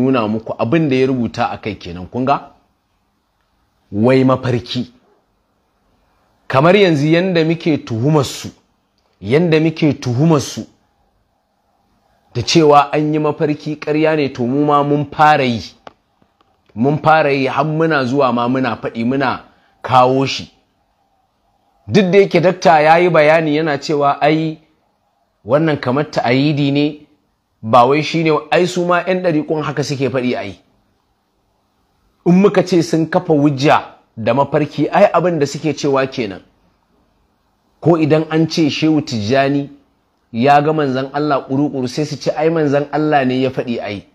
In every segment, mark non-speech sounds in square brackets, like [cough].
nuna muku abin da ya rubuta a kai kenan kunga wai mafarki kamar yanzu yanda muke tuhumarsu yanda muke tuhumarsu da cewa an yi mafarki karya ne to mu ma mun fara yi mun fara yi har muna zuwa ma muna faɗi muna kawo shi duk da yake dakta ya yi bayani yana cewa ai wannan kamar ta'ayidi ne ba wai shine ai su ma yan ɗariƙon haka suke faɗi ai in muka ce sun kafa wujja da mafarki ai abin da suke cewa kenan ko idan an ce shehu tijjani ya ga manzan Allah ƙuruƙuru sai su ci ai manzan Allah ne ya faɗi ai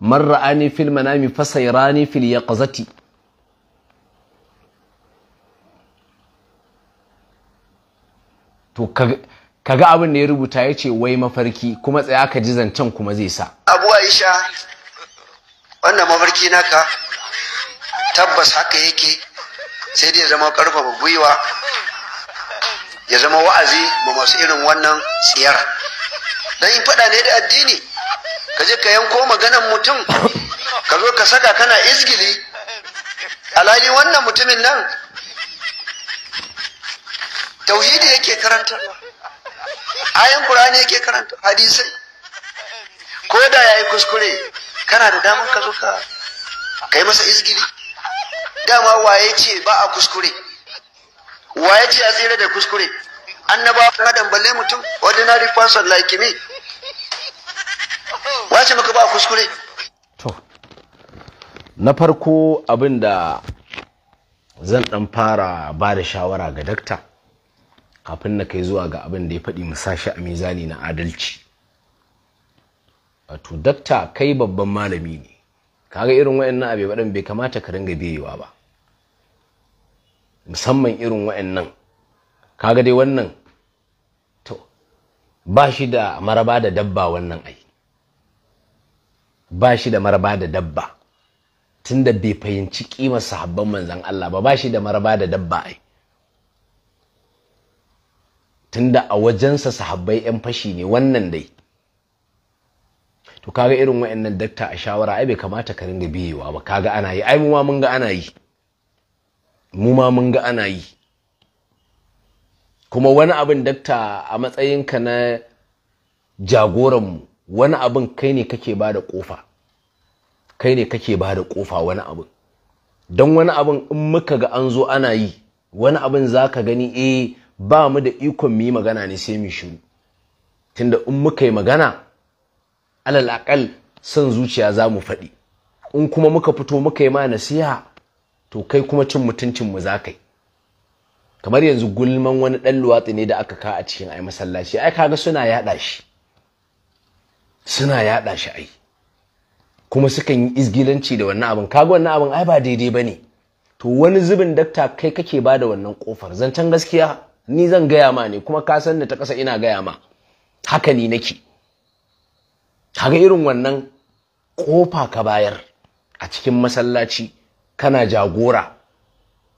man ra'ani fil manami fasairani fil yaqzati to kaga abin da ya rubuta ya ce wai mafarki kuma tsaya ka ji zancen kuma zai sa abu aisha wannan mafarki naka tabbas haka yake sai dai ya zama karfafa gwiwa ya zama wa'azi ma masu irin wannan tsiyar dan in faɗa ne da addini ka je ka yanko maganan mutum ka zo ka saka kana izgili alhali wannan mutumin nan tauhidi yake karantarwa ayan qur'ani yake karanta hadisai ko da yayi kuskure kana da daman ka zo ka kai masa izgili dama waye ce ba a kuskure waye ce a tsira da kuskure annaba adam balle mutum ordinary person like me wace maka ba kuskure to na farko abin da zan dan fara ba da shawara ga dakta kafin na kai zuwa ga abin da ya faɗi mu sashi a mizani na adalci wato dakta kai babban malami ne kaga irin wayannan abe baɗan bai kamata ka ringa biyewa ba musamman irin wayannan kaga dai wannan to ba shi da maraba da dabba wannan ai ba shi da maraba da dabba tunda bai fahimci kimar sahabban manzan Allah ba ba shi da maraba da dabba ai tunda a wajensa sahabbai 'yan fashi ne wannan dai to kaga irin wayannan dakta a shawara ai bai kamata ka ringa biyewa ba kaga ana yi ai mu ma mun ga ana yi mu ma mun ga ana yi kuma wani abin dakta a matsayinka na jagoran mu, wani abin kai ne kake ba da kofa kai ne kake ba da kofa wani abin don wani abin in muka ga an zo ana yi wani abin za ka gani eh ba mu da ikon mu yi magana ne sai mu shiru tunda in muka yi magana alal aqal son zuciya za mu faɗi in kuma muka fito muka yi ma nasiha to kai kuma cin mutuncin mu za kai kamar yanzu gulman wani ɗan luwatsi ne da aka ka a cikin ai masallaci ai kaga suna yaɗa shi suna yaɗa shi ai kuma sukan yi izgilanci da wannan abin kaga wannan abin ai ba daidai bane to wani zubin dakta kai kake bada wannan kofar zancen gaskiya ni zan gaya ma ne kuma ka san da ta ƙasa ina gaya ma haka ni nake kaga irin wannan ƙofa ka bayar a cikin masallaci kana jagora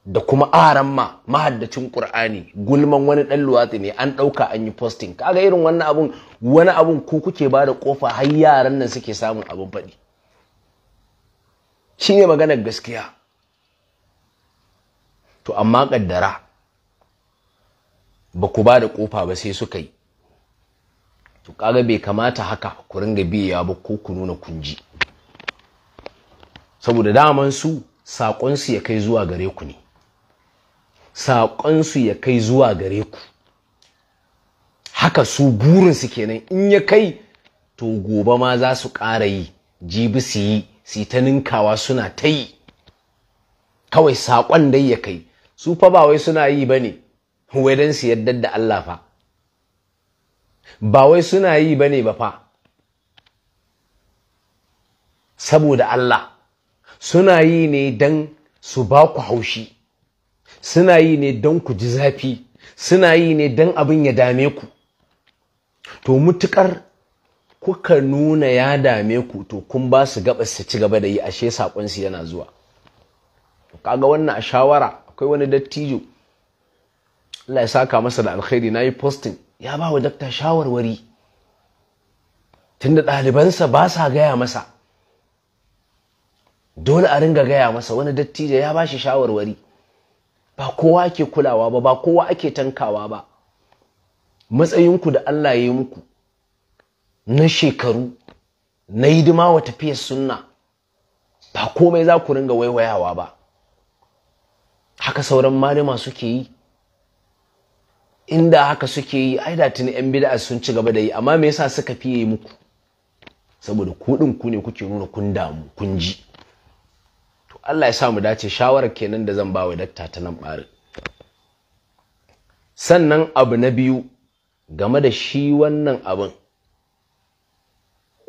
da kuma aran ma mahaddacin ƙur'ani gulman wani ɗan luwatsi ne an ɗauka an yi posting kaga irin wannan abun wani abun ko kuke ba da ƙofa har yaran nan suke samun abin faɗi shine maganar gaskiya to amma ƙaddara ba ku ba da kofa ba sai suka yi to kaga bai kamata haka ku ringa biya ba ko ku nuna kunji saboda daman su su ya kai zuwa gare ku ne su ya kai zuwa gare ku haka su burinsu kenan in ya kai to gobe ma za su ƙara yi jibi su yi su ta ninkawa suna ta yi kawai saƙon dai ya kai su fa ba wai suna yi ba ne wadan su yarda da Allah fa ba wai suna yi ba ne ba fa saboda Allah suna yi ne don su ba ku haushi suna yi ne don ku ji zafi suna yi ne don abin ya dame ku to mutukar kuka nuna ya dame ku to kun ba su gaba su ci gaba da yi ashe su yana zuwa kaga wannan a shawara akwai wani dattijo Allah ya saka masa da alkhairi na yi posting ya ba wa dakta shawarwari tunda ɗalibansa ba sa gaya masa dole a ringa gaya masa wani dattijo ya ba shi shawarwari ba kowa ake kulawa ba ba kowa ake tankawa ba matsayinku da Allah ya yi muku na shekaru na hidima wa tafiyar sunna ba komai za ku ringa waiwayawa ba haka sauran malama suke yi inda haka suke yi ai da tuni yan bid'a sun ci gaba da yi amma me yasa suka fiye muku saboda ku din ku ne kuke nuna kun damu kun ji to Allah ya sa mu dace shawarar kenan da zan ba wa dakta ta nan bare sannan abu na biyu game da shi wannan abin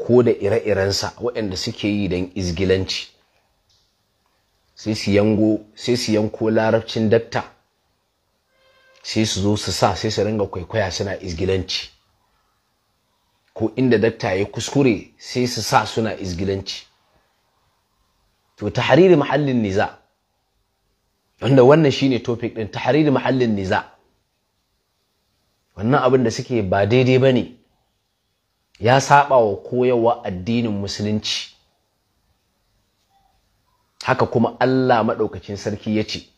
ko da ire iren sa, waɗanda suke yi don izgilanci sai su yango sai su yanko larabcin dakta sai su zo su sa sai su ringa kwaikwaya suna izgilanci ko inda dakta ya kuskure sai su sa suna izgilanci to tahariri mahallin niza wanda wannan shine topic din tahariri mahallin niza wannan abin da suke ba daidai bane ya saba wa koyarwa addinin musulunci haka kuma Allah maɗaukacin sarki ya ce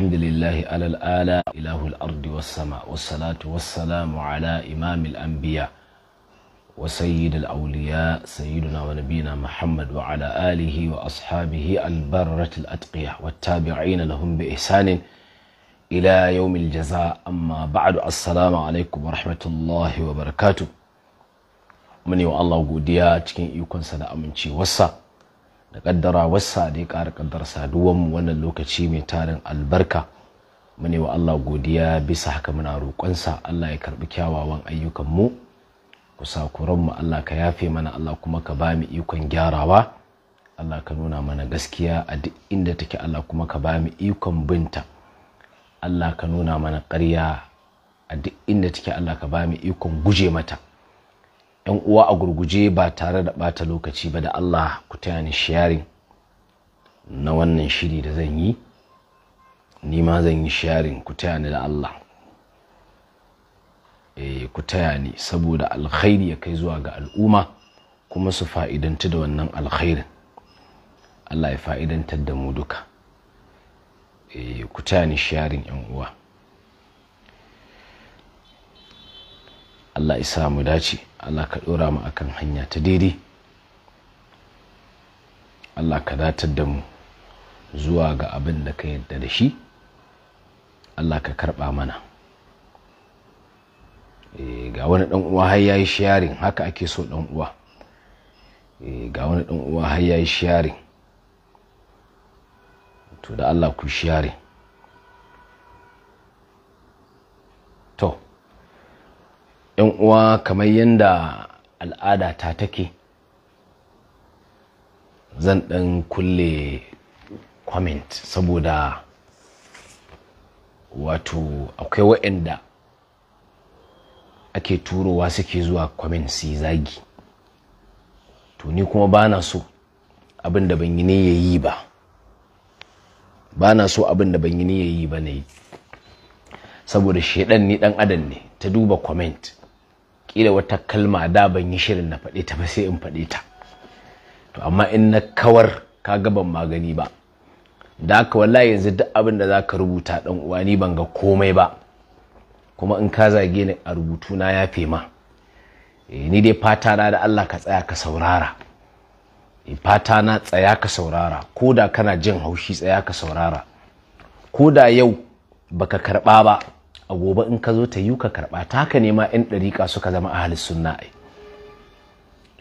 الحمد لله على الآلاء إله الأرض والسماء والصلاة والسلام على إمام الأنبياء وسيد الأولياء سيدنا ونبينا محمد وعلى آله وأصحابه البررة الأتقياء والتابعين لهم بإحسان إلى يوم الجزاء أما بعد السلام عليكم ورحمة الله وبركاته من يو الله قديا تكين يكون سلام من شي وصّى da kaddara wasa da ya ƙara kaddar mu wannan lokaci mai tarin albarka mune wa Allah godiya bisa haka muna roƙonsa Allah ya karɓi kyawawan ayyukanmu mu Allah ka yafe mana Allah kuma ka ba mu ikon gyarawa Allah ka nuna mana gaskiya a duk inda take Allah kuma ka ba mu ikon binta Allah ka nuna mana ƙarya a duk inda take Allah ka ba mu ikon guje mata 'yan uwa a gurguje ba tare da ɓata lokaci ba da Allah ku taya ni sharing na wannan shiri da zan yi ni ma zan yi sharing ku taya ni da Allah e, ku taya ni saboda alkhairi ya kai zuwa ga al'umma kuma su fa'idanta da wannan alkhairin Allah ya fa'idantar da mu duka e, ku taya ni sharing 'yan uwa Allah ya sa mu dace Allah ka ɗora mu akan hanya ta daidai Allah ka datar da mu zuwa ga abin da ka yadda da shi Allah ka karɓa mana eh, ga wani ɗan uwa har yayi sharing haka ake so ɗan uwa eh, ga wani ɗan uwa har yayi sharing to da Allah ku sharing yan uwa kamar yadda al'ada ta take zan ɗan kulle comment saboda wato akwai waɗanda ake turowa suke zuwa comment su zagi to ni kuma ba na so abin da ban yi ne ya yi ba ba na so abin da ban yi ne ya yi ba na yi saboda shaidan ni dan adam ne ta duba comment kila wata kalma da ban yi shirin na faɗe ta ba sai in faɗe ta to amma in na kawar ka ga ban magani ba da haka wallahi yanzu duk abin da zaka rubuta dan uwa ni ban ga komai ba kuma in ka zage ni a rubutu na ya fema eh, ni dai fata na da Allah ka tsaya ka saurara eh, fata na tsaya ka saurara ko da kana jin haushi tsaya ka saurara ko da yau baka karba ba a gobe in ka zo ta yi ka karɓa ta haka ne ma 'yan ɗariƙa suka zama ahalin sunna ai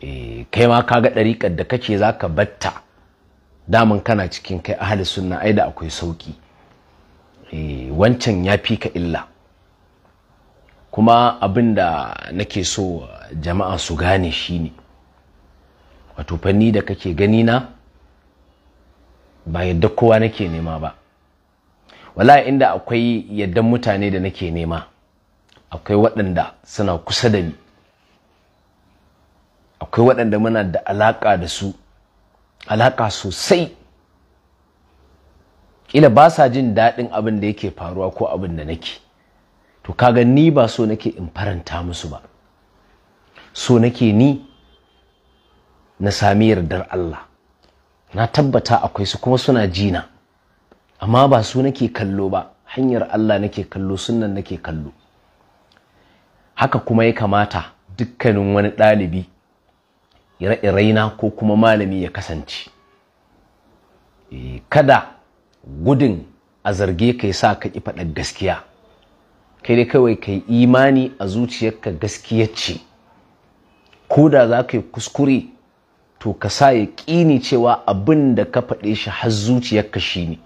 eh, kai ma ka ga ɗariƙar da kake za ka batta daman kana cikin kai ahalin sunna ai da akwai sauƙi eh, wancan ya fi ka illa kuma abin da nake so jama'a su gane shi ne, wato fanni da kake gani na ba yadda kowa nake nema ba wala inda akwai yaddan mutane da nake nema akwai waɗanda suna kusa da ni akwai waɗanda muna da alaƙa da su alaƙa sosai ƙila ba sa jin daɗin abin da yake faruwa ko abin da nake to kaga ni ba so nake in faranta musu ba so nake ni na sami yardar Allah na tabbata akwai su kuma suna jina amma ba su nake kallo ba hanyar Allah nake kallo sunan nake kallo haka kuma ya kamata dukkanin wani ɗalibi raina ko kuma malami ya kasance eh, kada gudun a zarge kai sa ka ƙi faɗa gaskiya kai dai kawai ka yi imani a zuciyarka gaskiya ce ko da za ka yi kuskure to ka sa ya ƙini cewa abin da ka faɗe shi har zuciyarka shi ne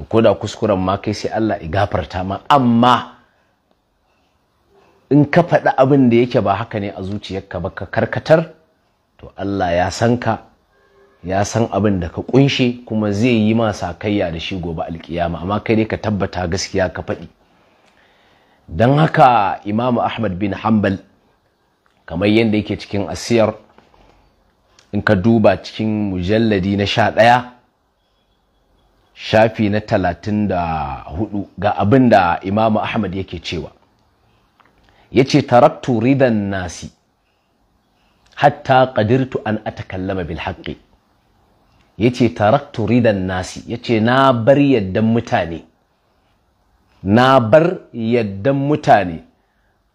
to ko da kuskuren ma kai sai Allah ya gafarta ma amma in ka faɗi abin da yake ba haka ne a zuciyarka ba ka karkatar to Allah ya san ka ya san abin da ka kunshe kuma zai yi ma sakayya da shi gobe alkiyama amma kai ne ka tabbata gaskiya ka faɗi don haka Imam ahmad bin hanbal kamar yadda yake cikin asiyar in ka duba cikin mujalladi na sha ɗaya shafi na talatin da hudu ga abin da imamu ahmad yake cewa ya ce taraktu ridan nasi hatta qadirtu an atakallama bil haƙƙi ya ce taraktu ridan nasi ya ce na bar yaddan mutane na bar yaddan mutane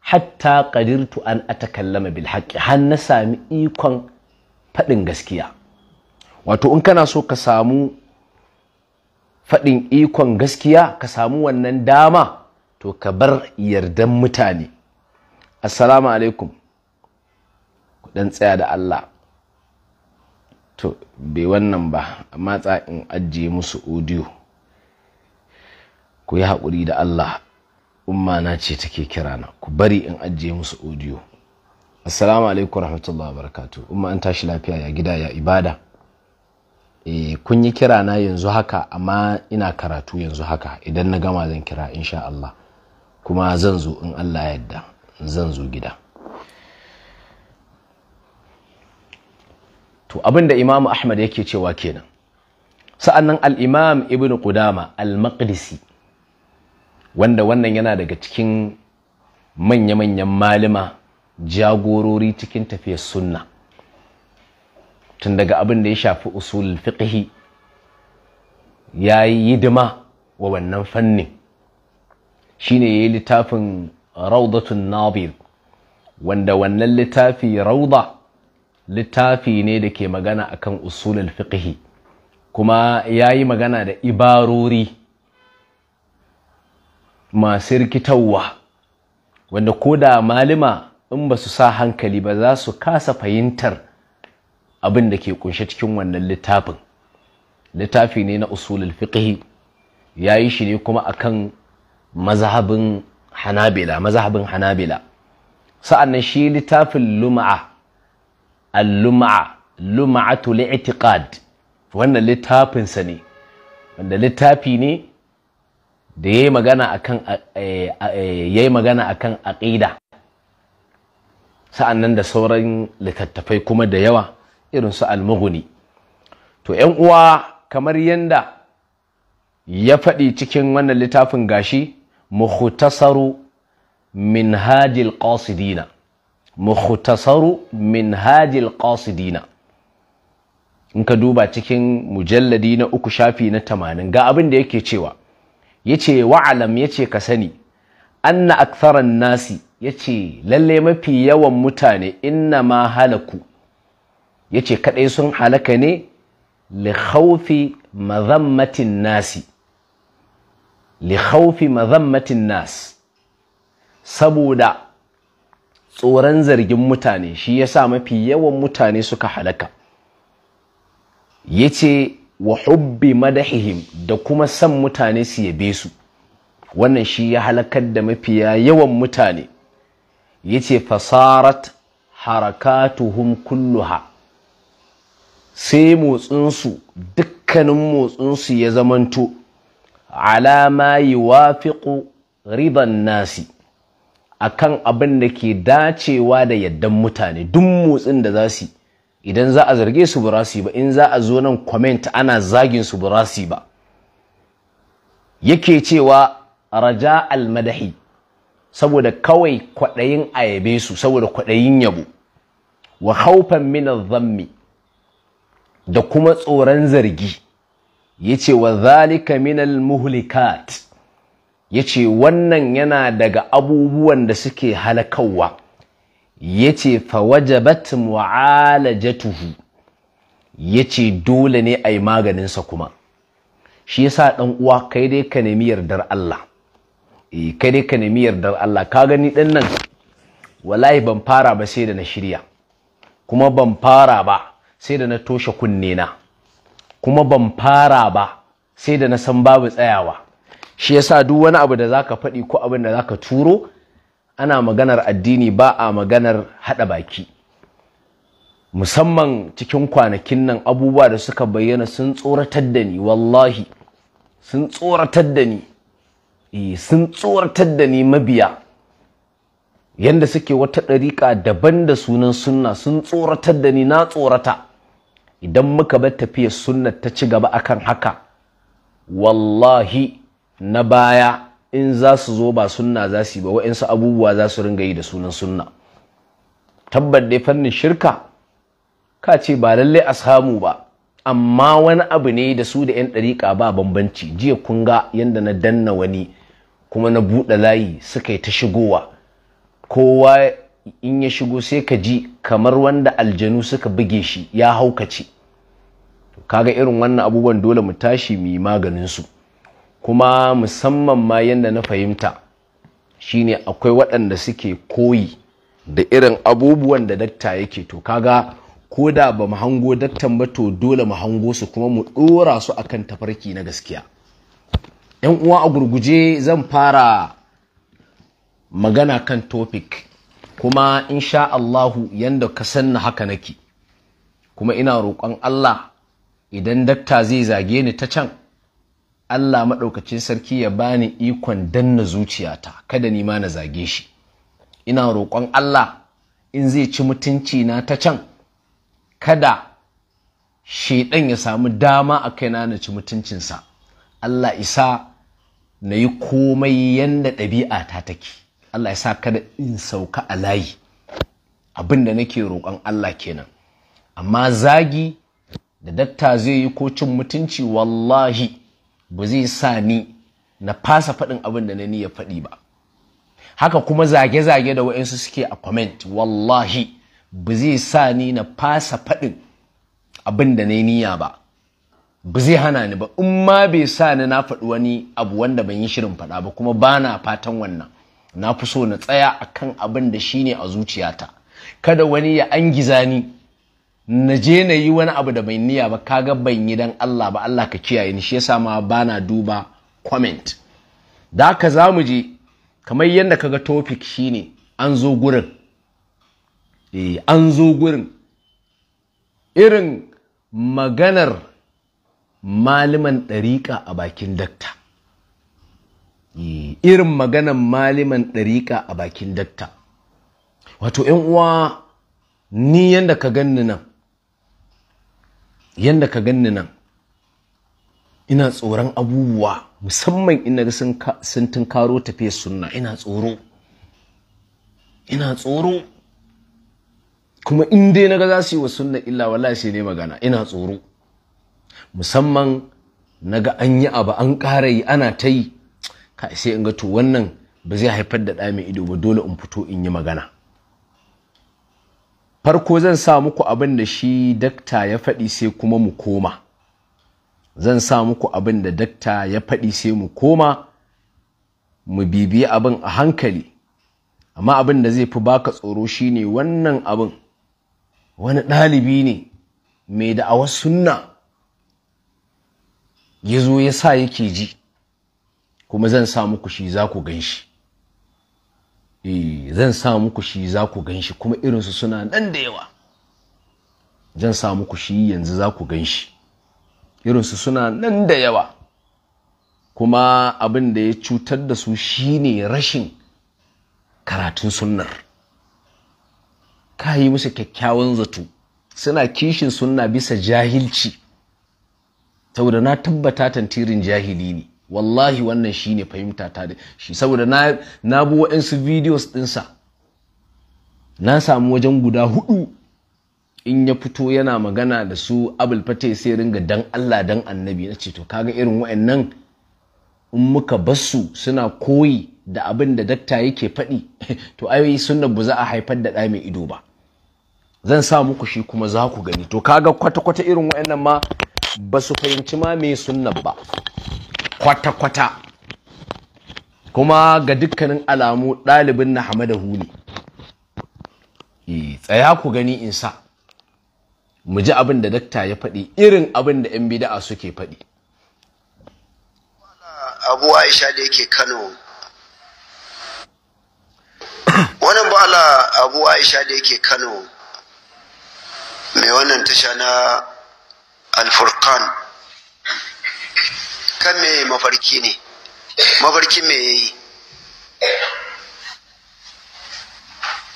hatta qadirtu an atakallama bil haƙƙi har na sami ikon faɗin gaskiya wato in kana so ka samu faɗin ikon gaskiya ka samu wannan dama to ka bar yardan mutane assalamu alaikum ku ɗan tsaya da Allah to bai wannan ba amma in ajiye musu odiyo ku yi haƙuri da Allah umma na ce take kira na. ku bari in ajiye musu odiyo assalamu alaikum rahmatullahi wa umma an tashi lafiya ya gida ya ibada e, kun yi kira na yanzu haka amma ina karatu yanzu haka idan na gama zan kira insha Allah kuma zan zo in Allah ya yarda zan zo gida to abin da imamu ahmad yake cewa kenan sa'annan al-imam ibn qudama al-maqdisi wanda wannan yana daga cikin manya-manyan malima jagorori cikin tafiyar sunna tun daga abin da ya shafi usul fiqhi ya yi hidima wa wannan fannin shine ya yi littafin raudatun nabil wanda wannan littafi rauda littafi ne da ke magana akan usulul fiqhi kuma ya yi magana da ibarori masu rikitarwa wanda ko da malima in ba su sa hankali ba za su kasa fahimtar abin da ke kunshe cikin wannan littafin littafi ne na usulul fiqh ya yi shi ne kuma akan mazhabin hanabila mazhabin hanabila sa'annan shi littafin lum'a al-lum'a lum'atu li'tiqad wannan littafin sa ne wanda littafi ne da yayi magana akan eh, eh, yayi magana akan aqida sa'annan da sauran littattafai kuma da yawa irin su almuguni. to 'yan uwa kamar yanda ya faɗi cikin wannan littafin gashi mukhtasaru minhajil qasidina mukhtasaru minhajil qasidina in ka duba cikin mujalladi na uku shafi na tamanin ga abin da yake cewa yace wa'alam yace ka sani anna aktharan nasi yace lalle mafi yawan mutane inna ma halaku Ya ce kaɗai sun halaka ne lihaufi mazammatin nasi lihaufi mazammatin nas saboda tsoron zargin mutane shi ya sa mafi yawan mutane suka halaka Ya ce wa hubbi madahihim da kuma san mutane su yabe su wannan shi ya halakar da mafi yawan mutane Ya yace fasarat harakatuhum kulluha sai motsinsu dukkanin motsinsu ya zamanto alama yi wafiƙo riban nasi a kan abin da ke dacewa da yaddan mutane duk motsin da za su idan za a zarge su ba ba in za a zo nan comment ana zagin su ba su ba yake cewa raja almadahi saboda kawai kwaɗayin ayabesu su saboda kwaɗayin yabo wa haufan min zammi da kuma tsoron zargi Ya ce, wa zalika minal muhlikat Ya ce, wannan yana daga abubuwan da suke halakawa yace fa wajabat mu'alajatuhu ce, dole ne a yi maganinsa kuma shi yasa ɗan uwa kai dai ka nemi yardar Allah eh, kai dai ka nemi yardar Allah ka gani ɗan nan wallahi ban fara ba sai da na shirya kuma ban fara ba sai da na toshe kunne na kuma ban fara ba sai da na san babu tsayawa shi yasa duk wani abu da zaka faɗi ko abin da zaka turo ana maganar addini ba a maganar haɗa baki musamman cikin kwanakin nan abubuwa da suka bayyana sun tsoratar da ni wallahi sun tsoratar da ni eh, sun tsoratar da ni mabiya yanda suke wata ɗariƙa daban da sunan sunna sun tsoratar da ni na tsorata idan muka bar tafiyar sunna ta ci gaba akan haka wallahi na baya in za su zo ba sunna za su yi ba wa'insu abubuwa za su ringa yi da sunan sunna tabbar dai fannin shirka ka ce ba lallai a samu ba amma wani abu ne da su da 'yan ɗariƙa ba bambanci jiya kun ga yadda na danna wani kuma na buɗe layi suka yi ta shigowa kowa in ya shigo sai ka ji kamar wanda aljanu suka buge shi ya haukace kaga irin wannan abubuwan dole mu tashi mu yi maganinsu kuma musamman ma yadda na fahimta shine akwai waɗanda suke koyi da irin abubuwan da datta yake to kaga ko da ba mu hango dattan ba to dole mu hango su kuma mu ɗora su akan tafarki na gaskiya yan uwa a gurguje zan fara magana kan topic kuma insha Allahu yanda ka sanna haka nake kuma ina roƙon Allah idan dakta zai zage ni ta can Allah maɗaukacin sarki ya bani ikon danna zuciyata kada ni ma na zage shi ina roƙon Allah in zai ci mutunci na ta can kada shaidan ya samu dama a kaina na ci mutuncinsa Allah isa na yi komai yanda ɗabi'a ta take Allah ya sa kada in sauka a layi abin da nake roƙon Allah kenan amma zagi da datta zai yi ko cin mutunci wallahi ba zai sa ni na fasa faɗin abin da na niyya faɗi ba haka kuma zage-zage da waɗansu suke a comment wallahi ba zai sa ni na fasa faɗin abin da na niyya ba ba zai hana ni ba in ma bai sa ni na faɗi wani abu wanda ban yi shirin faɗa ba kuma ba na fatan wannan na fi so na tsaya a kan abin da shine a zuciyata kada wani ya angiza ni na je na yi wani abu da mai niyya ba kaga ban yi dan Allah ba Allah ka kiyaye ni shi yasa ma bana duba comment da ka za mu je kamar yadda kaga topic shine an zo gurin eh, an zo gurin irin maganar malaman ɗariƙa a bakin dakta irin maganan maliman ɗariƙa a bakin datta wato ‘yan uwa ni yadda ka ganni nan yadda ka ganni nan ina tsoron abubuwa musamman ina sun tun karo tafiya sunna ina tsoro ina tsoro kuma in dai na ga za su yi wa sunna illa wala shi ne magana ina tsoro musamman na ga an yi abu an ƙara ana ta yi sai in ga to wannan ba zai haifar da ɗa mai ido ba dole in fito in yi magana farko zan sa muku abin da shi dakta ya faɗi sai kuma mu koma zan sa muku abin da dakta ya faɗi sai mu koma mu bibiyi abin a hankali amma abin da zai fi baka tsoro shine wannan abin wani ɗalibi ne mai da'awar sunna ya zo ya sa yake ji kuma zan sa muku shi za ku gan shi eh, zan sa muku shi za ku gan shi kuma irinsu suna nan da yawa zan sa muku shi yanzu za ku gan shi irinsu suna nan da yawa kuma abin da ya cutar da su shine rashin karatun sunnar ka yi musu kyakkyawan zato suna kishin sunna bisa jahilci saboda na tabbata tantirin jahili ne wallahi wannan shine fahimta ta da shi saboda na bi waɗansu videos ɗinsa na samu wajen guda hudu in ya fito yana magana da su abul fate sai ringa dan Allah dan annabi na ce to kaga irin waɗannan in muka basu suna koyi da abin da dakta yake faɗi [laughs] to ai sunna bu za a haifar da ɗa mai ido ba zan sa muku shi kuma za ku gani to kaga kwata-kwata irin waɗannan ma ba su fahimci ma mai sunna ba kwata-kwata kuma ga dukkanin alamu ɗalibin na huli huli. E, tsaya ku gani in sa mu ji abin da dakta ya faɗi irin abin da 'yan bida'a suke faɗi abu aisha da yake kano wani bala abu aisha da yake kano mai wannan tasha na alfurkan kan me mafarki ne mafarki me ya yi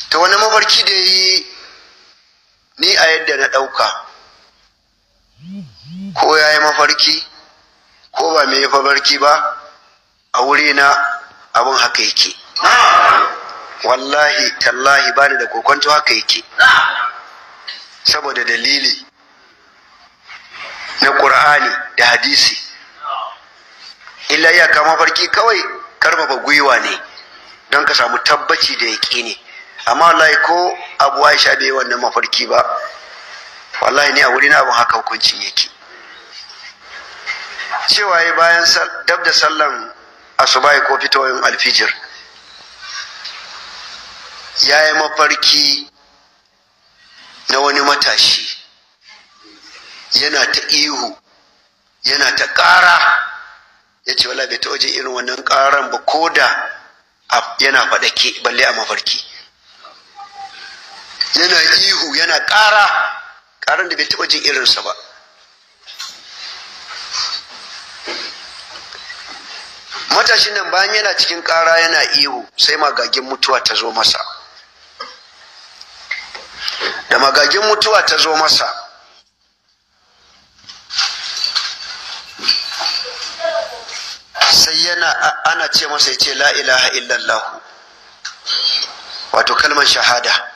ta wani mafarki da yi ni a yadda na ɗauka ko ya yi mafarki ko ba mai mafarki ba a wuri na abin haka yake wallahi tallahi bani da kokonto haka yake saboda dalili na ƙur'ani da hadisi illa kama mafarki kawai karfafa gwiwa ne don ka samu tabbaci da yaƙi ne amma wallahi ko abu aisha bai wannan mafarki ba wallahi ne a wuri na abin haka hukuncin yake cewa yi bayan dab da sallan asuba ko fitoyin alfijir ya yi mafarki na wani matashi yana ta ihu yana ta ƙara ya ce wala bai taɓa jin irin wannan ƙaran ba ko da yana faɗake balle a mafarki yana ihu yana ƙara ƙaran da bai taɓa jin irinsa ba matashin nan bayan yana cikin ƙara yana ihu sai magagin mutuwa ta zo masa da magagin mutuwa ta zo masa sai yana ana ce masa ya ce la ilaha illallah wato kalmar shahada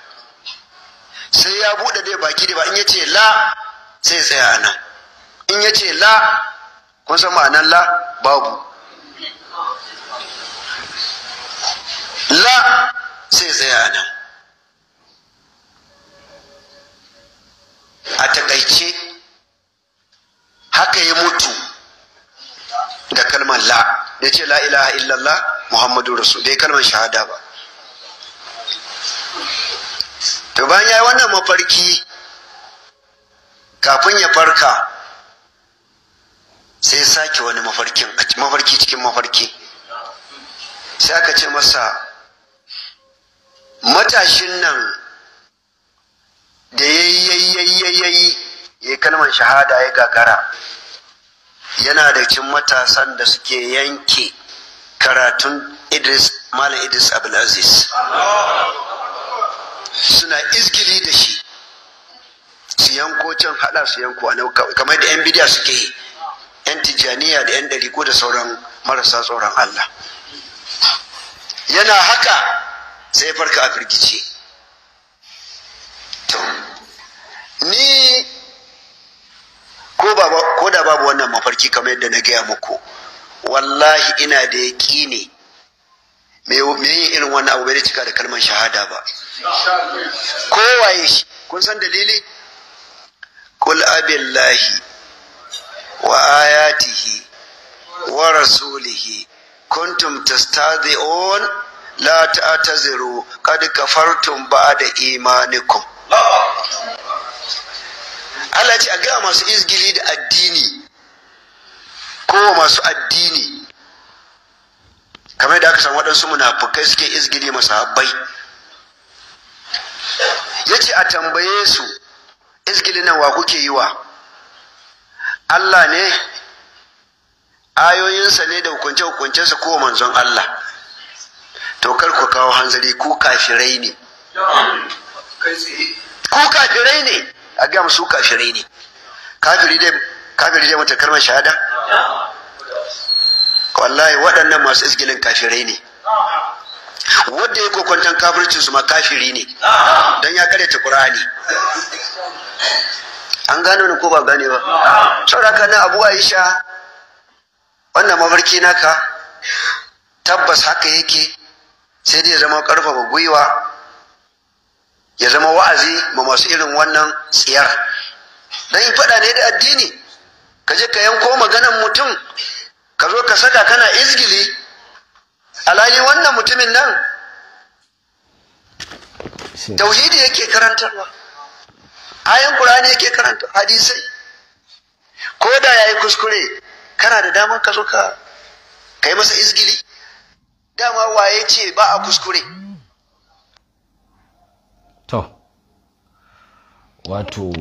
sai ya bude dai baki da ba in yace la sai tsaya ana in yace la kun san ma'anar la babu la sai tsaya ana a takaice haka ya mutu da kalmar la ya ce la ilaha illallah muhammadu rasu bai kalmar shahada ba to bayan ya yi wannan mafarki kafin ya farka sai ya sake wani mafarkin mafarki cikin mafarki sai aka ce masa matashin nan da ya yi ya yi ya yi ya yi kalmar shahada ya gagara yana da cin matasan da suke yanke karatun idris malam idris abdulaziz suna izgiri da shi su yanko can hada su yanko a kamar da yan bidiya suke yi yan tijjaniya da yan dariko da sauran marasa tsoron allah yana haka sai farka a firgice ni mafarki kamar yadda na gaya muku wallahi ina da ne. me yin irin wani abu bai cika da kalmar shahada ba kowaye shi kun san dalili kul abillahi wa ayatihi wa rasulihi kuntum tastadhi'un la ta'taziru qad kafartum ba'da imanikum Allah ce a ga masu izgili da addini ko masu addini kamar da aka san waɗansu munafukai suke izgiri masahabbai ya ce a tambaye su izgiri nan wa kuke yi wa Allah ne ayoyinsa ne da hukunce-hukuncensa ko manzon Allah to kar ku kawo hanzari ku kafirai ne ku kafirai ne a gama su kafirai ne kafiri dai matakar man shahada wallahi waɗannan masu izgilin kafirai ne wanda ya kokwantan kafircin su ma kafiri ne don ya karyata qur'ani an gano ni ko ba gane ba sauraka na abu aisha wannan mafarki naka tabbas haka yake sai dai ya zama karfafa gwiwa ya zama wa'azi ma masu irin wannan tsiyar don yi faɗa ne da addini ka je ka yanko maganan mutum ka zo ka saka kana izgili alayi wannan mutumin nan tauhidi yake karantarwa ayan qur'ani yake karanta hadisai ko da yayi kuskure kana da daman ka zo ka kai masa izgili dama waye ce ba a kuskure to wato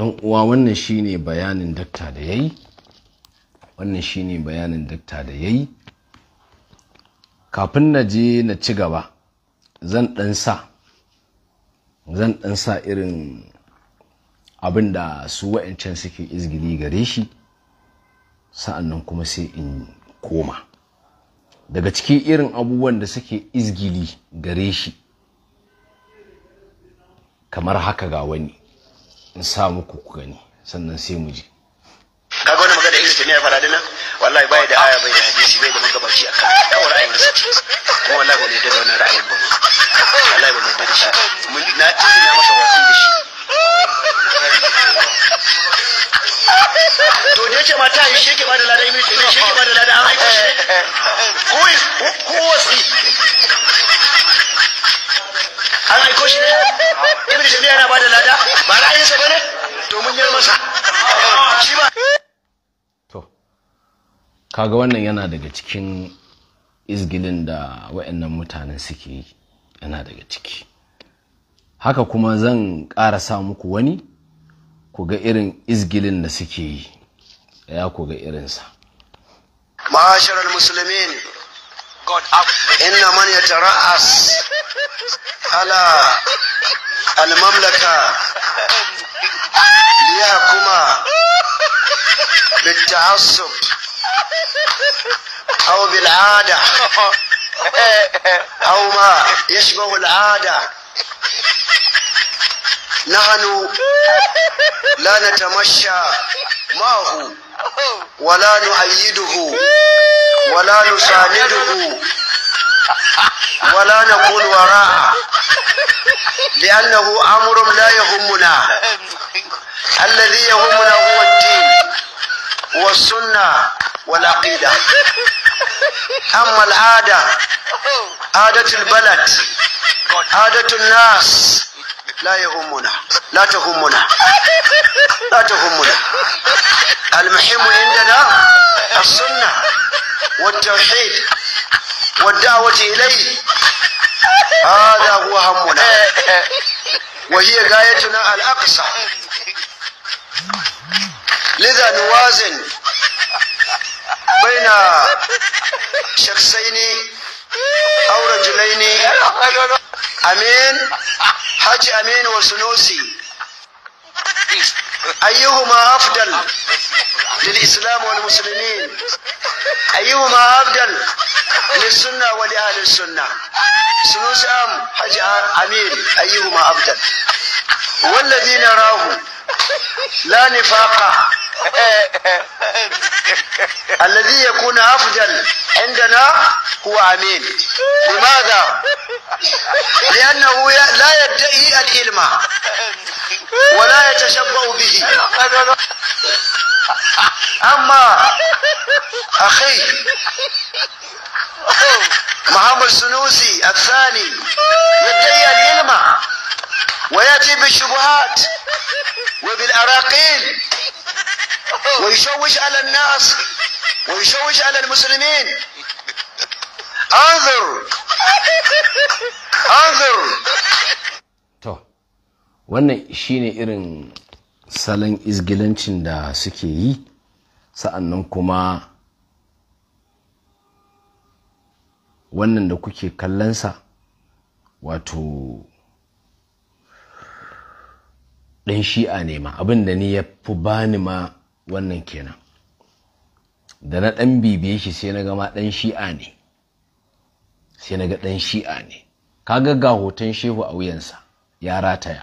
dan uwa wannan shine bayanin dakta da yayi wannan shine bayanin dakta da yayi kafin na je na ci gaba zan dan sa zan dan sa irin abin da su wa'ancan suke izgili gare shi sa'annan kuma sai in koma daga cikin irin abubuwan da suke izgili gare shi kamar haka ga wani in sa muku ku gani sannan sai mu ji kaga wannan magana ne Taymiyyah fara dinnan wallahi bai da aya bai da hadisi bai da magabaci a kan da wani sa kuma wallahi ne da wannan ra'ayin ba wallahi ne da shi mun na ci na masa wasu da shi to da yake mata yi shi ke bada ladan yi Taymiyyah shi ke bada ladan an aiko shi ne ko ko who an aiko shi ne ibn yana bada lada ba bane domin yar masa shi ba to kaga wannan yana daga cikin izgilin da wa'annan mutanen suke yi yana daga ciki haka kuma zan ƙara sa muku wani ku ga irin izgilin da suke yi ya ku ga irinsa musulmi ne. إن من يترأس على المملكة ليحكم بالتعصب أو بالعادة أو ما يشبه العادة نحن لا نتمشى معه ولا نؤيده ولا نسانده ولا نكون وراءه لأنه أمر لا يهمنا الذي يهمنا هو الدين والسنة والعقيدة أما العادة عادة البلد عادة الناس لا يهمنا لا تهمنا لا تهمنا المهم عندنا السنة والتوحيد والدعوة إليه هذا هو همنا وهي غايتنا الأقصى لذا نوازن بين شخصين أو رجلين أمين حج أمين وسنوسي أيهما أفضل للإسلام والمسلمين أيهما أفضل للسنة ولأهل السنة سنوسي أم حج أمين أيهما أفضل والذي نراه لا نفاق الذي يكون أفضل عندنا هو أمين لماذا؟ لأنه لا يدعي العلم ولا يتشبه به أما أخي محمد السنوسي الثاني يدعي العلم ويأتي بالشبهات وبالأراقيل ويشوش على الناس ويشوش على المسلمين anzur anzur to wannan shine irin salon izgilancin da suke yi sa'annan kuma wannan da kuke kallonsa wato ɗan shi'a ne ma abin da ni ya fi bani ma wannan kenan da na ɗan bibiye shi sai na gama ɗan shi'a ne sai na ga ɗan shi'a ne kaga ga hoton shehu a wuyansa ya rataya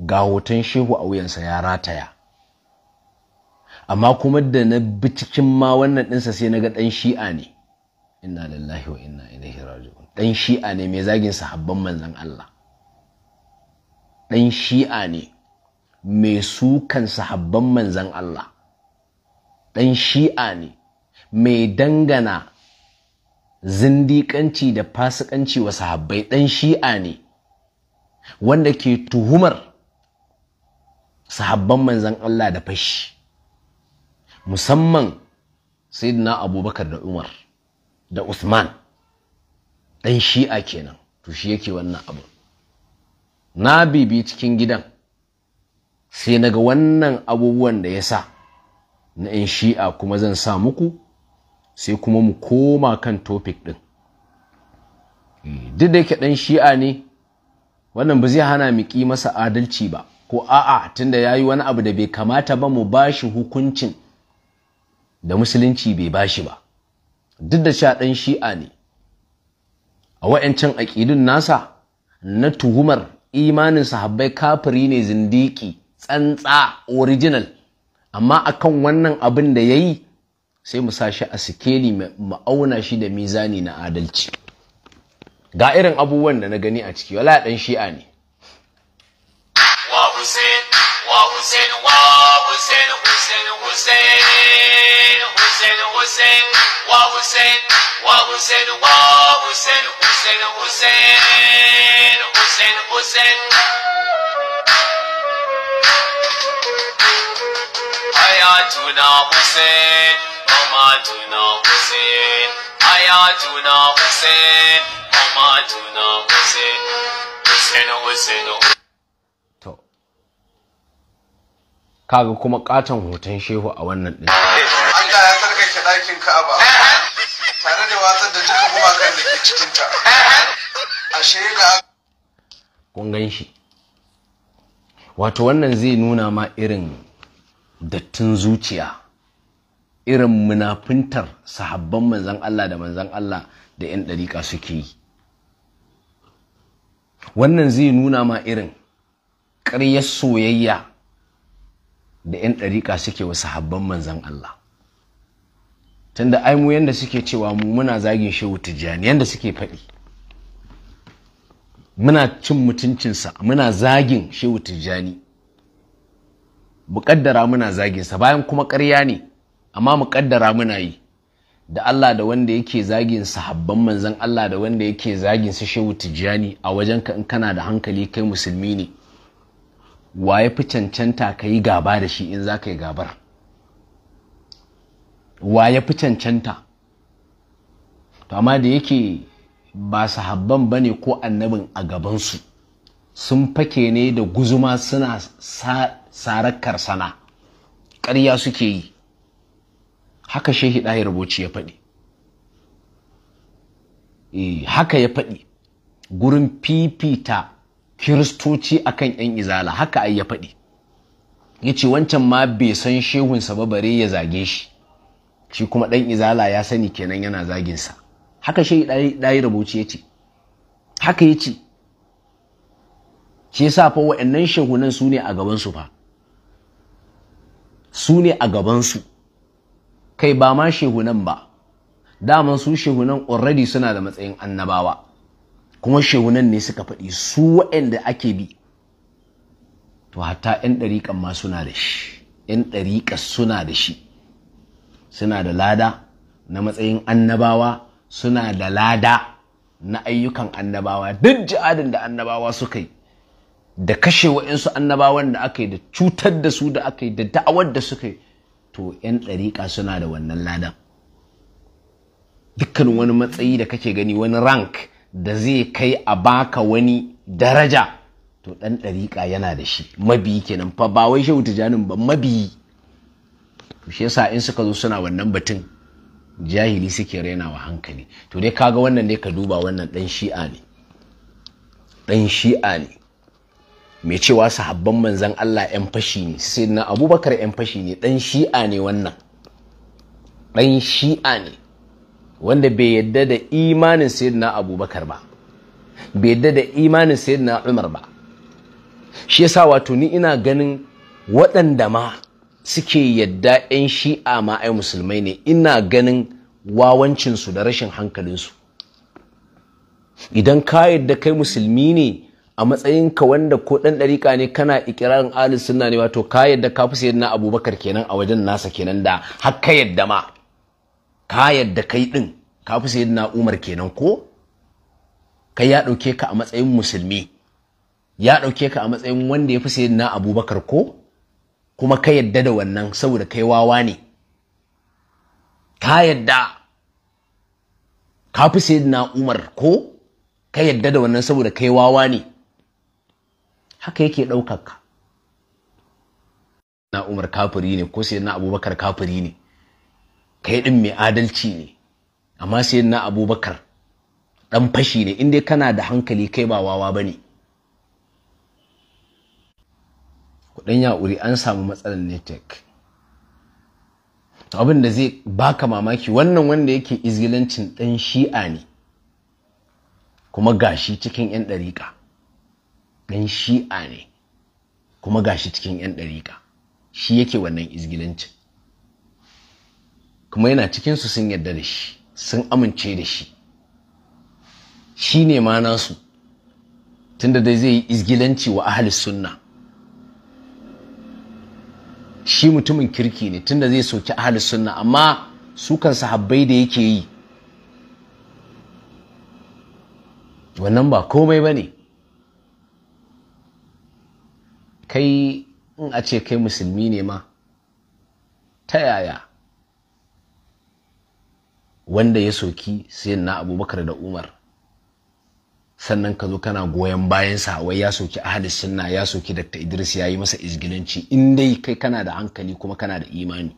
ga hoton shehu a wuyansa ya rataya amma kuma da na bi cikin ma wannan ɗinsa sai na ga ɗan shi'a ne inna lillahi wa inna ilaihi raji'un ɗan shi'a ne mai zagin sahabban manzon Allah ɗan shi'a ne mai sukan sahabban manzan Allah ɗan shi'a ne mai dangana zindiƙanci da fasikanci wa sahabbai ɗan shi'a ne wanda ke tuhumar sahabban manzan Allah da fashi musamman sayyidina abubakar da umar da usman ɗan shi'a kenan to shi yake wannan abu na bibi cikin gidan sai naga wannan abubuwan da ya sa na 'yan shi'a kuma zan sa muku sai kuma mu koma kan topic din. Eh, duk da yake ɗan shi'a ne wannan ba zai hana mu ki masa adalci ba ko a'a tunda yayi wani abu da bai kamata ba mu ba shi hukuncin da musulunci bai bashi ba duk da sha ɗan shi'a ne a wa'yancan aƙidun nasa na tuhumar imanin sahabbai kafiri ne zindiki tsantsa original amma akan wannan abin da yayi sai mu sa shi a sikeli mu auna shi da mizani na adalci ga irin abubuwan da na gani a ciki wala dan shi'a ne Hayatuna Hussein مماتنا حسين حياتنا حسين مماتنا حسين حسين حسين kaga kuma katon hoton shehu a wannan din Allah ya tsarkake ɗakin Ka'aba tare da watsar da duka gumakan da ke cikin ta ashe ga kun gan shi wato wannan zai nuna ma irin dattin zuciya irin munafintar sahabban manzan Allah da manzan Allah da 'yan ɗariƙa suke yi wannan zai nuna ma irin ƙaryar soyayya da 'yan ɗariƙa suke wa sahabban manzan Allah tunda ai mu yanda suke cewa mu muna zagin shehu tijjani yanda suke faɗi muna cin mutuncinsa muna zagin shehu tijjani Muƙaddara muna zaginsa bayan kuma ƙarya ne amma mu kaddara muna yi da Allah da wanda yake zagin sahabban manzon Allah da wanda yake zagin su Shehu Tijjani a ka in kana da hankali kai musulmi ne wa ya fi cancanta ka yi gaba da shi in za ka yi gabar wa ya fi cancanta to amma da yake ba sahabban ba ne ko annabin a gabansu sun fake ne da guzuma suna sarar karsana karya suke yi haka shehi ɗaya rubuci ya faɗi eh, haka ya faɗi gurin fifita kiristoci akan yan izala haka ai ya faɗi ya ce wancan ma bai san shehunsa ba bare ya zage shi shi kuma ɗan izala ya sani kenan yana zaginsa haka shehi ɗaya rubuci ya ce haka ya ce shi yasa fa wa'annan shehunan su ne a gabansu fa su ne a gabansu kai ba ma shehunan ba dama su shehunan already suna da matsayin annabawa kuma shehunan ne suka faɗi su waɗanda ake bi to hatta 'yan ɗariƙan ma suna da shi 'yan ɗariƙa suna da shi suna da lada na matsayin annabawa suna da lada na ayyukan annabawa duk ji'adin da annabawa suka yi da kashe wa'insu annabawan da aka yi da cutar da su da aka yi da da'awar da suka yi to 'yan ɗariƙa suna da wannan ladan dukkan wani matsayi da kake gani wani rank da zai kai a baka wani daraja to ɗan ɗariƙa yana da shi mabiyi kenan fa ba wai shehu tijanin ba mabiyi to shi yasa in suka zo suna wannan batun jahili suke rainawa hankali to dai kaga wannan ne ka duba wannan ɗan shi'a ne ɗan shi'a ne mai cewa sahabban manzan Allah 'yan fashi ne sai na abubakar 'yan fashi ne ɗan shi'a ne wannan ɗan shi'a ne wanda bai yadda da imanin sai na abubakar ba bai yadda da imanin sai na umar ba shi yasa wato ni ina ganin waɗanda ma suke yadda 'yan shi'a ma ai musulmai ne ina ganin wawancinsu da rashin hankalinsu idan ka yadda kai musulmi ne a matsayin ka wanda ko dan dariƙa ne kana ikirarin ahlus sunna ne wato ka yadda ka fi sayyidina abubakar kenan a wajen nasa kenan da har ka yadda ma ka yadda kai ɗin ka fi sayyidina umar kenan ko kai ya ɗauke ka a matsayin musulmi ya ɗauke ka a matsayin wanda ya fi sayyidina abubakar ko kuma ka yadda da wannan saboda kai wawa ne ka yadda ka fi sayyidina umar ko ka yadda da wannan saboda kai wawa ne haka yake ɗaukar ka na umar kafiri ne ko sai na abubakar kafiri ne kai ɗin mai adalci ne amma sai na abubakar ɗan fashi ne inda kana da hankali kai ba wawa ba ne kuɗin ya'uri an samu matsalar netek abin da zai baka mamaki wannan wanda yake izgilancin ɗan shi'a ne kuma gashi cikin 'yan ɗariƙa ɗan shi'a ne kuma gashi cikin 'yan ɗariƙa shi yake wannan izgilancin kuma yana cikinsu sun yarda da shi sun amince da shi shi ne ma nasu tunda dai zai yi izgilanci wa ahli sunna shi mutumin kirki ne tunda zai soki ahli sunna amma su kan sahabbai da yake yi wannan ba komai ba ne kai in a ce kai musulmi ne ma ta yaya wanda ya soki sayan na abubakar da umar sannan ka zo kana goyon bayansa wai ya soki ahli sunna ya soki dr idris ya yi masa izgilanci in dai kai kana da hankali kuma kana da imani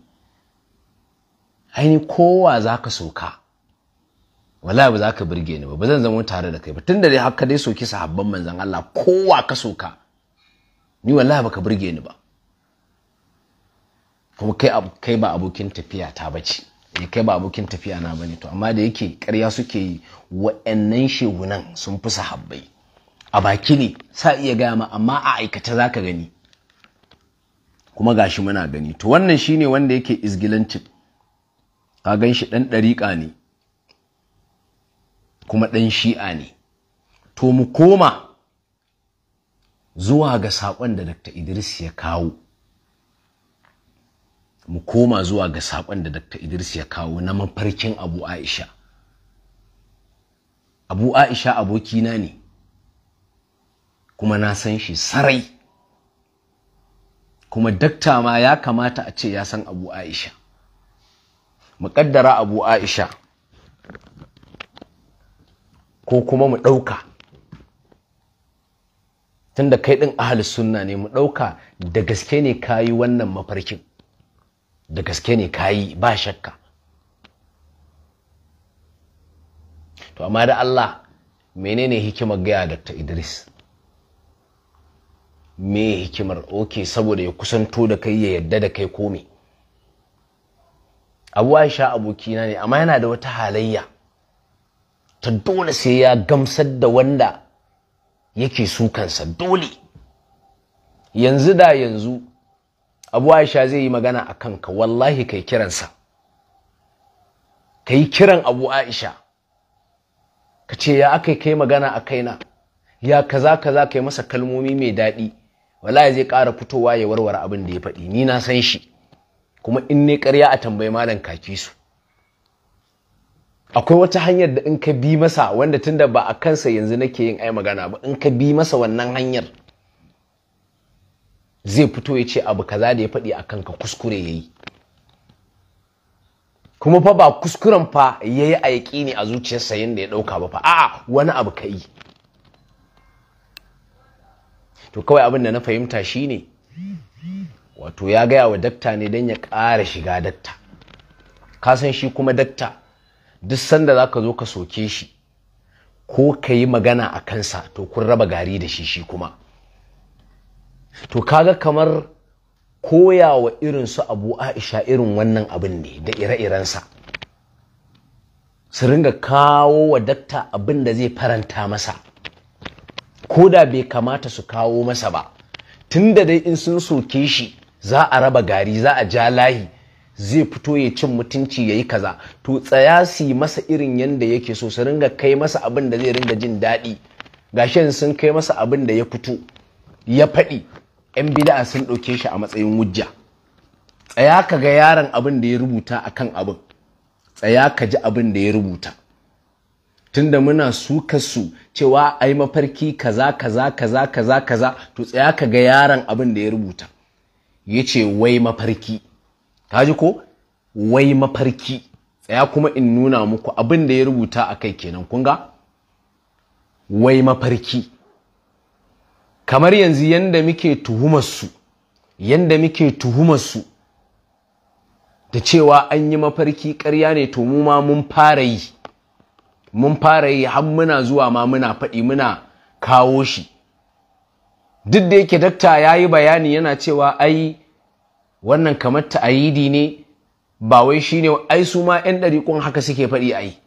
aini kowa za ka soka wala ba za ka birge ni ba ba zan zama tare da kai ba tun da dai haka dai soki sahabban manzan allah kowa ka soka ni wallahi baka burge ni ba kuma kai kai ba abokin tafiya ta bace eh, kai ba abokin tafiya na bane to amma da yake ƙarya suke yi wa'annan shegunan sun fi sahabbai a baki ne sa iya gaya ma amma a aikata zaka gani kuma gashi muna gani to wannan shine wanda yake izgilancin ka gan shi ɗan ɗariƙa ne kuma Dan shi'a ne to mu koma zuwa ga saƙon da Dr. Idris ya kawo mu koma zuwa ga saƙon da Dr. Idris ya kawo na mafarkin Abu Aisha Abu Aisha abokina ne kuma na san shi sarai kuma dakta ma ya kamata a ce ya san Abu Aisha muƙaddara Abu Aisha ko kuma mu ɗauka tunda kai din ahli sunna ne mu ɗauka da gaske ne kayi wannan mafarkin da gaske ne kayi ba shakka to amma da Allah menene hikimar gaya Dr. Idris me hikimar oke saboda ya kusanto da kai ya yadda da kai komi abu aisha abokina ne amma yana da wata halayya ta dole sai ya gamsar da wanda yake su kansa dole yanzu da yanzu abu aisha zai yi magana a kanka wallahi kai kiransa kai kiran abu aisha ka ce ya aka kai magana a kaina ya kaza kaza kai masa kalmomi mai daɗi wallahi zai ƙara fitowa ya warware abin da ya faɗi ni na san shi kuma in ne ƙarya a tambayi malam kaki su akwai wata hanyar da in ka bi masa wanda tunda ba a kansa yanzu nake yin ai magana ba in ka bi masa wannan hanyar zai fito ya ce abu kaza da ya faɗi a kanka kuskure ya yi kuma fa ba kuskuren fa ya yi a yaƙini a zuciyarsa yadda ya ɗauka ba fa a'a wani abu ka yi to kawai abin da na fahimta shine wato ya gaya wa dakta ne don ya ƙara shiga dakta ka san shi kuma dakta duk sanda za ka zo ka soke shi ko ka yi magana a kansa to kun raba gari da shi shi kuma to kaga kamar koyawa su abu aisha irin wannan abin ne da ire-irensa su ringa kawo wa datta abin da zai faranta masa ko da bai kamata su kawo masa ba tun da dai in sun soke shi za a raba gari za a ja lahi. zai fito ya cin mutunci ya yi kaza to tsaya su yi masa irin yadda yake so su ringa kai masa abin da zai ringa jin daɗi gashin sun kai masa abin da ya fito ya faɗi 'yan bida'a sun ɗauke shi a matsayin wujja tsaya ka ga yaron abin da ya rubuta a kan abin tsaya ka ji abin da ya rubuta tunda muna suka su cewa ai mafarki kaza kaza kaza kaza kaza to tsaya ka ga yaron abin da ya rubuta ya ce wai mafarki kaji ko wai mafarki tsaya kuma in nuna muku abin da ya rubuta a kai kenan kunga wai mafarki kamar yanzu yanda muke tuhumarsu yanda muke tuhumarsu da cewa an yi mafarki ƙarya ne to mu ma mun fara yi mun fara yi har muna zuwa ma muna faɗi muna kawo shi duk da yake dakta ya yi bayani yana cewa ai wannan kamar ta'ayidi ne ba wai shine ai su ma 'yan ɗariƙon haka suke faɗi ai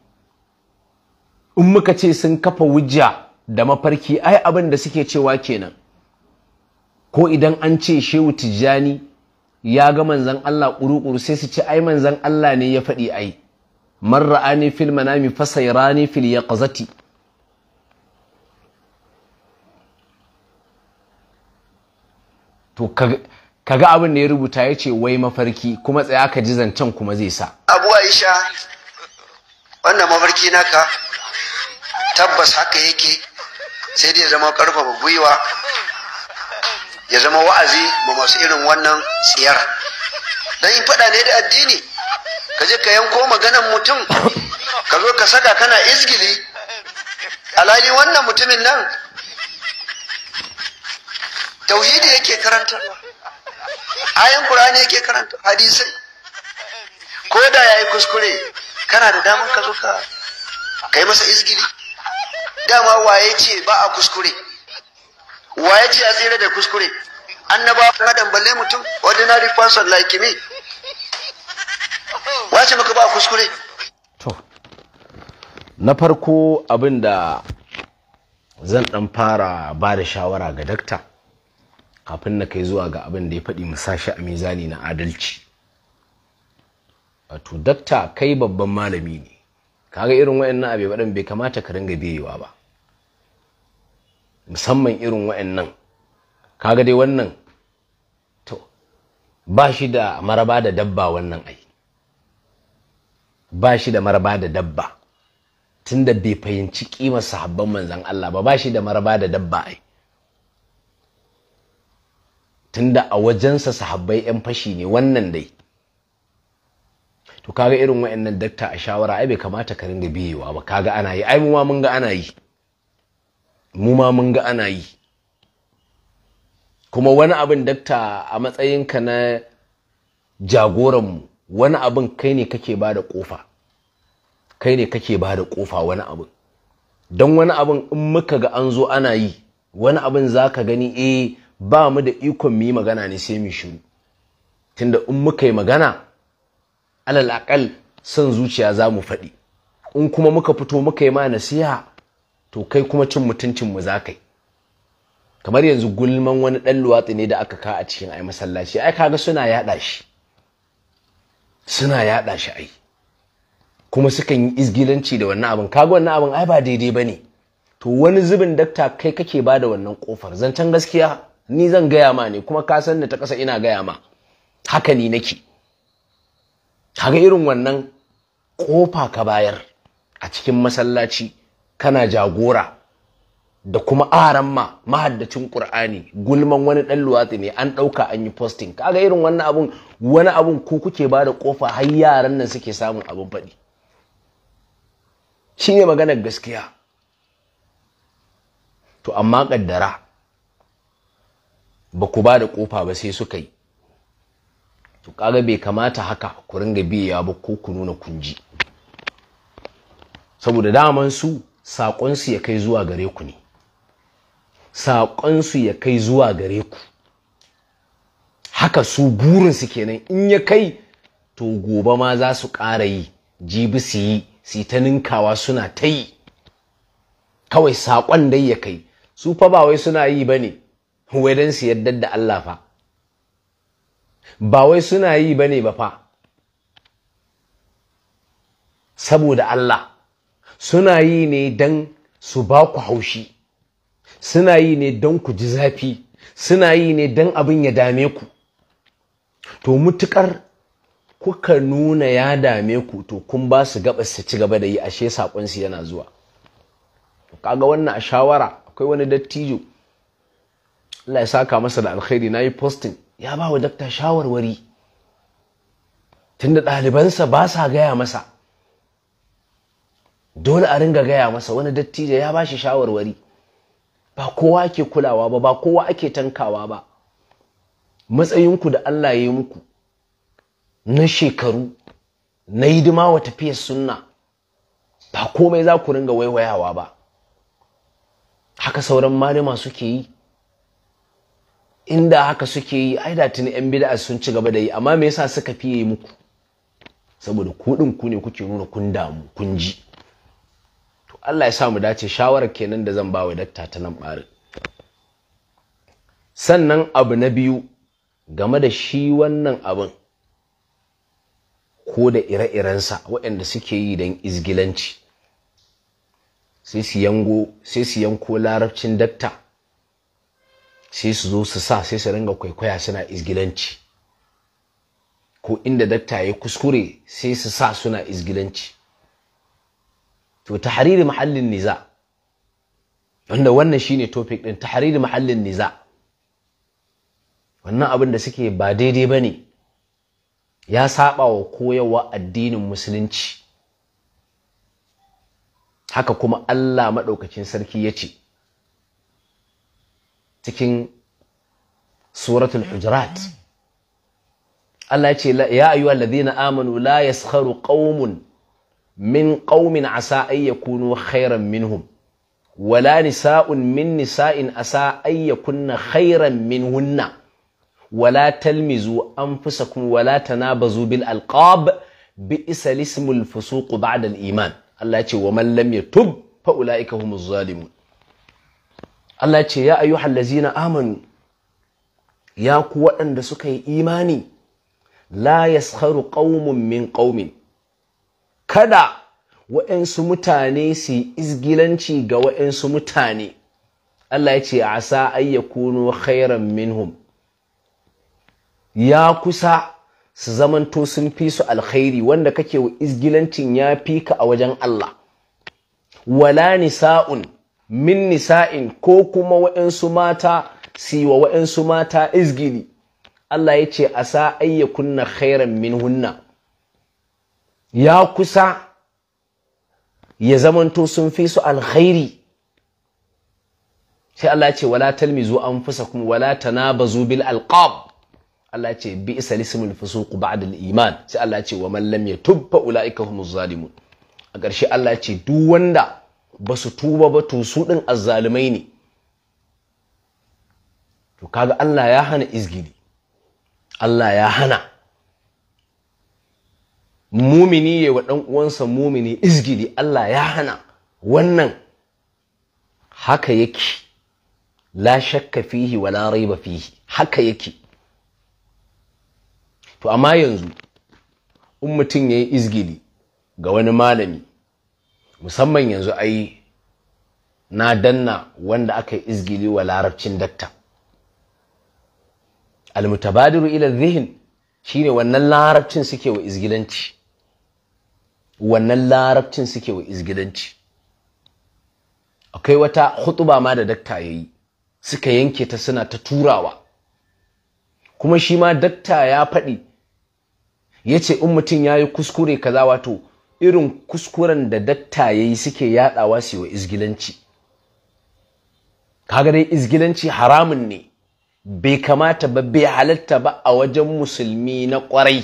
in muka ce sun kafa wujja da mafarki ai abin da suke cewa kenan ko idan an ce shehu tijjani ya ga manzan Allah ƙuruƙuru sai su ce ai manzan Allah ne ya faɗi ai man ra'ani fil manami fasairani fil yaqzati to kaga abin da ya rubuta ya ce wai mafarki kuma tsaya ka ji zancen kuma zai sa abu aisha wannan mafarki naka tabbas haka yake sai dai ya zama karfafa gwiwa ya zama wa'azi ma masu irin wannan tsiyar dan yin faɗa ne da addini ka je ka yanko maganan mutum ka zo ka saka kana izgili alhali wannan mutumin nan tauhidi yake karantarwa ayan qur'ani yake karanta hadisai ko da yayi kuskure kana da damar ka zo ka kai masa izgili dama waye ce ba a kuskure waye ce a tsere da kuskure annaba adam balle mutum ordinary person like me wace muka ba kuskure to na farko abin da zan dan fara ba da shawara ga dakta kafin na kai zuwa ga abin da ya faɗi musashi a mizani na adalci wato dakta kai babban malami ne kaga irin wayannan abe waɗanda bai kamata ka ringa biyewa ba musamman irin wayannan kaga dai wannan to ba shi da maraba da dabba wannan ai ba shi da maraba da dabba tunda bai fahimci kimar sahabban manzon Allah ba ba shi da maraba da dabba ai tunda a wajensa sahabbai 'yan fashi ne wannan dai to kaga irin wa'annan dakta a shawara ai bai kamata ka ringa biyewa ba kaga ana yi ai mu ma mun ga ana yi mu ma mun ga ana yi kuma wani abin dakta a matsayinka na jagoran mu, wani abin kai ne kake ba da kofa kai ne kake ba da kofa wani abin don wani abin in muka ga an zo ana yi wani abin za ka gani eh ba mu da ikon mu yi magana ne sai mu shiru tunda in muka yi magana alal akal son zuciya za mu faɗi in kuma muka fito muka yi ma nasiha to kai kuma cin mutuncin mu za kai kamar yanzu gulman wani ɗan luwatsi ne da aka ka a cikin ai masallaci ai kaga suna yaɗa shi suna yaɗa shi ai kuma sukan yi izgilanci da wannan abin kaga wannan abin ai ba daidai bane to wani zubin dakta kai kake bada wannan kofar zancen gaskiya ni zan gaya ma ne kuma ka san da ta ƙasa ina gaya ma haka ni nake kaga irin wannan ƙofa ka bayar a cikin masallaci kana jagora da kuma aran ma mahaddacin ƙur'ani gulman wani ɗan luwatsi ne an ɗauka an yi posting kaga irin wannan abun wani abun ko kuke ba da ƙofa har yaran nan suke samun abin faɗi shine maganar gaskiya to amma ƙaddara ba ku ba da kofa ba sai suka yi to kaga bai kamata haka ku ringa biya ba ko ku nuna kunji saboda daman su saƙonsu ya kai zuwa gare ku ne su ya kai zuwa gare ku haka su burinsu kenan in ya kai to gobe ma za su ƙara yi jibi su yi su ta ninkawa suna ta yi kawai saƙon dai ya kai su fa ba wai suna yi ba ne wai don su yarda da Allah fa ba wai suna yi ba ne ba fa saboda Allah suna yi ne don su ba ku haushi suna yi ne don ku ji zafi suna yi ne don abin ya dame ku to mutukar kuka nuna ya dame ku to kun ba su gabas su ci gaba da yi ashe su yana zuwa kaga wannan a shawara akwai wani dattijo Allah ya saka masa da alkhairi na yi posting ya ba wa dakta shawarwari tunda ɗalibansa ba sa gaya masa dole a ringa gaya masa wani dattijo ya ba shi shawarwari ba kowa ke kulawa ba ba kowa ake tankawa ba matsayinku da Allah ya yi muku na shekaru na hidima wa tafiyar sunna ba komai za ku ringa waiwayawa ba haka sauran malama suke yi inda haka suke yi ai da tuni yan bid'a sun ci gaba da yi amma me yasa suka fiye muku saboda ku din ku ne kuke nuna kun damu kun ji to Allah ya sa mu dace shawarar kenan da zan ba wa dakta ta nan bari sannan abu na biyu game da shi wannan abin ko da ire-irensa waɗanda suke yi don izgilanci sai su yanko larabcin dakta sai su zo su sa sai su ringa kwaikwaya suna izgilanci ko inda dakta ya kuskure sai su sa suna izgilanci to tahariri mahallin niza wanda wannan shine topic din tahariri mahallin niza wannan abin da suke ba daidai bane ya saba wa koyarwa addinin musulunci haka kuma Allah maɗaukacin sarki ya ce cikin suratul hujurat Allah ce ya ayyuhal ladina amanu la yaskharu qaumun min qaumin asa ay yakunu khairan minhum wala nisa'un min nisa'in asa ay yakunna khairan minhunna wala talmizu anfusakum wala tanabazu bil alqab bi'sa ismul fusuq ba'da al iman Allah ce wa man lam yatub fa ulaika humuz Allah ce ya ayyuhal lazina amanu ya ku waɗanda suka yi imani la yaskharu qaumun min qaumin kada waɗansu mutane su yi izgilanci ga waɗansu mutane Allah ya ce asa ayyakunu khairan minhum ya kusa su zamanto sun fi su alkhairi wanda kake wa izgilancin ya fi ka a wajen Allah wala nisa'un min nisa'in ko kuma wa'insu mata si wa wa'insu mata izgiri. Allah ya ce a sa kunna khairan min hunna ya kusa ya zamanto sun fi su alkhairi sai Allah ya ce wala talmizu kuma wala tanabazu bil alqab Allah ce bi isa lismul fusuq ba'da al-iman sai Allah ce wa man lam yatub fa ulaika humuz zalimun a ƙarshe Allah ce duk wanda ba su tuba ba to su ɗin azzalumai ne to kaga Allah ya hana izgili Allah ya hana mumini ya wa ɗan uwansa mumini izgili Allah ya hana wannan haka yake la shakka fihi wa la raiba fihi haka yake to amma yanzu in mutum ya yi izgili ga wani malami musamman yanzu ai na danna wanda aka yi izgili wa larabcin datta almutabadiru ila zihin shine wannan larabcin suke wa izgilanci wannan larabcin suke wa izgilanci akwai wata hutuba ma da dakta yayi suka yanke ta suna ta turawa kuma shi ma dakta ya faɗi ya ce in mutum ya yi kuskure kaza wato irin kuskuren da ya yi suke yadawa su wa izgilanci kaga dai izgilanci haramun ne bai kamata ba bai halatta ba a wajen musulmi na kwarai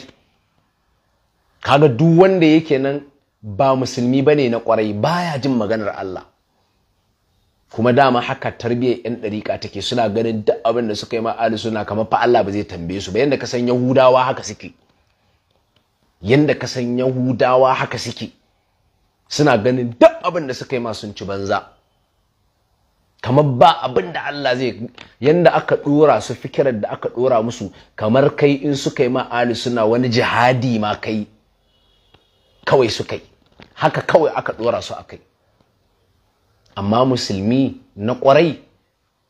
kaga duk wanda yake nan ba musulmi ba ne na kwarai baya jin maganar Allah kuma dama haka tarbiyyar yan ɗariƙa take suna ganin duk abin da suka yi ma suna kama fa Allah ba zai tambaye su ba yanda ka san Yahudawa haka suke yanda ka san yahudawa haka suke suna ganin duk abin da suka yi ma sun ci banza kamar ba abin da Allah zai yanda aka dora su fikirar da aka dora musu kamar kai in suka yi ma ali suna wani jihadi ma kai kawai suka yi haka kawai aka dora su akai amma musulmi na kwarai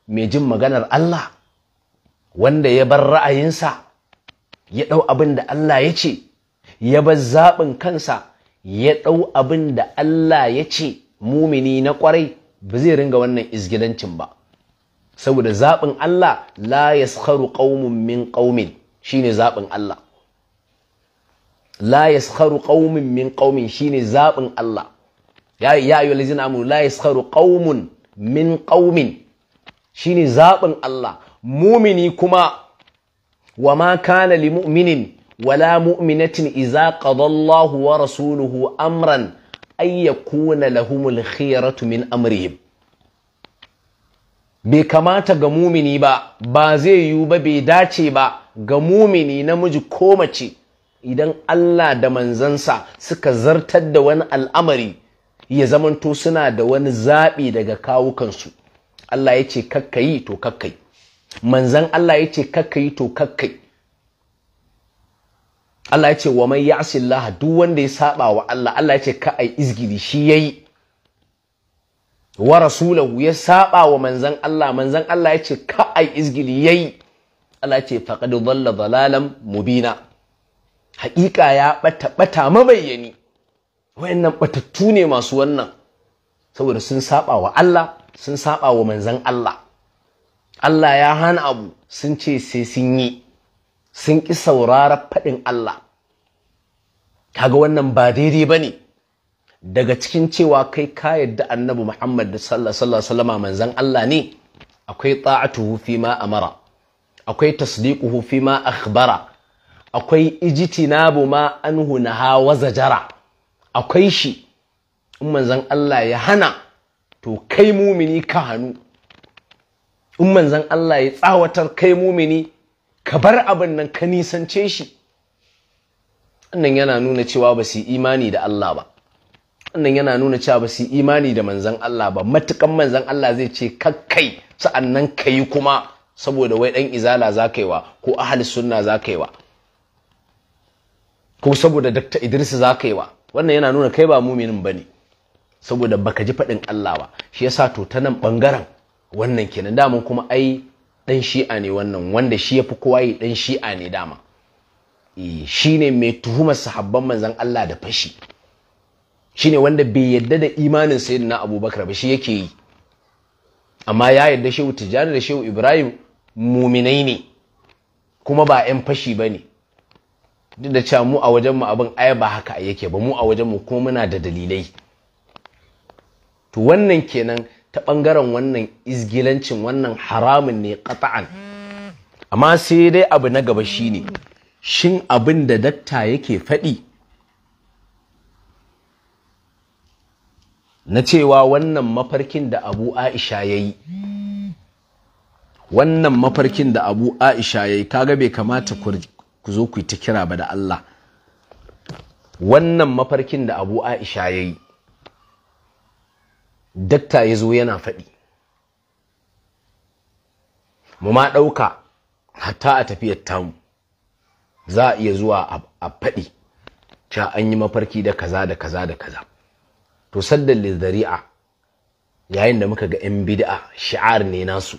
mai jin maganar Allah wanda ya bar ra'ayinsa ya ɗau abin da Allah ya ce ya bar zaɓin kansa ya ɗau abin da Allah ya ce mumini na ƙwarai ba zai ringa wannan izgidancin ba saboda zaɓin Allah la yaskharu qaumun min shi ne zaɓin Allah la yaskharu qaumun min shi ne zaɓin Allah ya ya ayyuhal ladzina amanu la yaskharu ƙaumin min qaumin shine zaɓin Allah mumini kuma wa ma kana li mu'minin wala mu'minatin iza qadallahu wa rasuluhu amran ay yakuna lahumul min amrihim bai kamata ga mumini ba ba zai yiwu ba bai dace ba ga mumini namiji ko mace idan Allah da manzansa suka zartar da wani al'amari ya zamanto suna da wani zaɓi daga kawukansu Allah ya ce kakkayi to kakkayi, manzan Allah ya ce kakkayi to kakkayi. Allah ya ce wa man ya'si Allah duk wanda ya saba wa Allah Allah ya ce ka ai izgiri shi yayi wa rasulahu ya saba wa manzan Allah manzan Allah ya ce ka ai izgiri yayi Allah ya ce faqad dhalla dhalalan mubina haƙiƙa ya bata bata mabayyani wayannan batattu ne masu wannan saboda sun saba wa Allah sun saba wa manzan Allah Allah ya hana abu sun ce sai sun yi sun ƙi saurara faɗin Allah kaga wannan ba daidai ba ne daga cikin cewa kai ka yadda annabi Muhammad da sallallahu alaihi manzon Allah ne akwai ta'atuhu fi ma amara akwai tasdiquhu fi ma akhbara akwai bu ma anhu na hawa zajara akwai shi in manzan Allah ya hana to kai mumini ka hannu in manzon Allah ya tsawatar kai mumini ka bar abin nan ka nisance shi wannan yana nuna cewa ba su imani da Allah ba wannan yana nuna cewa ba su imani da manzan Allah ba matukan manzan Allah zai ce kakkai sa'annan ka yi kuma saboda wai ɗan izala za ka yi wa ko ahal sunna za ka yi wa ko saboda dakta idris za ka yi wa wannan yana nuna kai ba muminin ba ne saboda baka ji faɗin Allah ba shi yasa to ta nan ɓangaren wannan kenan daman kuma ai dan shi'a ne wannan wanda shi ya fi kowa yi dan shi'a ne dama eh, shi ne mai tuhumar sahabban manzan Allah da fashi shi ne wanda bai yadda da imanin na abubakar ba shi yake yi amma ya yadda shehu tijjani da shehu ibrahim muminai ne kuma ba 'yan fashi ba ne duk da cewa mu a wajenmu abin aya ba haka yake ba mu a wajenmu kuma muna da dalilai to wannan kenan ta ɓangaren wannan izgilancin wannan haramun ne ƙata'an amma sai dai abu na gaba shine shin abin da datta yake faɗi na cewa wannan mafarkin da abu aisha ya yi wannan mafarkin da abu aisha ya yi kaga bai kamata ku zo ku yi ta kira ba da allah wannan mafarkin da abu aisha ya yi dakta ya zo yana faɗi mu ma ɗauka hatta a tafiyar tamu za a iya zuwa a faɗi cewa an yi mafarki da kaza da kaza da kaza to saddan lizari'a yayin da muka ga 'yan bid'a shi'ar ne nasu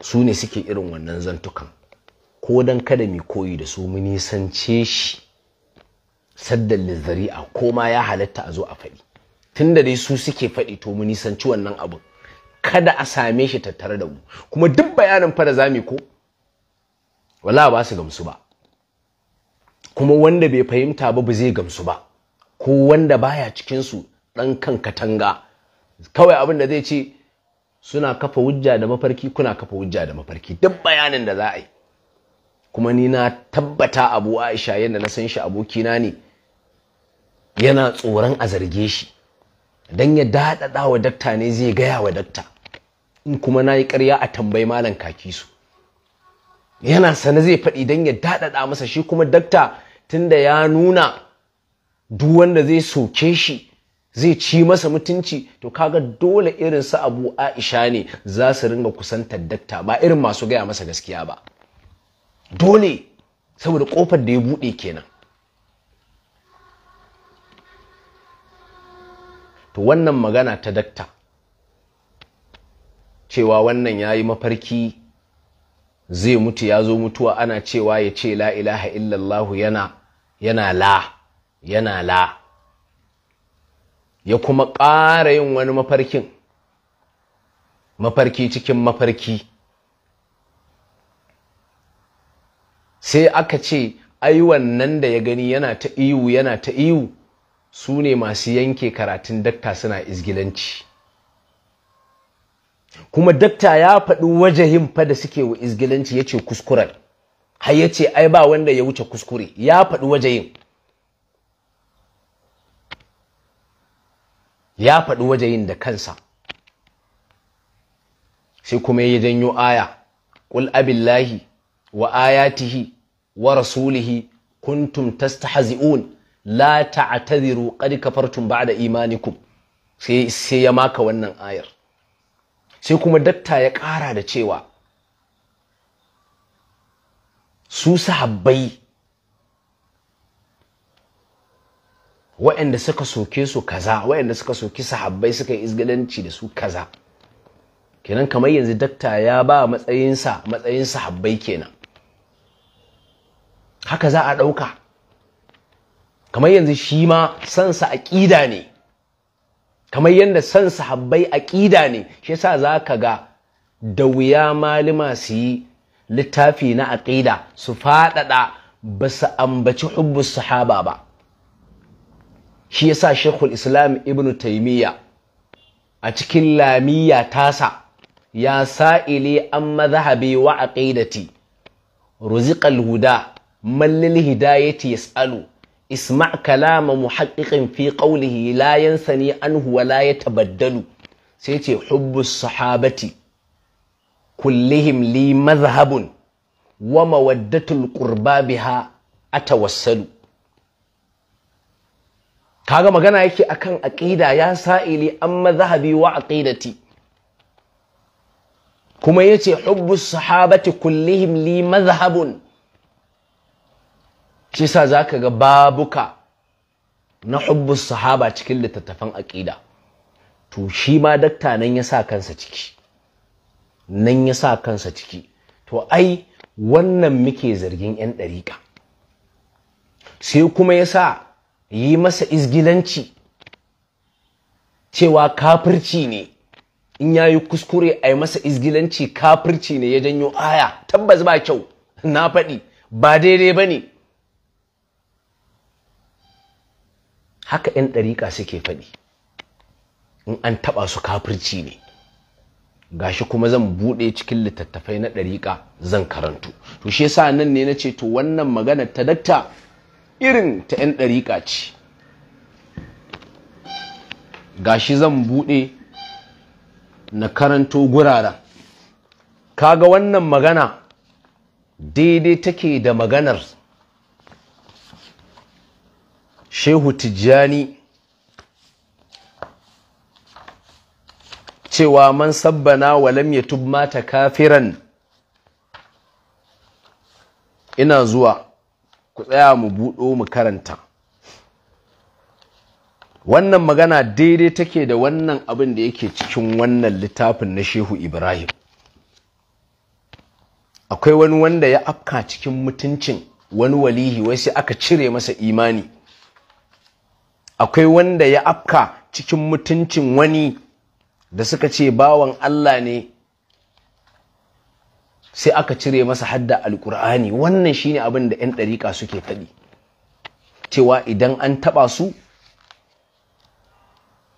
su ne suke irin wannan zantukan ko don kada mai koyi da su mu nisance shi saddan zari'a, ko ma ya halatta a zo a faɗi tunda dai su suke faɗi to mu nisanci wannan abin kada a same shi tattare da mu kuma duk bayanin fa da zamu ko wala ba su gamsu ba kuma wanda bai fahimta ba ba zai gamsu ba ko wanda baya cikin su dan kan katanga kawai abin da zai ce suna kafa hujja da mafarki kuna kafa hujja da mafarki duk bayanin da za a yi kuma ni na tabbata abu Aisha yadda na san shi abokina ne yana tsoron a zarge shi Dan ya daɗaɗa wa dakta ne zai gaya wa dakta. in kuma nayi yi karya a tambayi malam kaki su yana sane zai faɗi dan ya daɗaɗa masa shi kuma dakta tunda ya nuna duk wanda zai soke shi zai ci masa mutunci to kaga dole irin su abu aisha ne za su ringa kusantar dakta ba irin masu gaya masa gaskiya ba dole saboda kofar da ya bude kenan to wannan magana ta dakta cewa wannan ya yi mafarki zai mutu ya zo mutuwa ana cewa ya ce la ilaha illallahu yana yana la yana la ya kuma ƙara yin wani mafarkin mafarki cikin mafarki sai aka ce ai wannan da ya gani yana ta iyu yana ta iyu su ne masu yanke karatun dakta suna izgilanci kuma dakta ya faɗi wajahin fa da suke wa izgilanci ya ce kuskuren har ya ce ai ba wanda ya wuce kuskure ya faɗi wajahin ya faɗi wajahin da kansa sai kuma ya janyo aya ƙul abillahi wa ayatihi wa rasulihi kuntum tastahzi'un la ta'taziru qad kafartum ba'da imanikum sai sai ya maka wannan ayar sai kuma dakta ya ƙara da cewa su sahabbai waɗanda suka soke su kaza waɗanda suka soki sahabbai suka yi izgilanci da su kaza kenan kamar yanzu dakta ya ba matsayinsa matsayin sahabbai kenan haka za a ɗauka kamar yanzu shi ma sansa aƙida ne kamar yadda san sahabbai aƙida ne shi sa za ka ga da wuya malima su yi littafi na aƙida su faɗaɗa ba su ambaci hubbus sahaba ba shi ya sa shekul islam ibn taimiyya a cikin lamiya tasa ya sa'ili an mazhabi wa aqidati ruziqal huda mallil hidayati hidayati yas'alu Isma'kalama kalama muhaqqiqin fi ne an yansani ya tabaddalu sai ce hubbus sahabati kullihim li mazhabun wa mawaddatul qurba biha atawassalu kaga magana yake akan aqida ya sa ili an mazhabi wa aqidati kuma yace hubbus sahabati kullihim li mazhabun Kisa sa za ka ga babuka na hubbus sahaba cikin littattafan aƙida to shi ma dakta nan ya sa kansa ciki nan ya sa kansa ciki to ai wannan muke zargin 'yan ɗariƙa sai kuma ya sa yi masa izgilanci cewa kafirci ne in ya yi kuskure ai masa izgilanci kafirci ne ya janyo aya tabbas ba kyau na faɗi ba daidai ba ne haka 'yan ɗariƙa suke faɗi in an taɓa su kafirci ne gashi kuma zan buɗe cikin littattafai na ɗariƙa zan karantu to shi yasa nan ne na ce to wannan magana ta dakta irin ta ƴan ɗariƙa ce gashi zan buɗe na karanto guraren kaga wannan magana daidai take da maganar shehu tijjani cewa man sabbana walam ya mata kafiran ina zuwa ku tsaya mu buɗo mu karanta wannan magana daidai take da wannan abin da yake cikin wannan littafin na shehu ibrahim akwai wani wanda ya afka cikin mutuncin wani walihi wasu aka cire masa imani akwai wanda ya afka cikin mutuncin wani da suka ce bawan Allah ne sai aka cire masa hadda alkur'ani wannan shine abin da 'yan ɗariƙa suke taɗi. cewa idan an taɓa su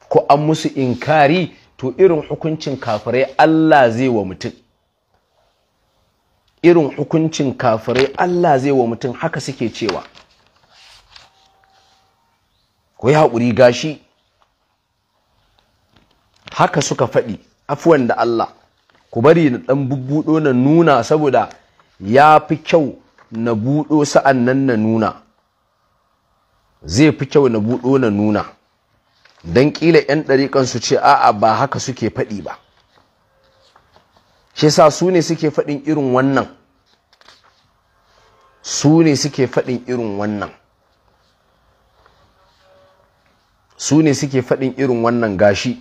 ko an musu inkari to irin hukuncin kafirai Allah zai wa mutum irin hukuncin kafirai Allah zai wa mutum haka suke cewa ku yi haƙuri gashi haka suka faɗi afuwan da Allah ku bari na ɗan bubbuɗo na nuna saboda ya fi kyau na buɗo sa'an nan na nuna zai fi kyau na buɗo na nuna don ƙila 'yan ɗariƙan su ce a'a ba haka suke faɗi ba shi sa su ne suke faɗin irin wannan su ne suke faɗin irin wannan su ne suke faɗin irin wannan gashi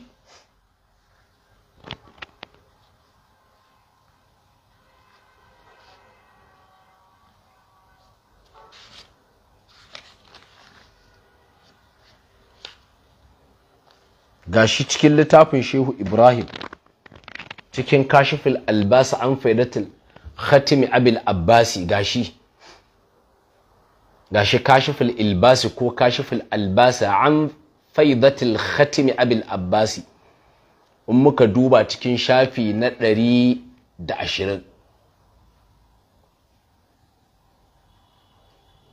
gashi cikin littafin shehu ibrahim cikin kashifil albasa an faidatul khatimi abil abbasi gashi gashi kashifil albasi ko kashifil albasa an faidatul khatimi abil abbasi in muka duba cikin shafi na ɗari da ashirin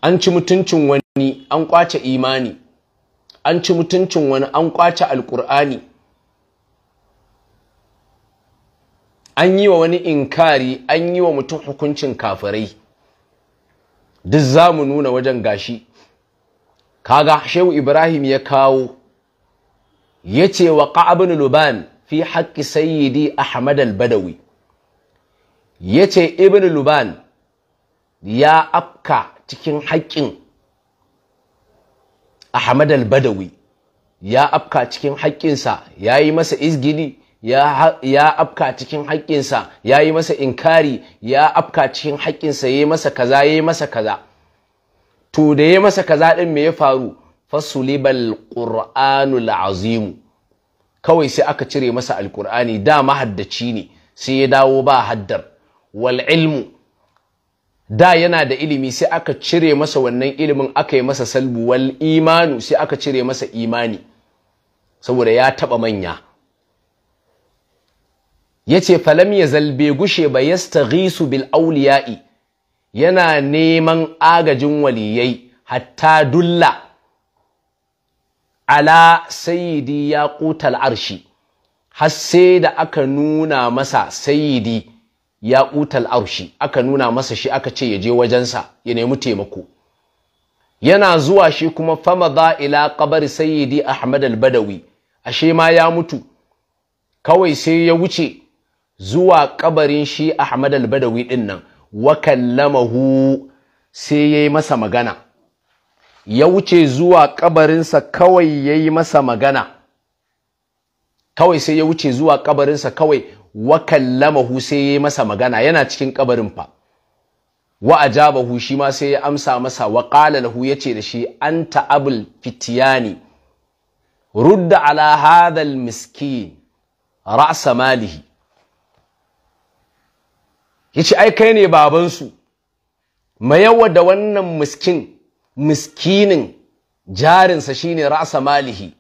an ci mutuncin wani an kwace imani an ci mutuncin wani an kwace Alƙur'ani. an yi wa wani inkari an yi wa mutum hukuncin kafirai duk za mu nuna wajen gashi kaga shehu ibrahim ya kawo ya ce wa ƙa'abin luban fi haƙƙi sayyidi ahmad al-badawi ya ce ibn luban ya afka cikin haƙƙin ahmad al-badawi ya afka cikin haƙƙinsa ya yi masa izgini ya afka cikin haƙƙinsa ya yi masa inkari ya afka cikin haƙƙinsa ya yi masa kaza ya yi masa kaza to da ya masa kaza din me ya faru fasulibal qur'anul azim kawai sai aka cire masa alqur'ani da mahaddaci ne sai ya dawo ba haddar wal ilmu da yana da ilimi sai aka cire masa wannan ilimin aka yi masa salbu wal imanu sai aka cire masa imani saboda ya taba manya yace falam ya zalbe gushe ba yastaghisu bil awliya'i yana neman agajin waliyai hatta dulla ala sayidi ya kutal arshi har sai da aka nuna masa sayidi ya kutal arshi aka nuna masa shi aka ce ya je wajensa ya nemi taimako yana zuwa shi kuma famada ila kabar sayidi ahmad al-badawi ashe ma ya mutu kawai sai ya wuce zuwa kabarin shi ahmad al-badawi din wa kallamahu sai yayi masa magana ya wuce zuwa kabarinsa kawai yayi masa magana kawai sai ya wuce zuwa kabarinsa kawai wa kallamahu sai yayi masa magana yana cikin kabarin fa wa ajabahu shi ma sai ya amsa masa wa qala lahu yace da shi anta abul fitiyani rudda ala hadha miskin ra'sa malihi yace ai kai ne babansu mayawa da wannan miskin miskinin jarinsa shine ra'sa malihi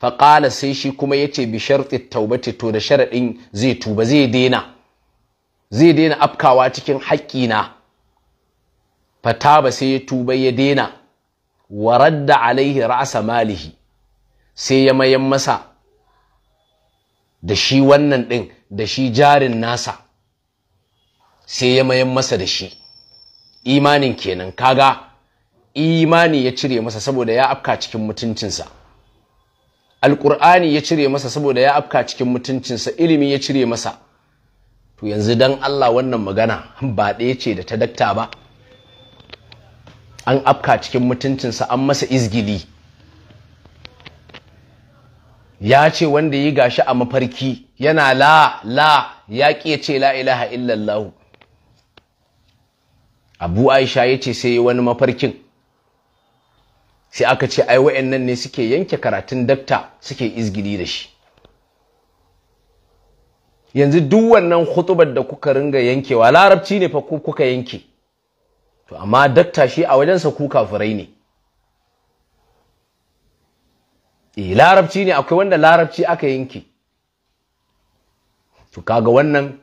faƙala sai shi kuma yace bi sharti taubati to da sharaɗin zai tuba zai daina zai daina afkawa cikin haƙƙina fataba sai ya tuba ya daina wa radda alaihi ra'sa malihi sai ya mayan masa da shi wannan ɗin da shi jarin nasa sai ya mayan masa da shi imanin kenan kaga imani ya cire masa saboda ya afka cikin mutuncinsa alkur'ani ya cire masa saboda ya afka cikin mutuncinsa ilimi ya cire masa to yanzu dan Allah wannan magana ba ɗaya ce da ta dakta ba an afka cikin mutuncinsa an masa izgili ya ce wanda yi gashi a mafarki yana la la ya ƙi ya ce la ilaha illallahu abu aisha ya ce sai wani mafarkin sai aka ce ai wa'annan ne suke yanke karatun dakta suke izgili da shi yanzu duk wannan hutubar da kuka ringa yankewa larabci ne fa ko kuka yanke to amma dakta shi a wajensa ku kafirai ne E larabci ne akwai wanda larabci aka yanke to kaga wannan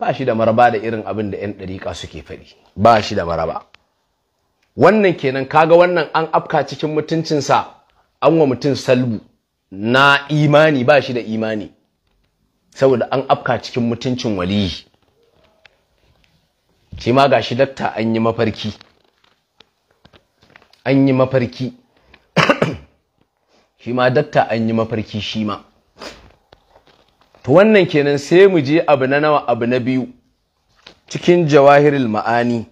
ba shi da maraba da irin abin da 'yan ɗariƙa suke faɗi ba shi da maraba wannan kenan kaga wannan an afka cikin mutuncinsa an wa mutum salbu na imani ba shi da imani saboda an afka cikin mutuncin waliyi shi ma gashi dakta an yi mafarki an yi mafarki [coughs] shi ma dakta an yi mafarki shi ma to wannan kenan sai mu je abu na nawa abu na biyu cikin jawahiril ma'ani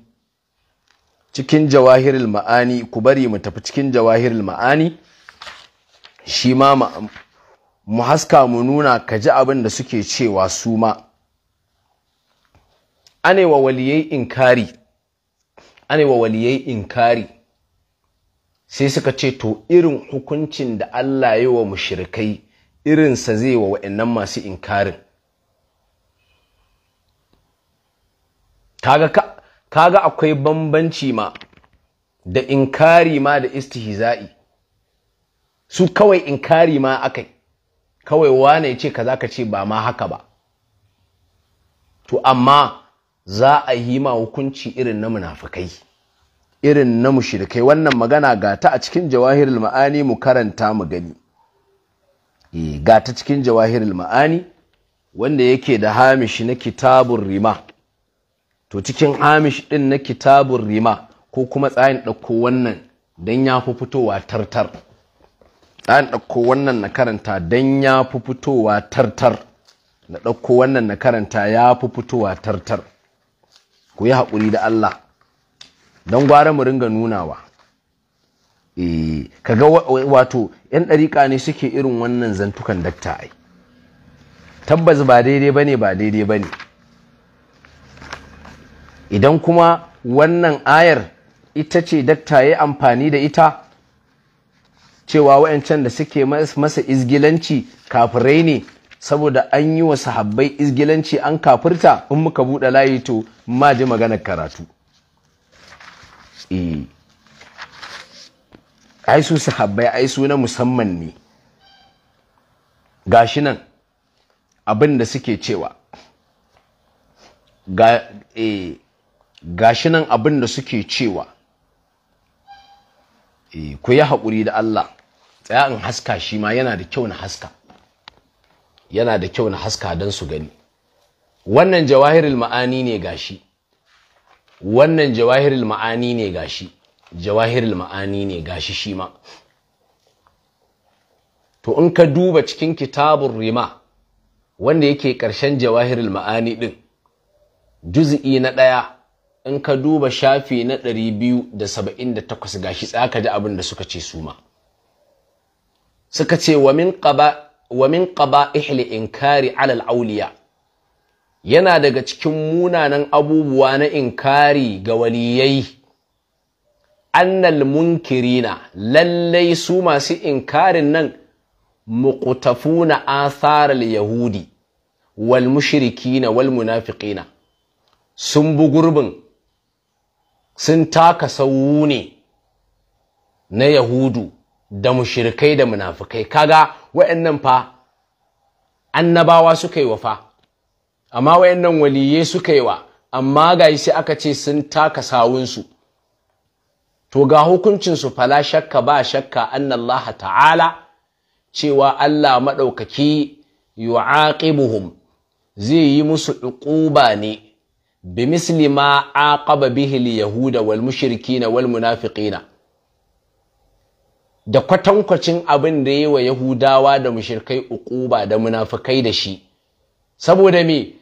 cikin jawahiril ma'ani ku bari mu tafi cikin jawahiril ma'ani shi ma mu haska mu nuna ka ji abin da suke cewa su ma anewa waliyai inkari anewa waliyai inkari sai suka ce to irin hukuncin da Allah yi wa mushrikai irinsa zai wa wa'annan masu inkarin kaga akwai bambanci ma da inkari ma da istihza'i su kawai inkari ma akai kawai wane ce ka ka ce ba ma haka ba to amma za a yi ma hukunci irin na munafikai irin na mushrikai wannan magana ga ta a cikin jawahirul ma'ani mu karanta mu gani E, ga ta cikin jawahirul ma'ani wanda yake da hamishi na kitabun rima to cikin hamish din na kitabun rima ko kuma tsayin ɗauko wannan don ya fi fitowa tartar tsayin ɗauko wannan na karanta don ya fi fitowa tartar na ɗauko wannan na karanta ya fi fitowa tartar ku yi haƙuri da Allah don gwara mu ringa nunawa Eh, kaga wato yan ɗariƙa ne suke irin wannan zantukan dakta ai tabbas ba daidai ba ne, ba daidai ba ne. idan kuma wannan ayar ita ce dakta ya amfani da ita cewa wayancan da suke masa izgilanci kafirai ne saboda an yi wa sahabbai izgilanci an kafirta in muka buɗe layi to ma ji maganar karatu eh. ai su sahabbai ai su na musamman ne gashi nan abin da suke cewa ga eh gashi nan abin da suke cewa e, ku yi hakuri da Allah tsaya in haska shi ma yana da kyau na haska yana da kyau na haska don su gani wannan jawahirul ma'ani ne gashi wannan jawahirul ma'ani ne gashi jawahirul ma'ani ne gashi shi ma to in ka duba cikin kitabun rima wanda yake ƙarshen jawahirul ma'ani ɗin juz'i na ɗaya in ka duba shafi na ɗari biyu da saba'in da takwas gashi tsaka ji abin da suka ce su ma suka ce wa min qaba ihli inkari alal auliya yana daga cikin munanan abubuwa na inkari ga waliyai annal munkirina lallai su masu inkarin nan na asarar yahudi wal mushrikina wal munafiqina sun bu gurbin sun taka sauwu ne na yahudu da mushrikai da munafikai kaga nan fa annabawa suka yi wa fa amma wayannan waliyye suka yi wa amma ga sai aka ce sun taka sawunsu to ga hukuncinsu fala shakka ba shakka annallaha ta'ala cewa Allah maɗaukaki yu'aqibuhum zai yi musu uquba ne misli ma aƙaba bihil yahuda wal mushrikina wal munafiqina da kwatankwacin abin da yi wa yahudawa da mushrikai ukuba da munafikai da shi saboda me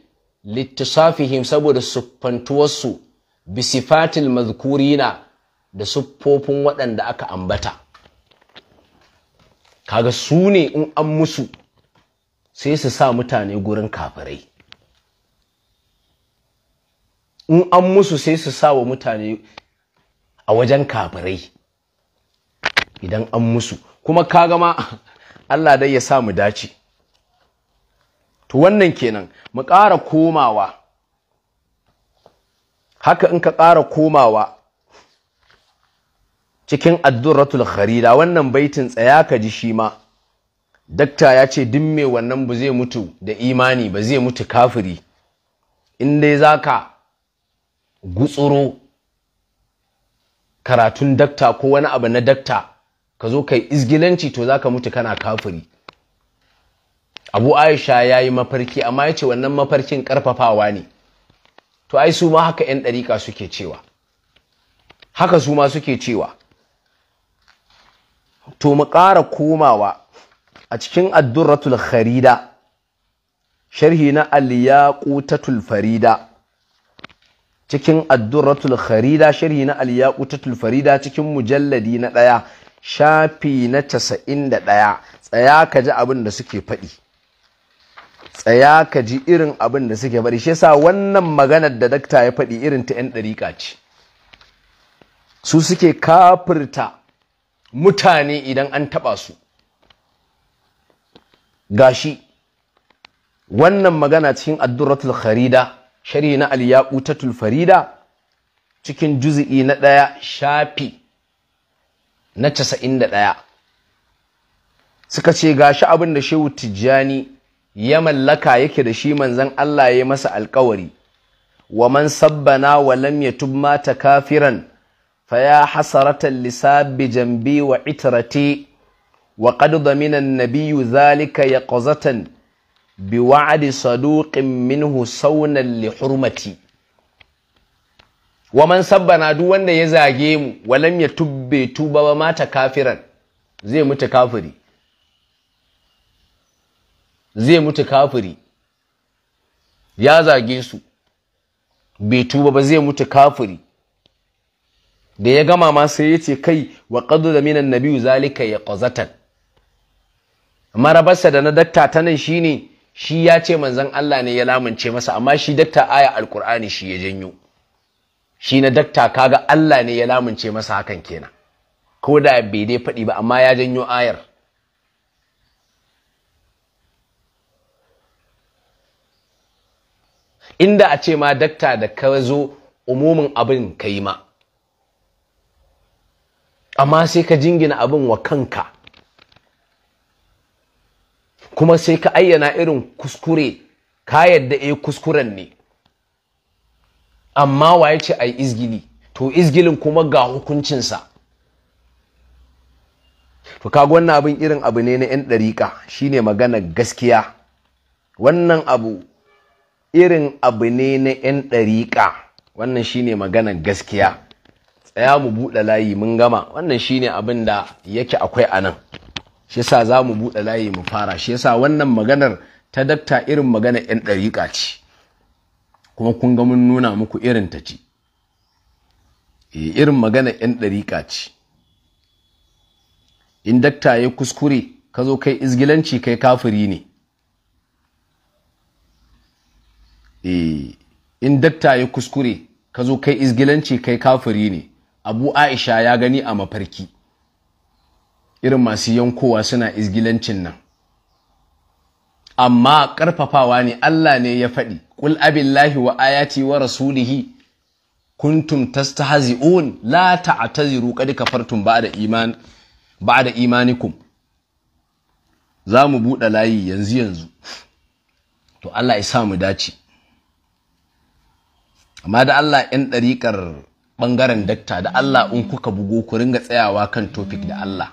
littisafihim saboda suffantuwarsu bisifatil mazkurina da siffofin waɗanda aka ambata kaga su ne in an musu sai su sa mutane gurin kafirai in an musu sai su sa wa mutane a wajen kafirai idan an musu kuma kaga ma Allah dai ya sa mu dace to wannan kenan mu ƙara komawa haka in ka ƙara komawa cikin addurratul kharida wannan baitin tsaya ka ji shi ma dakta ya ce duk mai wannan ba zai mutu da imani ba zai mutu kafiri in dai za ka gutsuro karatun dakta ko wani abu na dakta ka zo kai izgilanci to za ka mutu kana kafiri abu aisha ya yi mafarki amma ya ce wannan mafarkin karfafawa ne to ai su ma haka 'yan ɗarika suke cewa haka su ma suke cewa to mu ƙara komawa a cikin addurratul kharida sharhi na al farida cikin addurratul kharida sharhi na al farida cikin mujalladi na ɗaya shafi na casa'in da ɗaya tsaya ka ji abin da suke faɗi tsaya ka ji irin abin da suke faɗi shi yasa wannan maganar da dakta ya faɗi irin ta 'yan ɗariƙa ce su suke kafirta mutane idan an taɓa su gashi wannan magana cikin addurratul kharida shari na alyaqutatul farida cikin juz'i na ɗaya shafi na casa'in da ɗaya suka ce gashi abin da shehu tijjani ya mallaka yake da shi manzon Allah ya masa alkawari wa man sabbana wa lam yatub mata kafiran فيا حسرة اللساب بجنبي وعترتي وقد ضمن zalika ya يقظة بوعد صدوق منه صونا لحرمتي waman sabbana duk wanda ya zage mu walam ya tubbe tuba ba mata kafiran zai mutu kafiri ya zage su bai tuba ba zai mutu kafiri da ya gama ma sai ya ce kai wa ƙadu da minan nabiyu zalika ya ƙazatan marabarsa da na dakta ta nan shine shi ya ce manzan Allah ne ya lamunce masa amma shi dakta aya Alƙur'ani shi ya janyo shi na dakta kaga Allah ne ya lamunce masa hakan kenan ko da bai dai faɗi ba amma ya janyo ayar inda a ce ma dakta da ka zo umumin abin ka yi ma amma sai ka jingina abin wa kanka kuma sai ka ayyana irin kuskure ka yadda ya eh kuskuren ne amma waye ce yi izgili to izgilin kuma ga hukuncinsa to kaga wannan abin irin abu ne na 'yan ɗariƙa shine magana gaskiya wannan abu irin abu ne na 'yan ɗariƙa wannan shine magana gaskiya tsaya mu buɗe layi mun gama wannan shine abin da yake akwai a nan shi yasa za mu buɗe layi mu fara shi yasa wannan maganar ta dakta irin maganar 'yan ɗariƙa ce kuma kun ga mun nuna muku irin ta ce eh, irin maganar 'yan ɗariƙa ce in dakta ya kuskure ka zo kai izgilanci kai kafiri ne eh, in dakta ya kuskure ka zo kai izgilanci kai kafiri ne abu aisha ya gani a mafarki irin masu yankowa suna izgilancin nan amma ƙarfafawa ne Allah ne ya faɗi ƙul abillahi wa ayati wa rasulihi kuntum tastahzi'un la ta'taziru qad kafartum ba'da iman ba'da imanikum Za mu buɗe layi yanzu yanzu to Allah ya sa mu dace amma da Allah 'yan ɗariƙar bangaren dakta da Allah in kuka bugo ku ringa tsayawa kan topic da Allah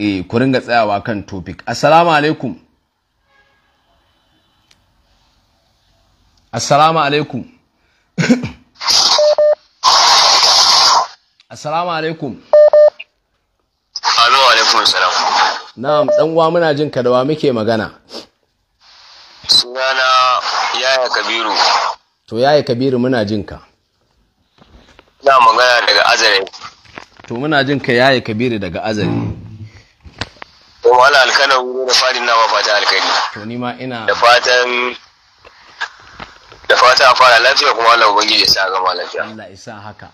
eh ku ringa tsayawa kan topic assalamu alaikum assalamu alaikum [coughs] assalamu alaikum Alo alaikum assalam Na'am dan uwa muna jin ka da wa muke magana. Sunana Yaya Kabiru. To Yaya Kabiru muna jin ka. Ina magana daga Azare. To muna jin ka yaye Kabiru daga Azare. To wala alkana wuri da fadi na fata alkali. To ni ma ina da fatan da fata a fara lafiya kuma Allah ubangiji ya sa gama lafiya. Allah ya sa haka.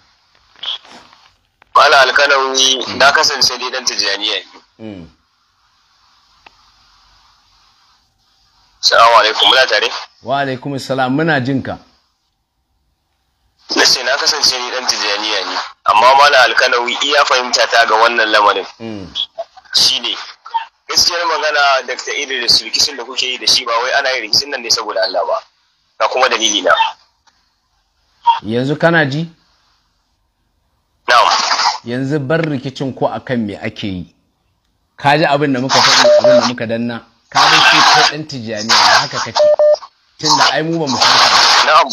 Mala alkana wuri na kasance dai dan tijaniya. Mm. Salamu alaikum muna tare. Wa alaikum salam muna jinka. na ce na kasance ni dan tijaniya ne amma mala alkanawi iya fahimta ta ga wannan lamarin hmm. shi ne gaskiyar magana dr idris rikicin da kuke yi da shi ba wai ana yin rikicin nan ne saboda allah ba na kuma dalili na yanzu kana ji yanzu bar rikicin ko akan me ake yi ka ji abin da muka faɗi abin da muka danna ka da shi ko ɗan tijaniya haka kake tunda ai mu ba mu san na'am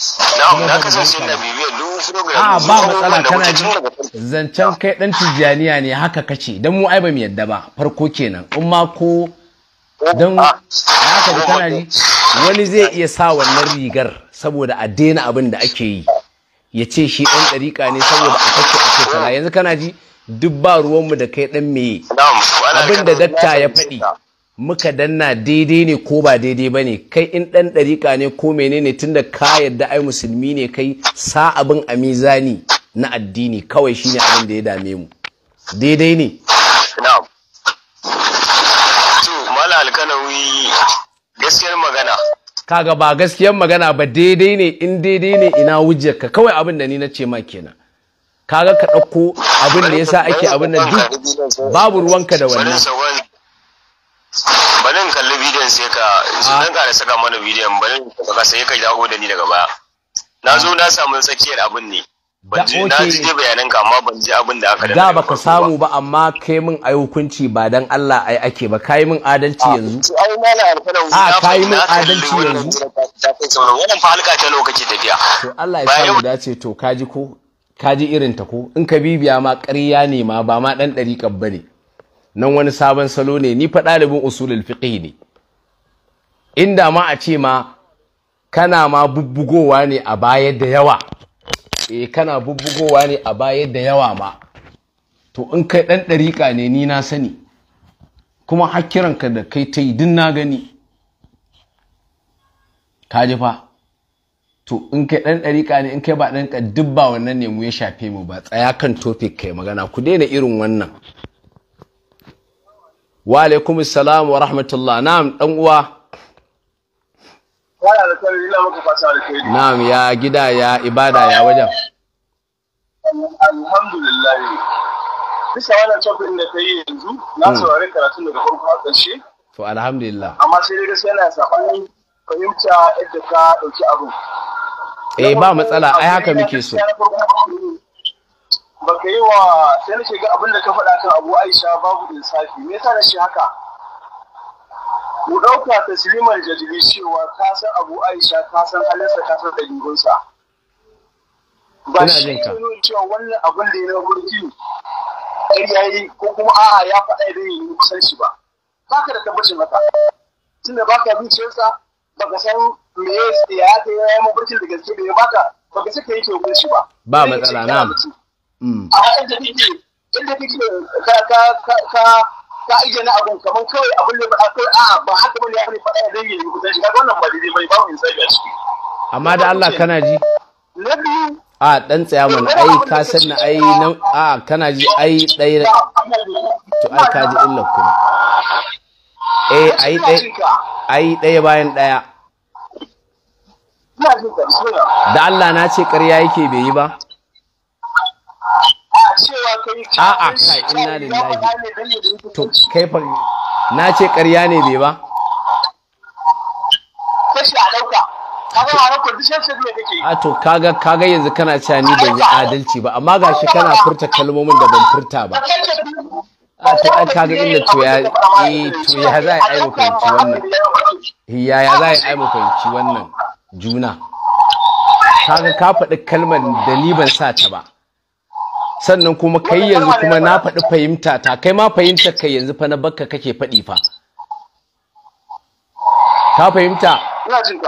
A'a, ba ah, matsala kana ji zancen kai ɗan tijjaniya ne haka kace don mu ai ba mu yadda ba farko kenan in ma ko don ah. haka da kana ji wani zai iya sa wannan rigar saboda a daina abin da ake yi ya ce shi ɗan ɗariƙa ne saboda a kake a kashe yanzu kana ji duk ba ruwanmu da kai ɗan meye abin da datta ya faɗi muka danna daidai ne ko ba daidai ba ne kai in ɗan ɗariƙa ne ko menene tunda ka yadda ai musulmi ne kai sa abin a mizani na addini kawai shine abin da ya dame mu daidai ne gaskiyar magana kaga ba gaskiyar magana ba daidai ne in daidai ne ina wujjar ka kawai abin da ni na ce ma kenan kaga ka ɗauko abin da yasa ake abin nan duk babu ruwanka da wannan balin in kalli bidiyon sai ka ka ah. da saka mana bidiyon balin ka saka sai ka dawo da ni daga baya na zo na samu tsakiyar abin ne na ji ne bayanan ka amma ban ji abin da aka da da ka samu ba amma kai min ai hukunci ba dan Allah ai ake ba kai min adalci ah, yanzu ai a ah, kai min adalci yanzu wannan fa halka ta lokaci tafiya to Allah ya samu dace to kaji ko kaji irin ta ko in ka bibiya ma ƙarya ne ma ba ma dan ɗari kabba ne nan wani sabon salo ne ni fa ɗalibin usulul fiqh ne inda ma a ce ma kana ma bubbugowa ne a baya da yawa eh kana bubbugowa ne a baya da yawa ma to in kai ɗan ɗariƙa ne ni na sani kuma hakkiranka da kai ta yi din na gani ka ji fa to in kai ɗan ɗariƙa ne in kai ba ɗan duk ba wannan ne mu ya shafe mu ba tsaya kan topic kai magana ku daina irin wannan wa alaikum salam wa rahmatullah na'am dan uwa na'am ya gida ya ibada ya wajen alhamdulillah bisa wannan topic da ta yi yanzu na hmm. saurari karatun daga farko har karshe to alhamdulillah amma sai dai gaskiya na sabanin fahimta yadda ka dauki abu eh ba matsala ai haka muke so baka yi wa sai nake ga abin da ka faɗa kan abu aisha babu insafi me yasa shi haka Ku ɗauka taslimar jajibi cewa ta san abu aisha ta san halinsa ta san ɗabi'unsa ba shi ne cewa wannan abin da ya na burki yayi ko kuma a'a ya faɗa da yi kusan shi ba baka da tabbacin haka tunda baka zuciyarsa baka san me ya ya ta yi mafarkin da gaske da ya baka baka saka yake shi ba ba matsala na amma inda kike ka a'a da Allah kana ji na a dan tsaya mana ai ka san ai a kana ji ai dai to ai ka ji illa ku eh ai dai ai dai bayan daya da Allah na ce ƙarya yake bai yi ba a'a kai inna lillahi to kai fa na ce ƙarya ne bai ba kashi a kaga kake a to kaga kaga yanzu kana cewa ni ban yi adalci ba amma gashi kana furta kalmomin da ban furta ba a ta ɗan kaga inda to eh, eh, ya ya za a yi mafanci wannan ya ya za a yi mafanci wannan juna kaga ka faɗi kalmar da ni ban sa ta ba sannan kuma kai yanzu kuma na faɗi fahimta ta kai ma fahimtar kai yanzu fa na bakka kake faɗi fa ka fahimta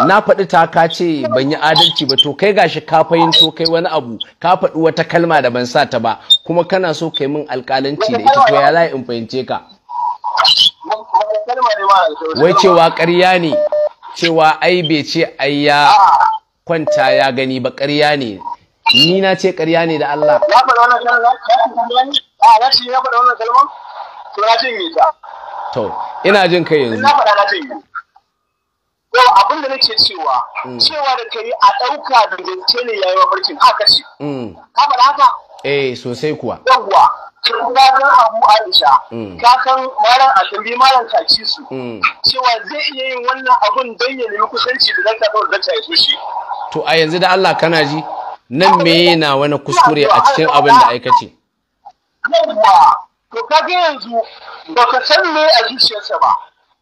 na faɗi ta ka ce ban yi adalci ba to kai gashi ka fahimto kai wani abu ka faɗi wata kalma da ban sa ta ba kuma kana so kai min alƙalanci da ita to ya layi in fahimce ka wai cewa ƙarya ne cewa ai bai ce ai ya kwanta ya gani ba ƙarya ne ni na ce ƙarya ne da Allah na faɗa wannan kalma a ah, na ce na faɗa wannan kalma to na cinye ta to ina jin kai yanzu na faɗa na yi. to abin da nake cewa mm. cewa da kai a ɗauka da zance ne yayi mafarkin haka ce mm. ka faɗa haka eh sosai kuwa yawwa kin ga abu Aisha mm. ka san malam Asabi malam kaci su cewa zai iya yin wannan abun don ya nemi kusanci da zaka da ta yi shi to a yanzu da Allah kana ji nan me na wani kuskure a cikin abin da aikace to kaga yanzu ba ka san me a zuciyarsa ba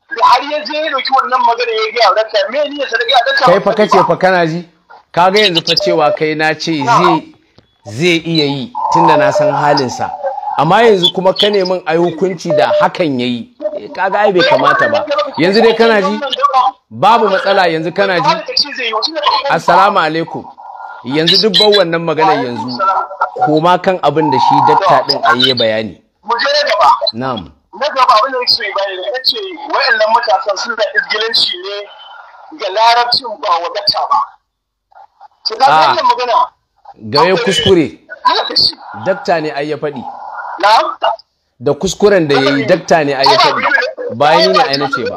da har ya je ya wannan magana ya ga me ya a kai fa kace fa kana ji ga yanzu fa cewa kai na ce zai zai iya yi tunda na san halinsa amma yanzu kuma ka nemin a hukunci da hakan yayi eh, ka ai bai kamata ba yanzu dai kana ji babu matsala yanzu kana ji assalamu alaikum yanzu duk ban wannan magana yanzu ma kan abin da shi datta din a yi bayani mu je na gaba na'am na gaba abin da yake bayani ya kace wayannan matasan sun da izgilanci ne ga larabcin ba wa datta ba to da ah. wannan magana gaye kuskure dakta ne ayye fadi faɗi da kuskuren da ya yi dakta ne ai ya faɗi bayan nuna ai nace ba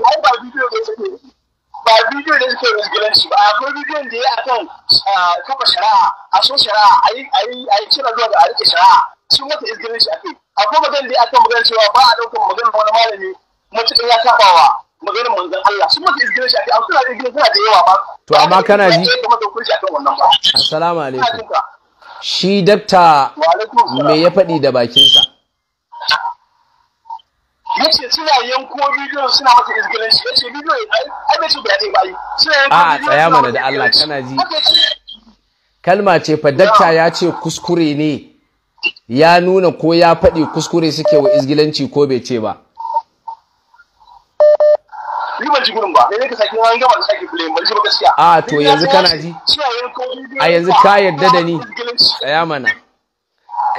ba bidiyo da suke rigilanci ba akwai bidiyon da ya akan ah, kafa shara'a a so shara'a a yi cira zuwa da a rike shari'a sun wata izgilanci a kai akwai magana da ya akan magana cewa ba a ɗaukar maganar wani malami mutum ya wa maganar manzon Allah sun wata izgirin a ake a suna izgilanci suna da yawa ba. to amma kana ji assalamu alaikum shi dakta me ya faɗi da bakinsa. yace suna yanko bidiyon suna maka izgilin shi yace da Allah kana ji kalma ce fa ya ce kuskure ne ya nuna ko ya faɗi kuskure suke wa izgilanci ko bai ce ba ni ka a to yanzu kana ji a yanzu ka yarda da ni tsaya mana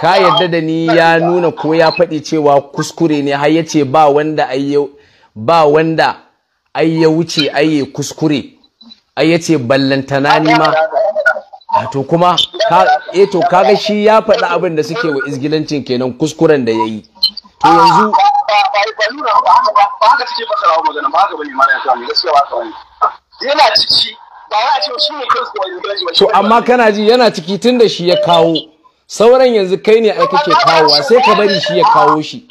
ka yadda da ni ya nuna ko ya faɗi cewa kuskure ne har yace ba wanda ba wanda ai ya wuce ai ya kuskure ai yace ballantana ni ma to kuma ka eh to kaga shi ya faɗi abin da suke wa izgilancin kenan kuskuren da yayi to yanzu yana ciki ba ya ce shi ne kansu wa izgilanci ba to amma kana ji yana ciki tun da shi ya kawo sauran yanzu kai ne ai kake kawowa sai ka bari shi ya kawo shi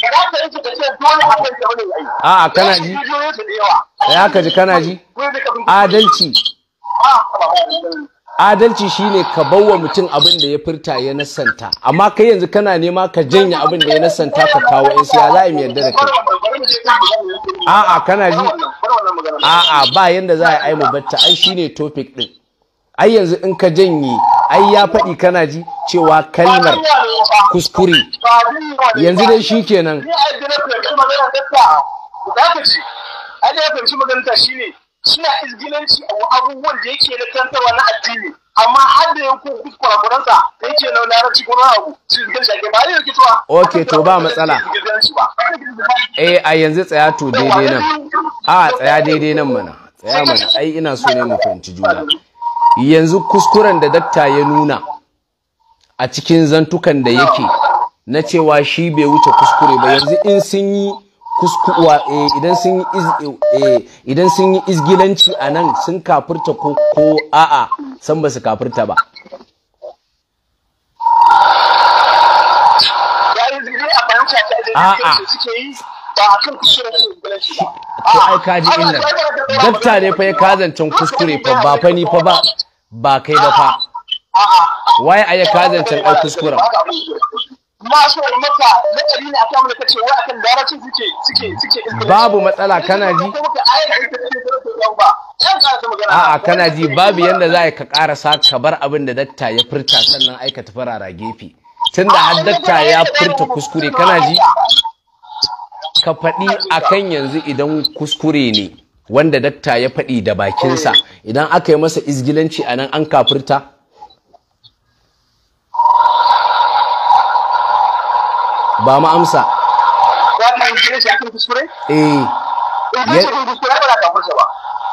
a'a kana ji ya ka ji kana ji adalci adalci shine ka bawa mutum abin da ya furta ya nasanta amma kai yanzu kana nema ka janye abin da ya nasanta ka kawo in eh, siya za a yarda da kai a'a kana ji a'a ba yanda za a yi mu batta ai shine topic din ai yanzu in ka janye ai ya faɗi kana ji cewa kalmar kuskure yanzu dai shi kenan suna izgilanci abubuwan da yake na na addini amma har da ok to ba matsala eh a yanzu tsaya to daidai nan a tsaya daidai nan mana tsaya mana ai ina so ne mu fahimci juna yanzu kuskuren da dakta ya nuna a cikin zantukan da yake na cewa shi bai wuce kuskure ba yanzu in sun yi kuskuwa eh, idan sun yi eh, idan sun yi izgilanci a nan sun kafirta ko ko a'a san ba su kafirta ba a'a ba to ai ka ji inna dafta ne fa ya kazancin kuskure fa ba fa ni fa ba ba kai ba fa waye ai ya kazancin ai kuskuren babu matsala kana ji a'a kana ji babu yanda za ka karasa ka bar abin da dakta ya furta sannan aikata farara gefe tunda har dakta ya furta kuskure kana ji ka faɗi a kan yanzu idan kuskure ne wanda dakta ya faɗi da bakinsa idan aka yi masa izgilanci a nan an kafirta ba mu amsa eh. Eh,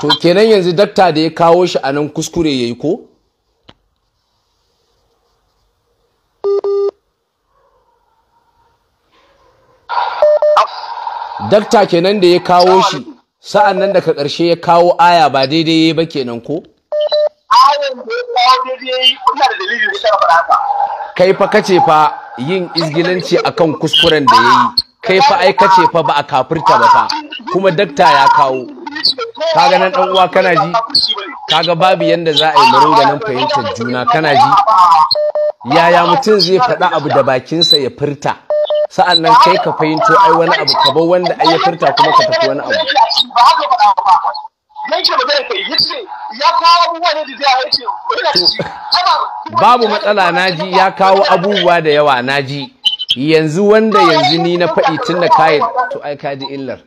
to kenan yanzu dakta da ya kawo shi a nan kuskure ya yi ko? dakta kenan da ya kawo shi sa'an nan daga ƙarshe ya kawo aya ba daidai ba kenan ko ya kai fa kace fa yin izgilanci akan kuskuren da ya yi? kai fa ai kace fa ba a kafirta ba fa kuma dakta ya kawo kaga nan dan uwa kana ji kaga babu yadda za a yi mu fahimtar juna kana ji yaya mutum zai faɗa abu da bakinsa ya furta sa'an nan kai ka fahimto ai wani abu ka bar wanda ai ya furta kuma ka tafi wani abu babu matsala naji ya kawo abubuwa da yawa naji yanzu wanda yanzu ni na faɗi tun da kayan to ai kaji illar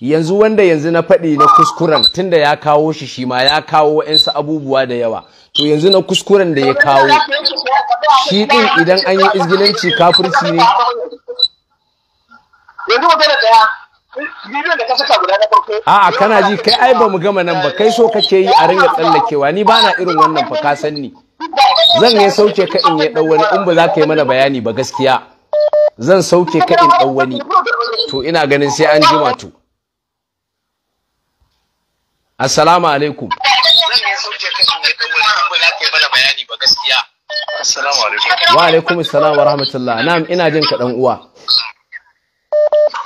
yanzu wanda yanzu na faɗi na kuskuren tunda ya kawo shi shi ma ya kawo 'yansu abubuwa da yawa to yanzu na kuskuren da ya kawo shi din idan an yi izgilanci kafirci ne yanzu da daya bidiyon da ka saka guda na farko a'a kana ji kai ai ba mu gama nan ba kai so kake yi a ringa tsallakewa ni ba na irin wannan fa ka san ni zan yi sauke ka in ya dau wani in ba za ka yi mana bayani ba gaskiya zan sauke ka in dau wani to ina ganin sai an jima to assalamu alaikum Assalamu alaikum. Wa alaikum assalam wa rahmatullah. Na'am ina jin ka dan uwa.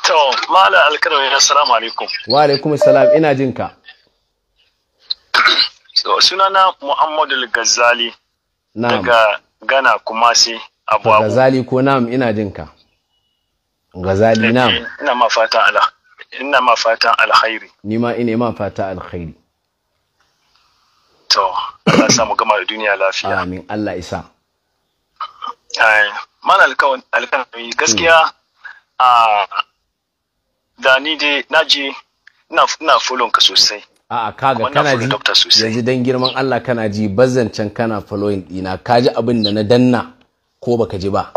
To, mala alkarwa assalamu alaikum. Wa alaikum assalam ina jin ka. So, sunana al Ghazali. Daga Ghana Kumasi Abu Abu. Ghazali ko na'am ina jin ka. Ghazali na'am. Ina ma fatan Allah. Ina ma fatan alkhairi. Ni ma ina ma fatan alkhairi. To, Allah samu gama da duniya lafiya. Amin, Allah isa. man alkalami gaskiya hmm. a da ni dai na ji ina folon ka sosai a'a kaga kana ji yanzu dan girman Allah kana ji bazancan kana following dina ka ji abin da na danna ko baka ji ba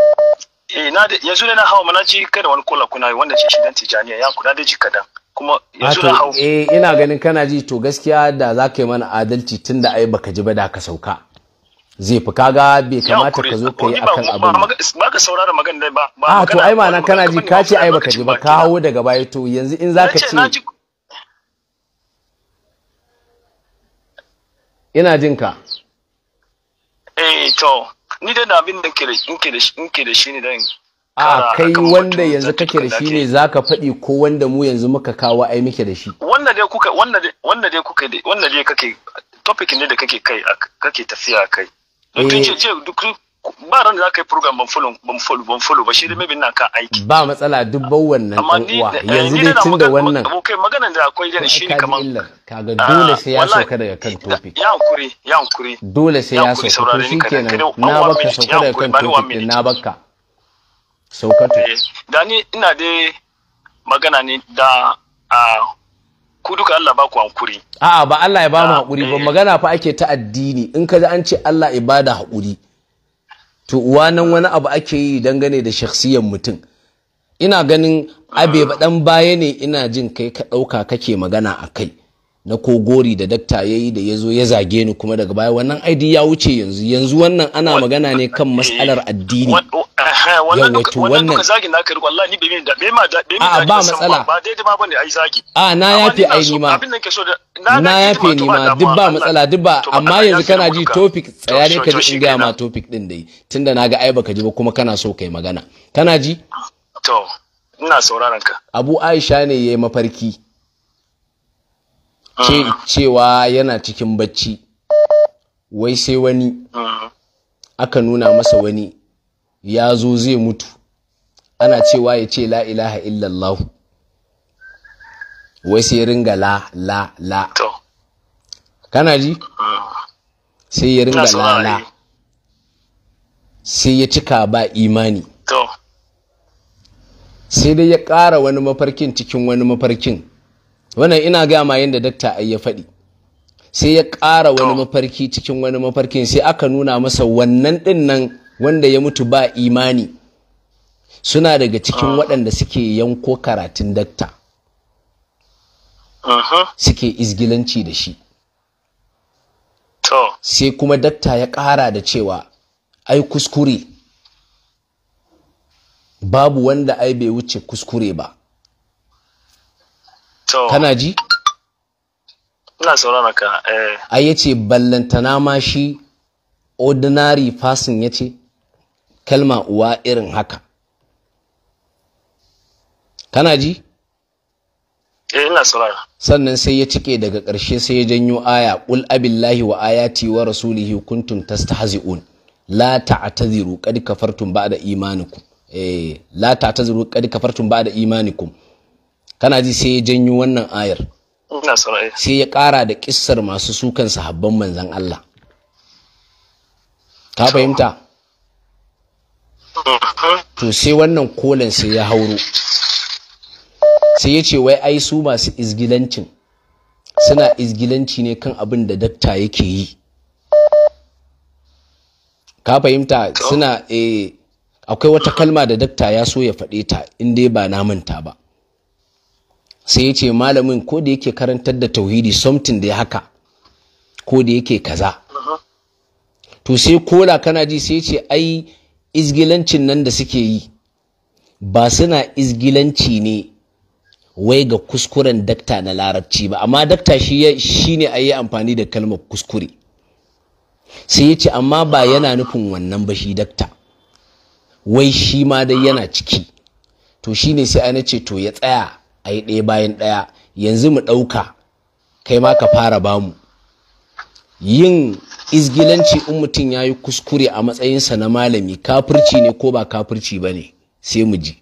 eh na yanzu na hawa mana ji kada wani kola kuna wanda ce shi dan tijaniya ya kuna da ji kadan kuma yanzu na hawa eh ina ganin kana ji to gaskiya da za ka yi mana adalci tunda ai baka ji ba da ka sauka zai fi kaga bai kamata ka zo ka yi akan abin ba ka saurara magana ba ba ah to ai ma'ana kana ji ka ce ai baka ji ba ka hawo daga baya to yanzu in zaka ce ina jin ka eh to ni da abin da nke da shi ne dan a ah, kai wanda yanzu kake da shi ne zaka faɗi ko wanda mu yanzu muka kawo ai muke da shi wanda dai kuka wanda dai wanda dai kuka dai wanda dai kake topic ne da kake kai kake tafiya kai in eh. ba ran da za ka yi program ban follow ban follow ban ba shi dai maybe ina aiki ba matsala dubban wannan dan uwa eh, yanzu dai tun da wannan kai maganar da akwai da shi ne kaman kaga dole sai ya ah, sauka daga kan topic ya hankuri ya hankuri dole sai ya sauka to shikenan na baka sauka daga kan topic na baka sauka to eh, da ni ina dai magana ne da ah, ku duka Allah ba ku hankuri a'a ba Allah ya ba mu hakuri ba magana fa ake ta addini in ka ji an ce Allah ya bada hakuri to uwa nan wani abu ake yi dangane da shakhsiyar mutum ina ganin abe ba dan baya ne ina jin kai ka dauka kake magana a kai na kogori da dakta ya yi da ya zo ya zage ni kuma daga baya wannan aidi ya wuce yanzu yanzu wannan ana magana ne kan mas'alar eh, addini oh, wannan wato wannan a ba matsala a na yafe ai ni ma na yafe ni ma duk ba matsala duk ba amma yanzu kana ji topic tsaya ne ka ji in gaya ma topic din dai tunda ga ai baka ji ba kuma kana so kai magana kana ji to ina sauraron ka abu aisha ne yayi mafarki Ah. cewa yana cikin bacci wai sai wani ah. aka nuna masa wani ya zo zai mutu ana cewa ya ce la ilaha illallah wai sai ringa la la la kana ji ah. sai ya ringa la la sai ya cika ba imani sai dai ya ƙara wani mafarkin cikin wani mafarkin wannan ina ga ma yadda dakta ai ya faɗi sai ya ƙara wani mafarki cikin wani mafarkin sai aka nuna masa wannan ɗin nan wanda ya mutu ba imani suna daga cikin ah. waɗanda suke yanko karatun dakta suke izgilanci da shi sai kuma dakta ya ƙara da cewa ai kuskure babu wanda ai bai wuce kuskure ba kana ji ina saurara ka eh ai yace ballantana ma shi ordinary person yace kalma uwa irin haka kana ji eh ina saurara sannan sai ya cike daga ƙarshe sai ya janyo aya qul abillahi wa ayati wa rasulihi kuntum tastahzi'un la ta'taziru qad kafartum ba'da imanikum eh la ta'taziru qad kafartum ba'da imanikum kana ji sai ya janyo wannan ayar sai ya ƙara da ƙissar masu sukan sahabban manzan Allah ka fahimta to sai wannan kolan sai ya hauro sai ya ce wai ai su masu izgilancin suna izgilanci ne kan abin da dakta yake yi ka fahimta suna eh, akwai wata kalma da dakta ya so ya faɗe ta in dai ba na manta ba sai ya ce malamin ko da yake karantar da tauhidi something da ya haka ko da yake kaza to sai kola kana ji sai ya ce ai izgilancin nan da suke yi ba suna izgilanci ne wai ga kuskuren dakta na larabci ba amma dakta shi ne a yi amfani da kalmar kuskure sai ya ce amma ba yana nufin wannan ba shi dakta wai shi ma dai yana ciki to shi ne sai ana ce to ya tsaya a yi ɗaya bayan ɗaya yanzu mu ɗauka kai ma ka fara bamu yin izgilanci in mutum ya yi kuskure a matsayinsa na malami kafirci ne ko ba kafirci ba ne sai mu ji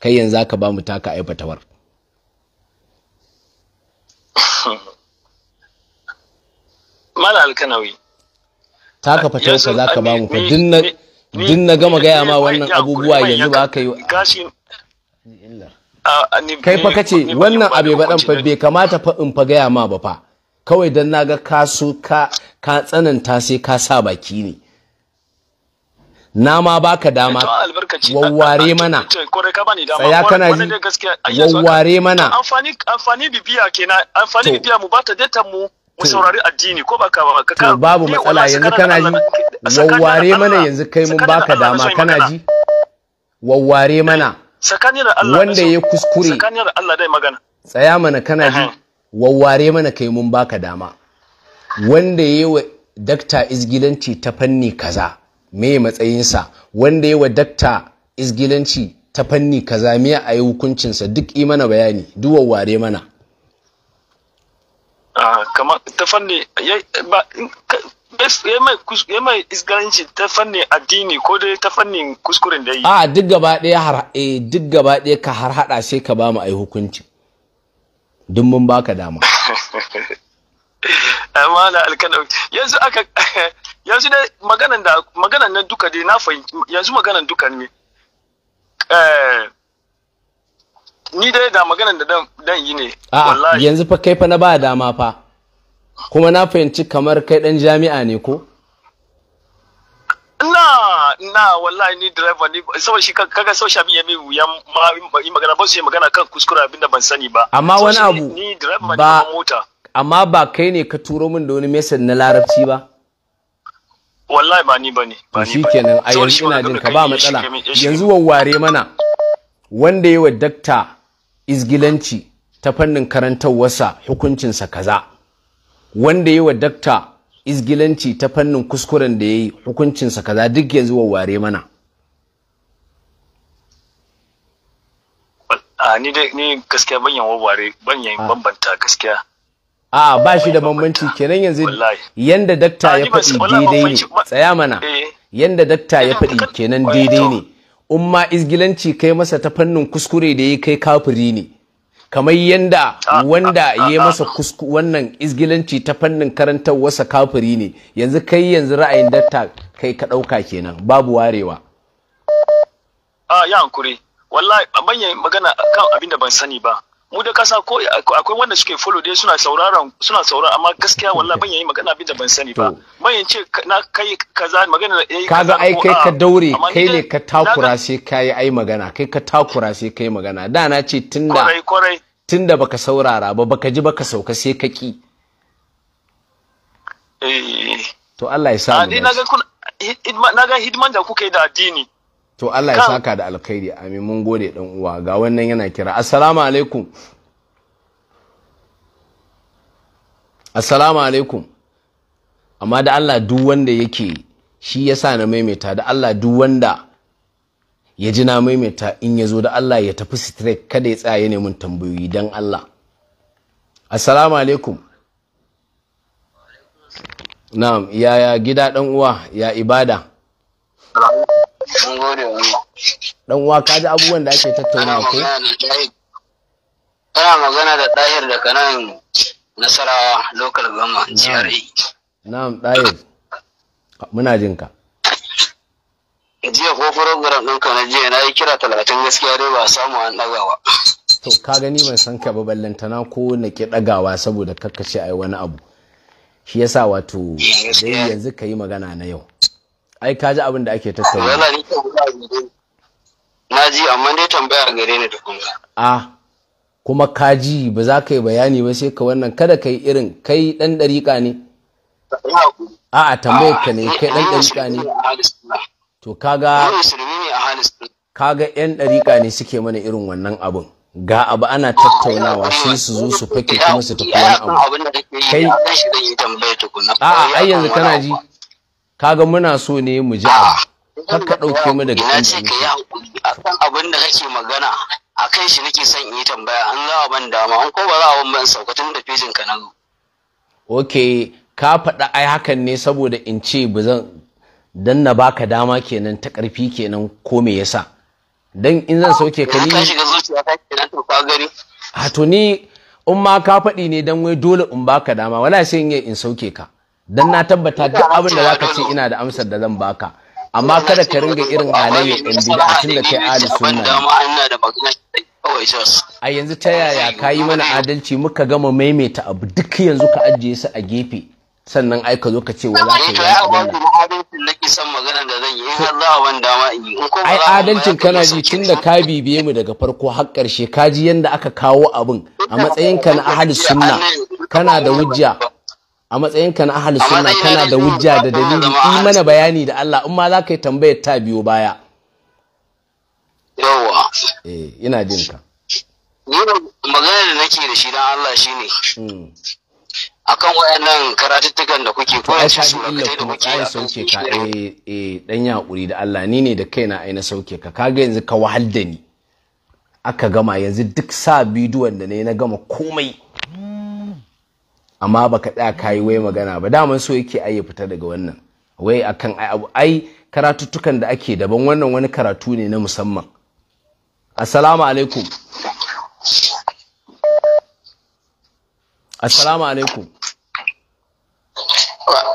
kai yanzu ka ba mu taka aifatawar [laughs] mala alkanawi taka fatarsa za ka ba mu fa din gama gaya ma wannan abubuwa yanzu ba ka yi kai fa kace wannan abu ba dan fa bai kamata fa in fa gaya ma ba fa kawai dan naga ka su ka ka tsananta sai ka sa baki ne na ma baka dama wawware mana tsaya kana ji wawware mana amfani amfani bibiya kenan amfani bibiya mu bata data mu mu saurari addini ko baka ka to babu matsala yanzu kana ji wawware mana yanzu kai mun baka dama kana ji wawware mana wanda ya kuskure tsaya mana kana ji wawware mana kai mun baka dama wanda ya wa dakta izgilanci ta fanni kaza me matsayinsa wanda ya wa dakta izgilanci ta fanni kaza me a yi hukuncinsa duk yi mana bayani duk wawware mana ah, ta fanni ya mai isganci ta fannin addini ko dai ta fannin kuskuren da yi a duk gaba ɗaya har eh, duk gaba ɗaya ka har hada sai ka ba mu ai hukunci duk mun baka dama [laughs] amma na alkalau yanzu aka [laughs] yanzu dai maganan da maganan na duka dai na fahimci yanzu maganan duka ne eh, ni dai da maganan da dan yi ne wallahi yanzu fa kai fa na ba dama fa kuma na fahimci kamar kai dan jami'a ne ko? na na wallahi ni driver ni saboda shi kaga social media mai wuya ma yi magana ba su yi magana kan kuskure abinda ban sani ba amma wani abu ni driver ba mota amma ba kai ne ka turo min da wani message na larabci ba wallahi ba ni ba ne ba ni kenan a yanzu ina jin ka ba matsala yanzu wawware mana wanda ya wa dakta izgilanci ta fannin karantarwarsa hukuncinsa kaza wanda yi wa dakta izgilanci ta fannin kuskuren da ya yi hukuncinsa kaza duk yanzu wawware mana ni dai ni gaskiya ban wawware ban ah. bambanta gaskiya a ba shi da bambanci kenan yanzu ah, eh. yanda dakta ya eh, faɗi daidai ne tsaya mana yanda dakta ya faɗi kenan daidai ne umma izgilanci kai masa ta fannin kuskure da ya kai kafiri ne kamar yanda ah, ah, wanda ah, ya masa kusku wannan izgilanci ta fannin karantar wasa kafiri ne yanzu kai yanzu ra'ayin datta kai ka ɗauka kenan babu warewa a ya hankuri wallahi manyan magana kan abin da ban sani ba mu da kasa ko akwai wanda suke follow dai suna sauraron suna sauraron amma gaskiya wallahi ban yayi magana abin da ban sani ba ban yin ce na kai kaza magana yayi kaza ai kai ka daure kai ne ka takura sai kai ai magana kai ka takura sai kai magana da na ce tunda tunda baka saurara ba baka ji baka sauka sai ka ki eh to Allah ya sa mu ah, na ga hidiman da kuke da addini to Allah ya saka da alkhairi amin mun gode dan uwa ga wannan yana kira assalamu alaikum assalamu alaikum amma da Allah duk wanda yake shi yasa na maimaita da Allah duk wanda ya ji na maimaita in ya zo da Allah ya tafi straight kada ya tsaya ne mun tambayoyi dan Allah assalamu alaikum na'am yaya gida dan uwa ya ibada Mun wa Dan uwa ka ji abubuwan da ake tattauna, ko? Ana magana da ɗahir da kanan Nasarawa local yi. GRA. Na'am ɗahir. Muna jin ka. Jiya ko program ɗinka na jiya na yi kira talatin gaskiya dai ba samu an ɗagawa. to ka gani ban san ka ba ballantana ko na ki dagawa saboda kakkace ai wani abu shi yasa wato eh, dai yanzu ka yi magana na yau ai kaji abin da ake tattauna yana ni na ji amma dai tambaya gare ni tukuna. a kuma kaji ba za ka yi bayani ba sai ka wannan kada ka yi irin kai dan dariƙa ne a'a tambayar ka ne kai dan dariƙa ne to kaga kaga yan dariƙa ne suke mana irin wannan abun ga abu ana tattaunawa sai su zo su fake kuma su tafi wani abu kai a'a ai yanzu kana ji kaga muna so ne mu ji abu ah. ka ɗauke mu daga ina ce ka yi hakuri akan abin da kake magana a kai shi nake son in yi tambaya an za a ban dama an ko ba za a ban ban saukatun da fejin ka na ok ka faɗa ai hakan ne saboda in ce ba zan dan na baka dama kenan ta ƙarfi kenan ko me yasa dan in zan sauke ka ni ka shiga zuciya to a to ni in ma ka faɗi ne dan wai dole in baka dama wala sai in yi in sauke ka dan na tabbata duk abin da zaka ce ina da amsar da zan baka amma kada ka ringa irin halayyar a bid'a da kai ahli sunna a yanzu ta yaya ka yi mana adalci muka gama maimaita abu duk yanzu ka ajiye su a gefe sannan ai ka zo ka ce wa za ka eh, yi ai adalcin kana ji tun da ka bibiye mu daga farko har ƙarshe ka ji yadda aka kawo abin a matsayinka na ahli sunna kana da hujja a matsayinka na ahal suna kana da wujja da dalili yi mana bayani da Allah in ma za ka yi tambayar ta biyo baya yawwa eh ina jin ka magana da nake da shi dan Allah shine hmm. akan wayannan karatuttukan da kuke koyar su suratai da kuke ya sauke ka eh eh dan ya hakuri da Allah ni ne da kaina ai na sauke ka kaga yanzu ka wahal da ni aka gama yanzu duk sa bidiyon da ne na gama komai amma ba ka tsaya kayi wai magana ba daman so yake ayi fita daga wannan wai akan ai abu ai karatuttukan da ake daban wannan wani karatu ne na musamman assalamu alaikum assalamu alaikum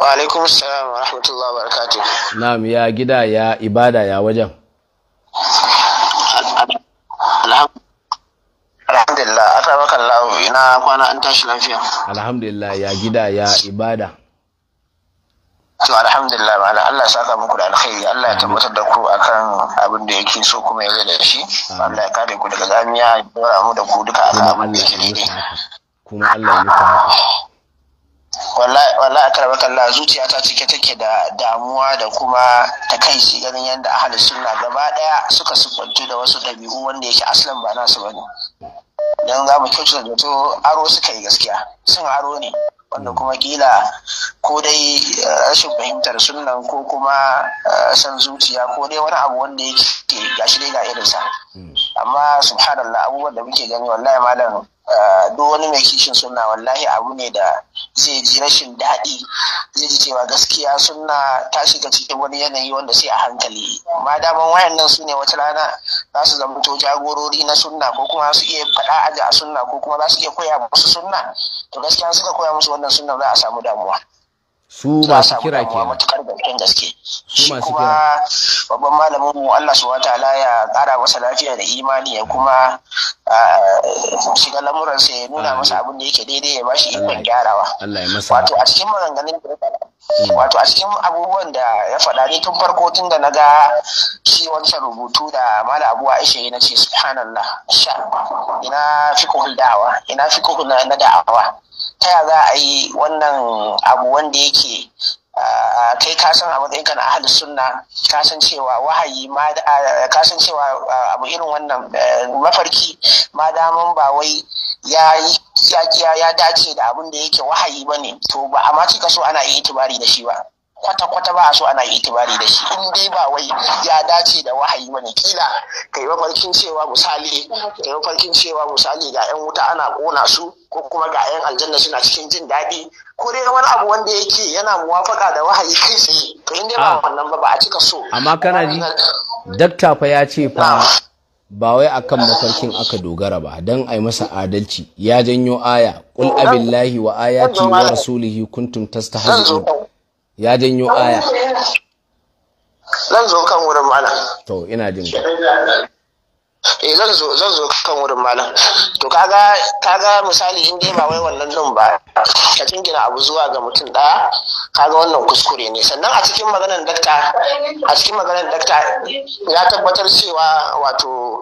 wa alaikum assalam wa rahmatullahi wa barakatuh na'am ya gida ya ibada ya wajen Alhamdulillah, atabarakallahu ina kwana an tashi lafiya. Alhamdulillah ya gida ya ibada. To alhamdulillah ma'ana Allah ya saka muku da alkhairi Allah ya tabbatar da ku akan abin da yake so kuma ya da shi Allah ya kare ku daga zamiya ya dora mu da ku duka akan abin da yake daidai. Kuma Allah ya mutu wallahi a kalla Allah ta cike take da damuwa da kuma ta kai shi ganin yadda ahli sunna gaba daya suka siffantu da wasu dabi'u wanda yake aslan ba nasu bane don za mu kyautu da to aro suka yi gaskiya sun aro ne wanda kuma kila ko dai eh, rashin fahimtar sunan ko kuma eh, san zuciya ko dai wani abu wanda yake gashi dai ga irinsa hmm. amma subhanallah abubuwan da muke gani wallahi malam Eh, duk wani mai kishin suna wallahi abu ne da zai ji rashin daɗi zai ji cewa gaskiya suna ta shiga cikin wani yanayi wanda sai a hankali ma daman nan su ne wata rana za su zama to jagorori na sunna ko kuma su iya faɗa aji a sunna ko kuma za su iya koya musu sunna to gaskiya suka koya musu wannan sunna za a samu damuwa su masu kira ke su masu kira babban malamin mu Allah subhanahu ta'ala ya kara masa lafiya da imani ya kuma shiga lamuransa ya nuna masa abin da yake daidai ya bashi ikon gyarawa wato a cikin maganganun hmm. wato a cikin abubuwan da ya faɗa ni tun farko tun da na ga shi wancan rubutu da mala abu aisha na ce subhanallah sha ina fiqhul da'awa ina fiqhul na da'awa ta ya za a yi wannan abu wanda yake kai ka san a kan na ahli sunna ka san cewa wahayi ma ka san cewa abu irin wannan eh, mafarki ma daman ba wai ya ya dace da abin da yake wahayi bane to ba amma kika so ana yi itibari da shi ba kwata-kwata ba a so ana itibari da shi in dai ba wai ya dace da wahayi bane kila kai mafarkin cewa misali kai mafarkin cewa misali ga yan wuta ana kona su ko kuma ga 'yan aljanna suna cikin jin daɗi ko dai wani abu wanda yake yana muwafaka da wahayi kai tsaye to inda ba ah. wannan ba ba a cika so amma kana ji dakta fa ya ce fa ba wai akan mafarkin aka dogara ba dan ai masa adalci ya janyo aya qul abillahi wa ayati wa rasulihi kuntum tastahzi'un ya janyo aya zan zo kan wurin mana to ina jin ka eh zan zo zan zo kan wurin malam to kaga kaga misali in dai ba wai wannan din ba ka tingina abu zuwa ga mutum ɗaya kaga wannan kuskure ne sannan a cikin maganar dakta a cikin maganar dakta ya tabbatar cewa wato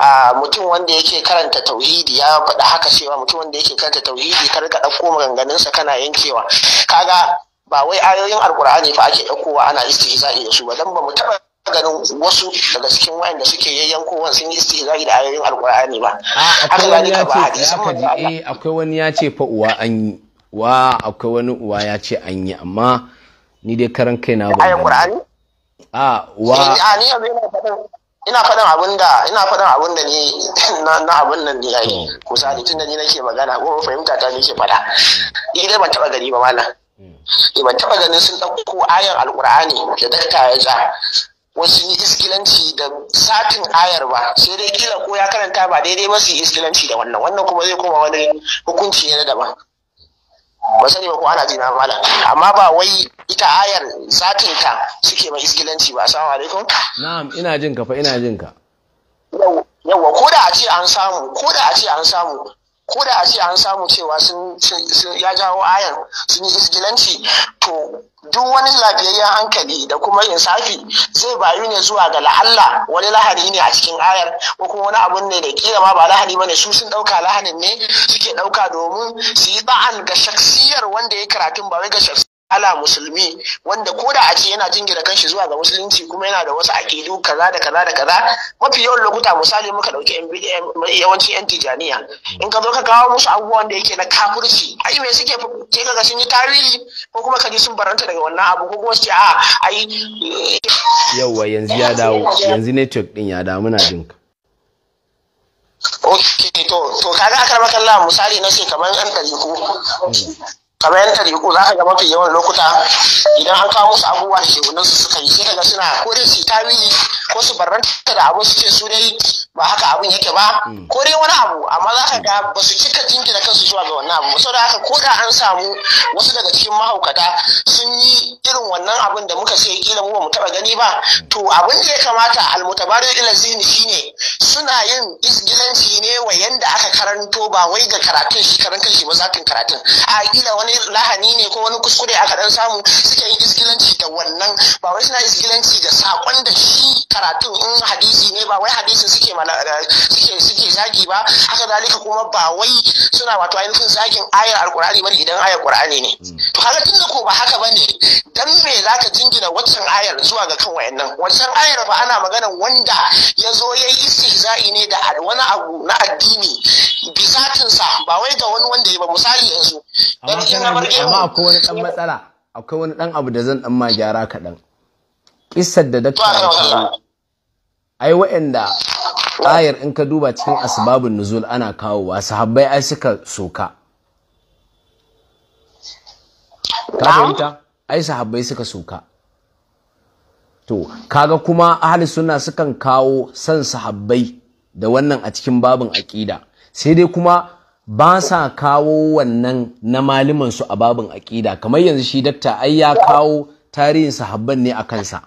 a mutum wanda yake karanta tauhidi ya faɗa haka cewa mutum wanda yake karanta tauhidi kar ka ɗauko sa kana yankewa kaga ba wai ayoyin alkur'ani fa ake ɗaukowa ana istihza'i da su ba dan ba mu taɓa ganin wasu daga cikin wayanda suke yayyankowa sun yi istihza'i da ayoyin alkur'ani ba haka ba eh akwai wani ya ce fa uwa an yi wa akwai wani uwa ya ce an yi amma ni dai karan kai na ba ayoyin qur'ani a wa eh, ni ina faɗin abin da ina faɗin abin da ni na abin nan ni yayi misali tun da ni nake magana ko fahimta ta nake faɗa ni dai ban taɓa gani ba malam mm. eh, ban taɓa ganin sun ɗauko ayar alkur'ani da dakta ya ja wasu yi iskilanci da satin ayar ba sai dai kila ko ya karanta ba daidai ba su yi iskilanci da wannan wannan kuma zai koma wani hukunci na daban ba sani ba ko ana jina mala amma ba wai ita ayar satin ta suke mai iskilanci ba assalamu alaikum na'am ina jin fa ina jin ka ko da a ce an samu ko da a ce an samu ko da a ce an samu cewa sun ya jawo ayan sun yi isgilanci to duk wani lafiyayyen hankali da kuma insafi zai bayu ne zuwa ga la'alla wani lahani ne a cikin ayar ko kuma wani abun ne da kila ma ba lahani bane su sun dauka lahanin ne suke dauka domin su yi ba'an ga shaksiyar wanda ya karatun ba wai ga shaksiyar ala musulmi wanda ko da a ce yana jingina kanshi zuwa ga musulunci kuma yana da wasu akidu kaza da kaza da kaza mafi yawan lokuta misali muka ɗauki yawancin yan tijaniya in ka zo ka kawo musu abubuwan da yake na kafirci ai me suke ke ka sun yi tarihi ko kuma ka ji sun baranta daga wannan abu ko kuma su ce a ai [laughs] yawa yanzu ya dawo yanzu network din ya dawo muna jinka ok to to kaga akar makalla misali na ce kamar yan ɗari hmm. kamar yan ɗariƙo za ka ga mafi yawan lokuta idan an kawo musu abubuwa da shegunan su suka yi sai ka ga suna ko dai su tawili ko su barranta da abu su ce su dai ba haka abin yake ba mm. ko dai wani abu amma za ka ga ba su cika jingina kansu zuwa ga wannan abu saboda haka ko da an samu wasu daga cikin mahaukata sun yi irin wannan abin da muka sai kila mu ba mu taba gani ba to abin da ya kamata almutabarin ila zini shine suna yin isgilanci ne wa yanda aka karanto ba wai ga karatun shi karan kanshi ba zakin karatun a kila wani wani lahani ne ko wani kuskure a dan samu suke yin iskilanci da wannan ba wai suna iskilanci da sakon da shi karatun in hadisi ne ba wai hadisin suke eh, suke suke zagi ba haka zalika kuma ba wai suna wato ainihin zagin ayar alkur'ani bane idan ayar qur'ani ne hmm. to haka tunda ko ba haka bane dan me zaka jingina waccan ayar zuwa ga kan wayannan waccan ayar ba ana magana wanda ya zo ya yi istihza'i ne da wani abu na addini bisatinsa ba wai ga wani wanda ya ba misali yanzu amma akwai wani dan matsala akwai wani dan abu da zan dan ma gyara kaɗan kissar da dakta ya kawo ai waɗanda ayar in ka duba cikin asbabun nuzul ana kawowa sahabbai ai suka soka ka fahimta ai sahabbai suka soka to kaga kuma ahli sunna sukan kawo san sahabbai da wannan a cikin babin aƙida sai dai kuma ba sa kawo wannan na maliman su a babin aƙida kamar yanzu shi dakta ai ya kawo tarihin sahabban ne a kansa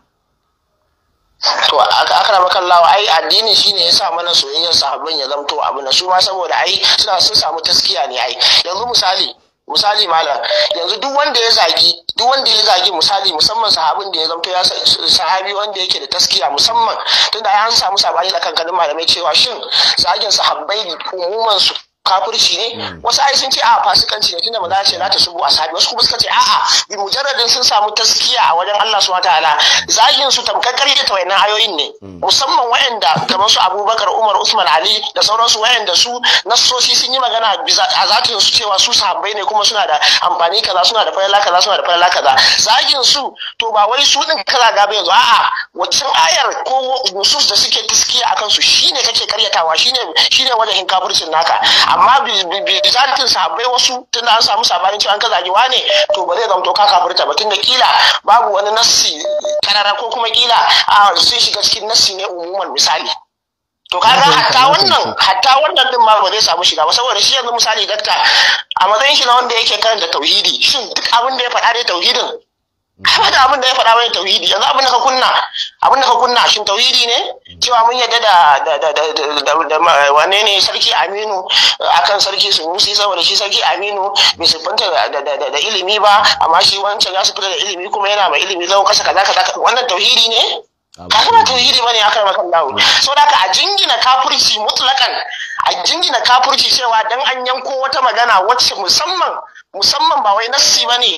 to akara makallawa ai addini shine ya sa mana soyayyar sahabban ya zamto abu na su ma saboda ai suna sun samu taskiya ne ai yanzu misali misali malam yanzu duk wanda ya zagi duk wanda ya zagi misali musamman sahabin da ya zamto ya sahabi wanda yake da taskiya musamman tunda an samu sabani da kankanin malamai cewa shin zagin sahabbai umuman su kafirci ne hmm. wasu ai sun ce a fasikanci ne tunda maza ce la subu asabi wasu kuma suka ce a'a bi mujarradin sun samu taskiya a wajen Allah subhanahu wataala zagin su tamkar karya ta wayannan ayoyin ne hmm. musamman wayanda kamar su Abubakar Umar Usman Ali da sauransu wayanda su nassoshi sun yi magana a zatin su cewa su sahabbai ne kuma suna da amfani kaza suna da falala kaza suna da falala kaza zagin su to ba wai su din kaza ga ba yanzu a'a waccan ayar ko nusus da suke taskiya akan su shine kake karyatawa shine shine wajen kafircin naka amma bizantin sabai wasu da an samu sabanin cewa an ka zagi ne, to ba zai zamto ka kafirta ba tunda kila babu wani nassi karara ko kuma kila a sun shiga cikin nassi ne umuman misali to kaga hatta wannan hatta wannan din ma ba zai samu shiga ba saboda shi yanzu misali dakta a matsayin shi na wanda yake karanta tauhidi shin duk abin da ya faɗa dai tauhidin ai da abin da ya faɗa mai tauhidi yanzu abin da ka kunna abin da ka kunna shin tauhidi ne cewa mun yadda da da da da wane ne sarki Aminu akan sarki Sunusi saboda shi sarki Aminu bai fanta da ilimi ba amma shi wancan ya su fita da ilimi kuma yana mai ilimi zan kasa kaza kaza wannan tauhidi ne ka kuma tauhidi bane ya karama kan dawo saboda ka a jingina kafurci mutlakan a jingina kafurci cewa dan an yanko wata magana wacce musamman musamman ba wai nassi bane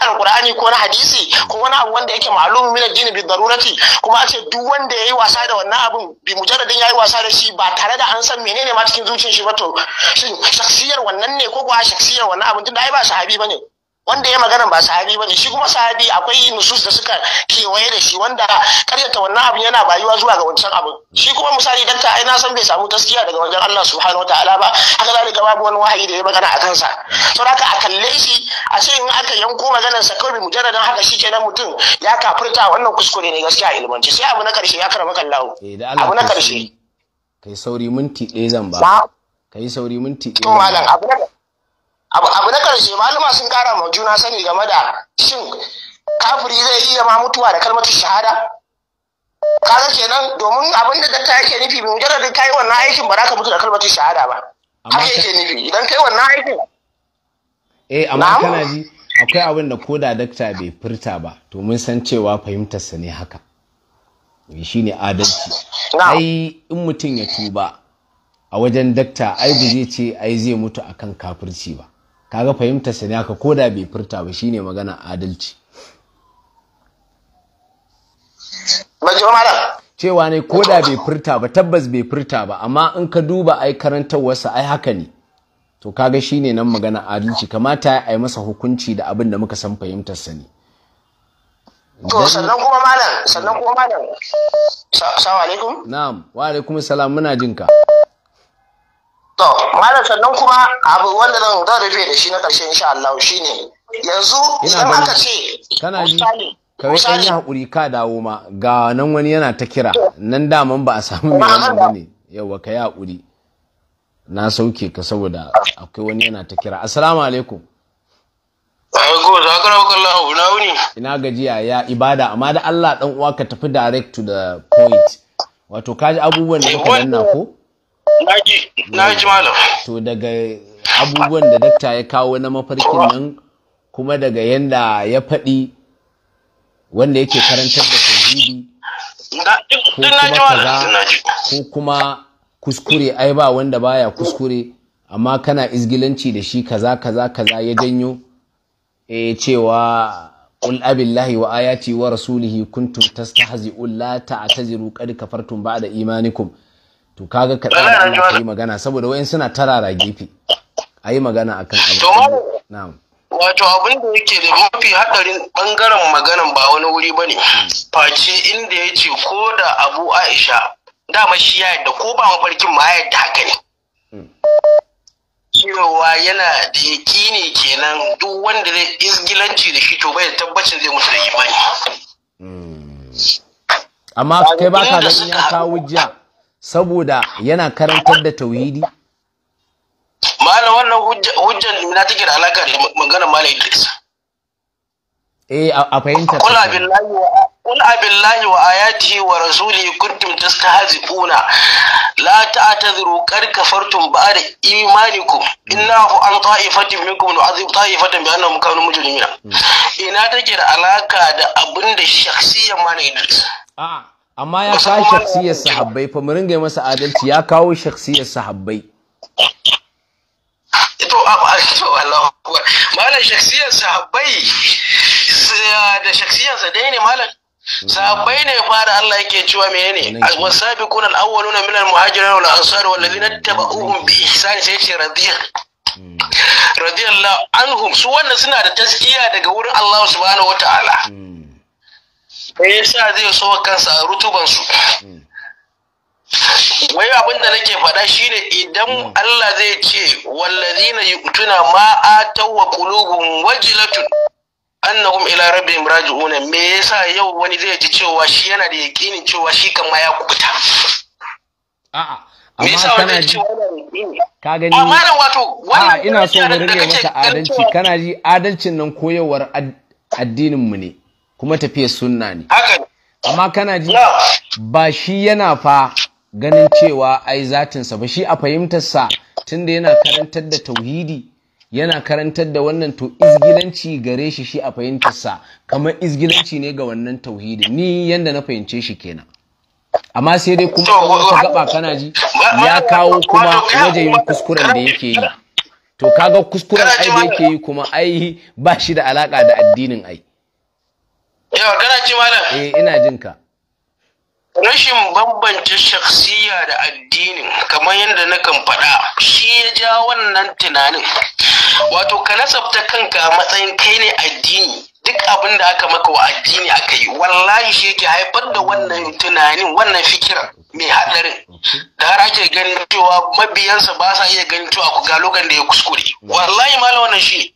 alkur'ani ko na hadisi ko wani abu wanda yake ma'lum min addini bi darurati kuma a ce duk wanda yayi wasa da wannan abun bi mujarradin yayi wasa da shi ba tare da an san menene ma cikin zuciyar shi ba to shin shakhsiyar wannan ne ko kuwa shakhsiyar wannan abun tunda ai ba sahabi bane wanda ya magana ba sahabi bane shi kuma sahabi akwai nusus da suka kewaye da shi wanda karyata wannan abin yana bayuwa zuwa ga wancan abin shi kuma misali dakta ai na san bai samu taskiya daga wajen Allah subhanahu wataala ba haka zalika babu wani wahayi da ya magana a kansa to haka a kalle shi a ce in aka yanko maganar sa kawai mujarradan haka shi kenan mutum ya kafirta wannan kuskure ne gaskiya a sai abu na karshe ya karama kallahu eh, abu na karshe kai sauri minti ɗaya zan ba kai sauri minti ɗaya to malam abu na abu na karshe malama sun kara ma juna sani game da shin kafiri zai iya ma mutuwa da kalmatu shahada kaga kenan domin abin da dakta yake nufi mujarradin kai wannan aikin ba za ka mutu da kalmatu shahada ba haka yake nufi idan kai wannan aikin eh amma kana ji akwai abin da koda dakta bai furta ba to mun san cewa fahimtarsa ne haka eh, shine adalci ai in mutum ya tuba a wajen dakta ai ba zai ce ai zai mutu akan kafirci ba kaga fahimtar sa ne haka koda bai furta ba shine magana adalci baji malam cewa ne koda bai furta ba tabbas bai furta ba amma in ka duba ai karantarwarsa ai haka ne to kaga shine nan magana adalci kamata ai yi masa hukunci da abin da muka san fahimtar sa ne to sannan kuma malam sannan kuma malam assalamu alaikum na'am wa alaikum salam muna jinka to malam sannan kuma abu wanda zan zan rufe da shi na karshe insha Allah shine yanzu idan aka ce kana ji kawai ɗan yi haƙuri ka dawo ma ga nan wani yana ta kira nan daman ba a samu mai wannan ba ne yawa ka yi haƙuri na sauke ka saboda akwai wani yana ta kira assalamu alaikum Aiko, za ka rawa kallon abu na wuni. Ina gajiya ya ibada, amma da Allah ɗan uwa ka tafi direct to the point. Wato, kaji abubuwan da kuka danna ko? to daga abubuwan da dakta ya kawo na mafarkin nan kuma daga yanda ya faɗi wanda yake karantar da tauhidi ko kuma kaza ko kuma kuskure ai ba wanda baya kuskure amma kana izgilanci da shi kaza kaza kaza ya janyo E, cewa qul abillahi wa ayati wa rasulihi kuntum tastahzi'un la ta'taziru qad ba da imanikum to kaga ka yi magana saboda wayan suna tarara gefe a yi magana akan abu na'am wato abin da yake da mafi hadarin bangaren maganan ba wani wuri ba ne hmm. face inda ya ce ko da abu aisha dama shi ya yadda ko ba mafarkin ma ya yadda haka ne hmm. cewa yana da yakini kenan duk wanda zai izgilanci da shi to bai da tabbacin zai mutu da imani hmm. amma kai ba ka ganin ya kawo jiya saboda yana karantar da tauhidi mana wannan hujjar na take da alaka da magana mala idris eh a fahimta kula billahi wa kul a billahi wa ayatihi wa rasulihi kuntum tastahzi'una la ta'tadhiru qad kafartum ba'da imanikum hmm. inna hu an ta'ifatin minkum nu'adhib ta'ifatan bi annahum kanu mujrimina hmm. ina take da alaka da abinda da shakhsiyan mala idris a'a ah. amma ya kawo shaksiyar sahabbai fa mu ringa masa adalci ya kawo shaksiyar sahabbai to to Allah malam shaksiyar sahabbai da shaksiyar sa dai ne malam sahabbai ne fara Allah yake cewa menene wasabiquna al-awwaluna min al-muhajirin wal ansar wal ladina tabauhum bi ihsan sai ce radiya hmm. radiyallahu anhum su wannan suna da taskiya daga wurin Allah subhanahu wataala hmm. me sa zai so kansa a rutuban su wai abin da nake faɗa shine idan hmm. Allah zai ce wallazina yu'tuna ma atau wa qulubun wajlatun annahum ila rabbihim raji'un me yasa yau wani zai ji cewa shi yana da yakinin cewa shi kan ma ya kubuta a'a amma kana ji ka gani wato wannan ina so mu rage maka adalci kana ji adalcin nan koyarwar addinin mu ne kuma tafiya sunna ne amma kana ji ba shi yana fa ganin cewa ai zatinsa ba shi a fahimtarsa tunda yana karantar da tauhidi yana karantar da wannan to izgilanci gare shi shi a fahimtarsa kamar izgilanci ne ga wannan tauhidi ni yanda na fahimce shi kenan amma sai dai kuma wata gaba kana ji ya kawo kuma wajen kuskuren da yake yi to kaga kuskuren ai da yake yi kuma ai ba shi da alaka da addinin ai Yawa kana ji malam? Eh ina jin ka. Rashin bambance shakhsiya da addinin kamar yadda na kan faɗa shi ya ja wannan tunanin. Wato ka nasabta kanka a matsayin kai ne addini duk abin da aka maka wa addini aka yi wallahi shi yake haifar da wannan tunanin wannan fikiran mai haɗarin da har ake ganin cewa mabiyansa ba sa iya ganin cewa ku ga lokacin da ya kuskure wallahi malam wannan shi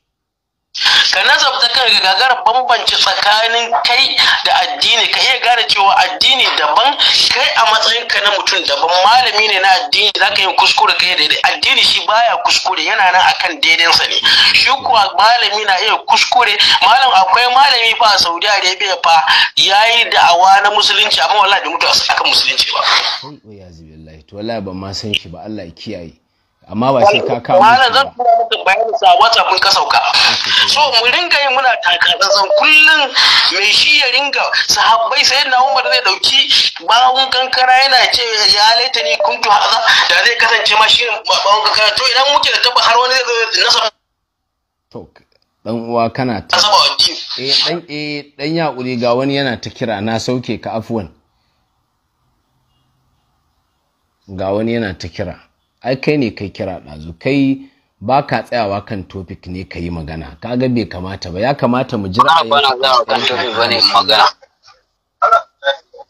ka nazarta kan gagarar bambanci tsakanin kai da addini ka iya gane cewa addini daban kai a matsayin ka na mutum daban malami ne na addini za ka yi kuskure kai daidai addini shi baya kuskure yana nan akan daidansa ne shi kuwa malami na iya kuskure malam akwai malami fa a saudi arabia fa ya yi da'awa na musulunci amma wallahi da mutu akan musulunci ba wallahi ban ma san shi ba Allah ya kiyaye amma ba sai ka kawo malam zan kura maka bayani sa wata mun ka sauka so mu ringa yin muna takatsan kullun mai shi ya ringa sahabbai sai na Umar zai dauki bawon kankara yana ce ya laita ni kuntu haza da zai kasance ma shi bawon kankara to idan muke da tabbar har wani zai nasa to dan uwa kana ta eh dan eh dan yaƙuri ga wani yana ta kira na sauke ka afwan ga wani yana ta kira ai kai ne kai kira ɗazu kai ba ka tsayawa kan topic ne ka yi magana ka ga bai kamata ba ya kamata mu jira ba na tsayawa kan topic ba ne magana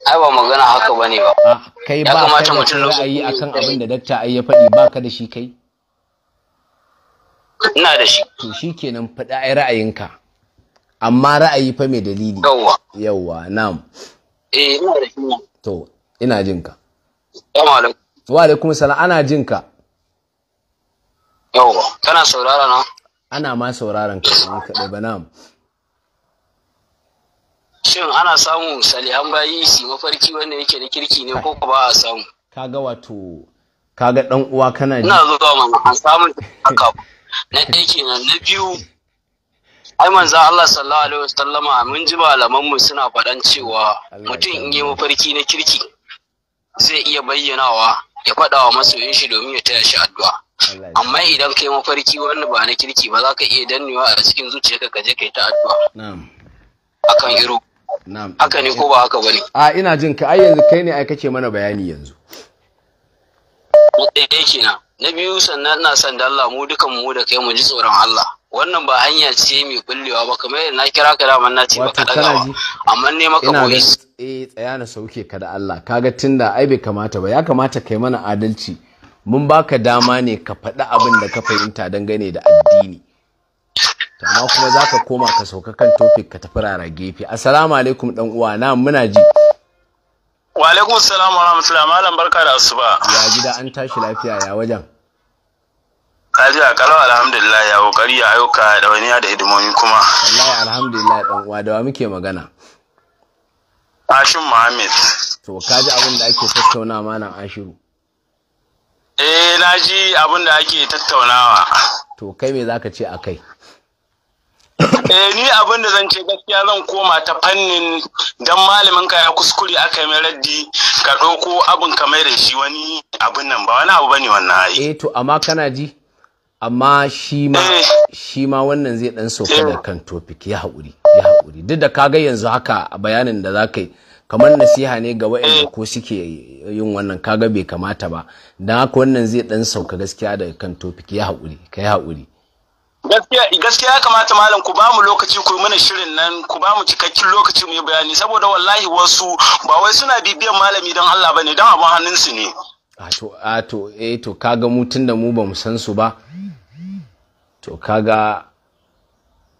ai ba magana haka ba ne ah, ba kai ba kamata mutum ra'ayi akan abin da dakta ai ya faɗi ba ka da shi kai ina da shi to shikenan faɗa ai ra'ayinka amma ra'ayi fa mai dalili yawwa yawwa na'am eh ina da shi to ina jinka assalamu alaikum wa alaikum salam ana jin ka yawa kana saurara na ana ma sauraron ka ne kaɗai ba na'am shin ana samu salihan bayi su mafarki wanda yake da kirki ne ko ba a samu kaga wato kaga dan uwa kana ji ina ga mana an samu haka na ɗaya kenan na biyu ai manzo Allah sallallahu alaihi wasallama mun ji malaman mu suna faɗan cewa mutum in yi mafarki na kirki zai iya bayyanawa ya faɗa wa masoyin shi domin ya taya shi addu'a amma idan kai mafarki wanda ba na kirki ba za ka iya dannewa a cikin zuciyarka ka je kai ta addu'a akan iro haka ne ko ba haka bane a ina jin ka ai yanzu kai ne ai kake mana bayani yanzu na na biyu sannan ina son da mu dukan mu da kai mu ji tsoron Allah wannan ba hanya ce mai kullewa ba kamar yadda na kira ka daman na ce baka dagawa amma ne maka boye eh tsaya na sauke ka da Allah kaga tunda ai bai kamata ba ya kamata kai mana adalci mun baka dama ne ka faɗi abin da ka fahimta dangane da addini amma kuma za ka koma ka sauka kan topic ka tafi rara gefe assalamu alaikum dan uwa na muna ji wa alaikum assalam wa rahmatullahi malam barka da asuba ya gida an tashi lafiya ya wajen Kajiya kalau alhamdulillah ya kokari ya ayyuka da wani da hidimomi kuma. Wallahi alhamdulillah dan uwa da muke magana. Ashim Muhammad. To kaji abin da ake tattaunawa malam Ashiru. Eh na ji abin da ake tattaunawa. To kai me zaka ce a kai? eh ni abin da zan ce gaskiya zan koma ta fannin dan malamin ka ya kuskure aka mai raddi ka ɗauko abin ka da shi wani abin nan ba wani abu bane wannan ai. Eh to amma kana ji? amma mm. shi ma wannan zai dan sauka da kan topic ya haƙuri ya haƙuri duk da kaga yanzu haka a bayanin da za ka yi kamar nasiha ne ga wa'anda mm. ko suke yin wannan kaga bai kamata ba Don haka wannan zai dan sauka gaskiya da kan topic ya haƙuri kai haƙuri gaskiya ya kamata malam ku bamu lokaci ku mana shirin nan ku bamu cikakken lokaci mu yi bayani saboda wallahi wasu ba wai suna bibiyan malami don Allah ba ne, don abin hannunsu ne to ato eh to kaga mu tunda mu ba san su ba to kaga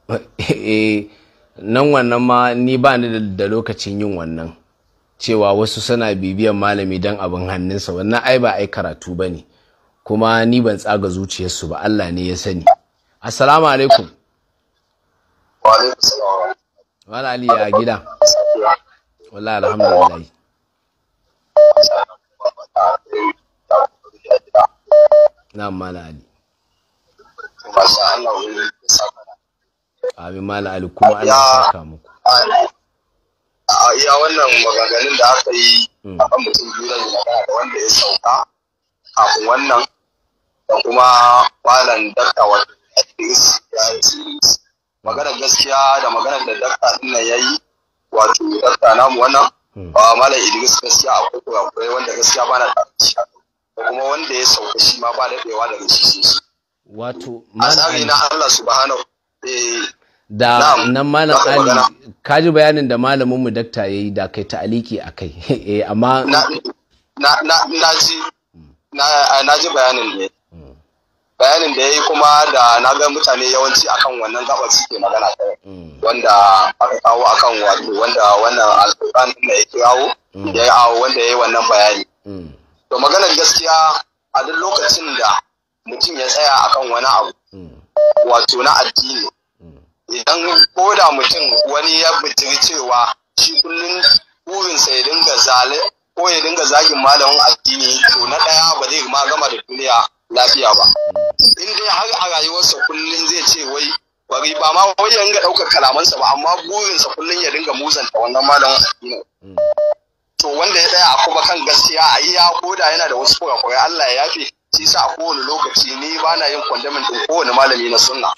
[laughs] eh nan wannan ma ni ba ni da lokacin yin wannan cewa wasu suna bibiyan malami dan abin hannunsa wannan ai ba ai karatu ba ne kuma ni ban tsaga zuciyarsu ba Allah ne ya sani assalamu alaikum wala ali ya gida wala alhamdulillah na mala ali abin mala ali kuma ya saka muku iya wannan maganganun da aka yi mm. a kan mutum biyu da magana da wanda ya sauka kafin wannan da kuma malam dakta wanda Maganar gaskiya da maganar da dakta din nan yayi wato dakta namu wannan a ah, malam idris gaskiya akwai kurakurai wanda gaskiya ba na ɗauki kuma wanda ya sauka shi ma ba daɗewa daga shi sosai wato malam na allah subhanahu eh, da nan malam ali kaji bayanin da malaminmu dakta ya yi da kai ta'aliki a kai. [laughs] Eh, amma na ji na ji bayanin ne bayanin da ya yi kuma da na ga mutane yawanci akan wannan gabar suke magana ta mm. wanda aka kawo akan wato wanda wannan alƙur'an da mm. ya kawo ya yi awo wanda ya yi wannan bayani mm. to maganar gaskiya a duk lokacin da mutum ya tsaya akan wani abu wato na addini idan ko da mutum wani ya bijiri cewa shi kullum burinsa ya dinga zale ko ya dinga zagin malamin addini to na ɗaya ba zai ma gama da duniya lafiya ba. in dai har a rayuwarsa kullum zai ce wai bari ba ma wai ya ringa ɗaukar kalamansa ba amma burinsa kullum ya dinga muzanta wannan malamin addini to wanda ya tsaya a kuma kan gaskiya a iya koda yana da wasu kurakurai Allah ya yafe shi sa a kowane lokaci ni ba na yin kwandamin din kowane malami na sunna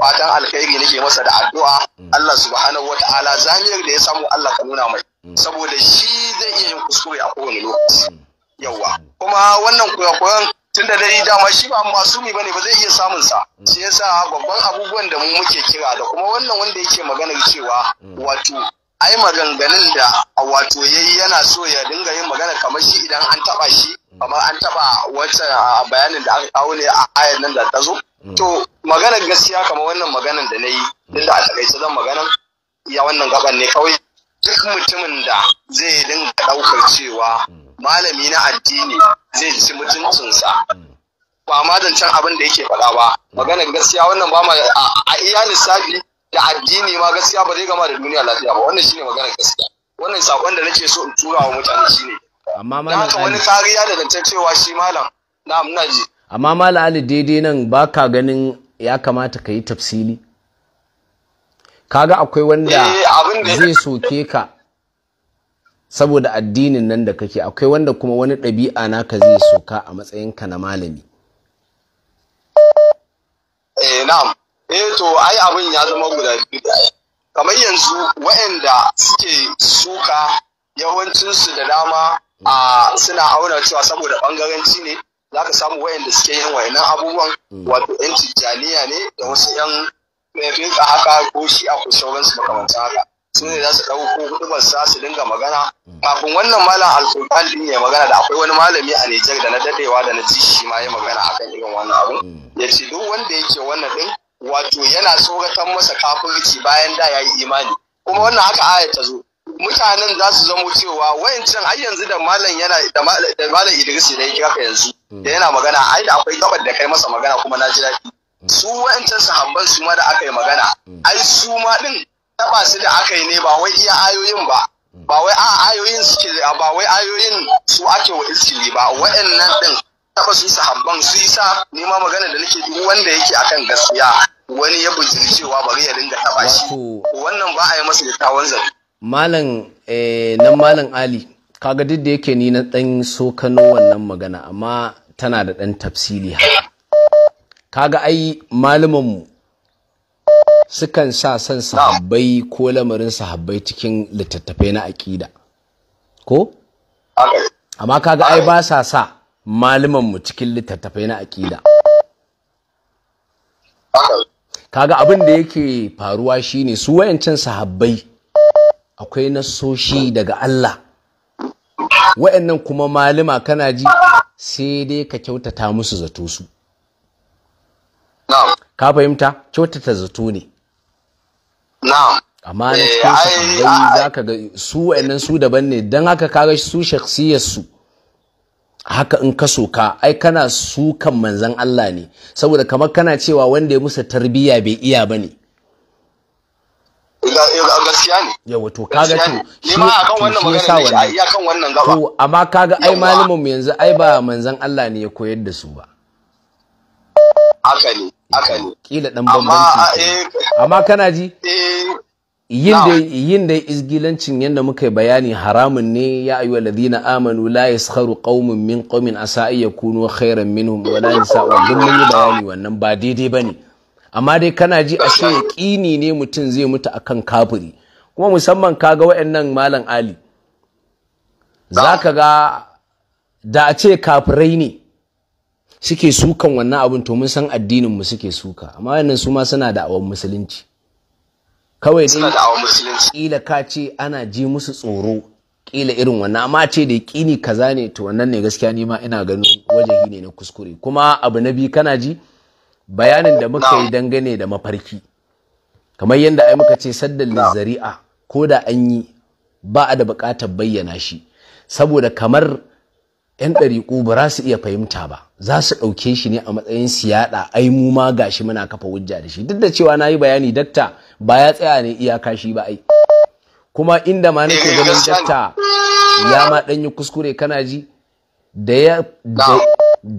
fatan alkhairi nake masa da addu'a mm. Allah subhanahu wataala zamiyar da ya samu Allah ka nuna mai mm. saboda shi zai iya yin kuskure a kowane lokaci mm. yawa kuma wannan kurakuran tunda dai dama shi ba masumi bane ba zai iya samun sa mm. shi yasa babban abubuwan da mu muke kira da kuma wannan wanda yake maganar cewa mm. wato ai maganganun da wato yayi yana so ya dinga yin magana kamar shi idan an taba shi mm. kamar an taba wata ah, bayanin da aka kawo ne a ayar nan da ta zo to maganar gaskiya kamar wannan maganar da nayi Tunda a takaice zan maganar ya wannan gaban ne kawai duk mutumin da zai dinga daukar cewa malami na addini zai ci mutuncinsa hmm. ba ma zancen abin da yake faɗa ba hmm. maganar gaskiya wannan ba ma a iya lissafi da addini ma gaskiya ba zai gama da duniya lafiya ba wannan shine maganar gaskiya wannan sakon da nake so in tura wa mutane shine amma malam Ali wani kariya da zancen cewa shi malam na muna ji amma malam Ali daidai nan baka ganin ya kamata ka yi tafsili kaga akwai wanda eh, zai soke ka saboda addinin nan da kake akwai wanda kuma wani ɗabi'a naka zai soka a matsayinka na malami eh na'am eh to ai abin ya zama guda biyu kamar yanzu waɗanda suke suka yawancinsu da dama a suna auna cewa saboda bangaranci ne za ka samu wayanda suke yin wayannan abubuwan mm. wato yan tijjaniya ne da wasu yan fiƙa haka ko shi a sauransu makamantan haka su ne za su ɗauko hudubar sa su dinga magana kafin wannan malam alkur'an din ya magana da akwai wani malami a Nijar da na dadewa da na ji shi ma ya magana akan irin wannan abu mm. ya ce duk wanda yake wannan din wato yana tsoratan masa kafirci bayan da ya yi imani kuma wannan haka aya ta zo mutanen za su zamo cewa wayancin har yanzu da malam yana da malam Idris ne yake haka yanzu mm. da yana magana ai da akwai gabar da kai masa magana kuma na ji daɗi mm. su wayancin sahabban su ma da aka yi magana ai su ma din taba su da aka yi ne ba wai iya ayoyin ba ba wai a ayoyin suke ba wai ayoyin su ake wa iskili ba wa'annan din taba su sahabban su yi sa ma magana da nake duk wanda yake akan gaskiya wani ya bujiri cewa bari ya dinga taba shi wannan ba a yi masa littawan zan malam eh nan malam ali kaga duk da yake ni na dan sokano wannan magana amma tana da dan tafsili haka kaga ai malamin mu sukan sa son sahabbai ko lamarin sahabbai cikin littattafai na aƙida ko amma kaga ai ba sa sa malaman mu cikin littattafai na aƙida kaga abin da yake faruwa shine su wayancin sahabbai akwai nasoshi daga Allah wayannan kuma malama kana ji sai dai ka kyautata musu zato su ka fahimta kyautata zato ne amma na cikin eh, sahabbai za ka ga su wa'annan su daban ne don haka kaga su su haka in ka soka ai kana su kan manzan Allah ne saboda kamar kana cewa wanda ya musa tarbiyya bai iya ba ne gaskiya yawa to kaga to shi ya sa yasa wannan to amma kaga ai malamin mu yanzu ai ba manzan Allah ne ya koyar da su ba haka ne haka ne kila dan bambanci ah, eh, amma kana ji eh, yin da yin da izgilancin yadda muka bayani haramun ne ya ayyuwa ladina amanu la yaskharu qaumun min qaumin asa ay yakunu khairan minhum wala yasau mun yi bayani wannan ba daidai bane amma dai kana ji a ashe yaqini ne mutum zai mutu akan kafiri kuma musamman kaga wayannan malam ali zaka ga da a ce kafirai ne suke sukan wannan abin to mun san addinin mu suke suka amma wannan su ma suna da awon musulunci kawai dai kila ka ce ana ji musu tsoro kila irin wannan amma ce da kini kaza ne to wannan ne gaskiya ni ma ina ganin waje ne na kuskure kuma abu na biyu kana ji bayanin da muka yi dangane da mafarki kamar yadda ai muka ce saddan zari'a ko da an yi ba a da bukatar bayyana shi saboda kamar 'yan ɗariƙu ba za su iya fahimta ba za su ɗauke shi ne a matsayin siyaɗa ai mu ma ga shi muna kafa hujja da shi duk da cewa na yi bayani dakta ba ya tsaya ne iyaka shi ba ai kuma inda ma nake eh, ganin dakta ya ma ɗan yi kuskure kana ji da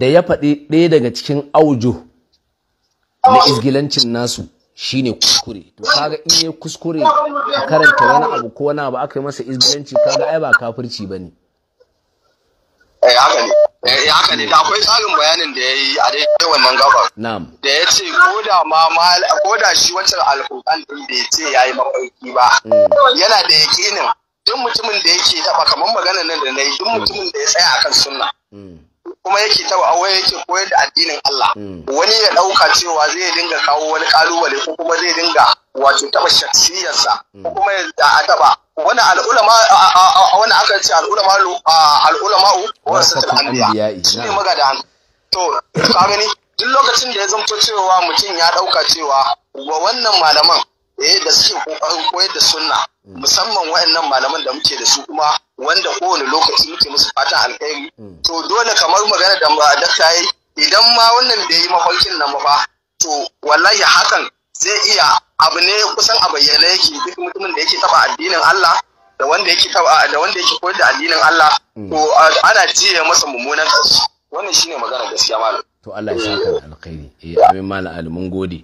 ya faɗi ɗaya daga cikin aujo na izgilancin nasu shine kuskure to kaga in ya kuskure a karanta wani abu ko wani abu aka yi masa izgilanci kaga ai ba kafirci ba ne eh haka ne eh haka ne da akwai tsarin bayanin da yayi a dai wannan gabar na'am da ya ce ko da ma shi wancan alƙur'an din bai ce yayi mafarki ba mm. yana da yakinin duk mutumin da yake taba kamar magana nan da nayi duk mm. mutumin da ya tsaya akan sunna mm. kuma yake taba aure yake koyar da addinin Allah wani ya dauka cewa zai dinga kawo wani kalubale ko kuma zai dinga wato taba shaksiyarsa ko kuma ya taba wani al'ulama wani aka ce al'ulama al'ulama'u wasatul anbiya shine magadan to ka gani duk lokacin da ya zamto cewa mutum ya dauka cewa wa wannan malaman eh da suke kokarin koyar da sunna mm. musamman wayannan malaman da muke da su kuma wanda kowane lokaci muke musu fatan alkhairi mm. to dole kamar magana da dakta yi idan ma wannan bai yi mafarkin nan ba to wallahi hakan zai iya abu ne kusan a bayyane yake duk mutumin da yake taba addinin Allah da wanda yake taba da wanda yake koyar da addinin Allah mm. to ana jiye masa mummunan kasu wannan shine magana gaskiya malam to Allah ya saka alkhairi eh amin malam ali mun gode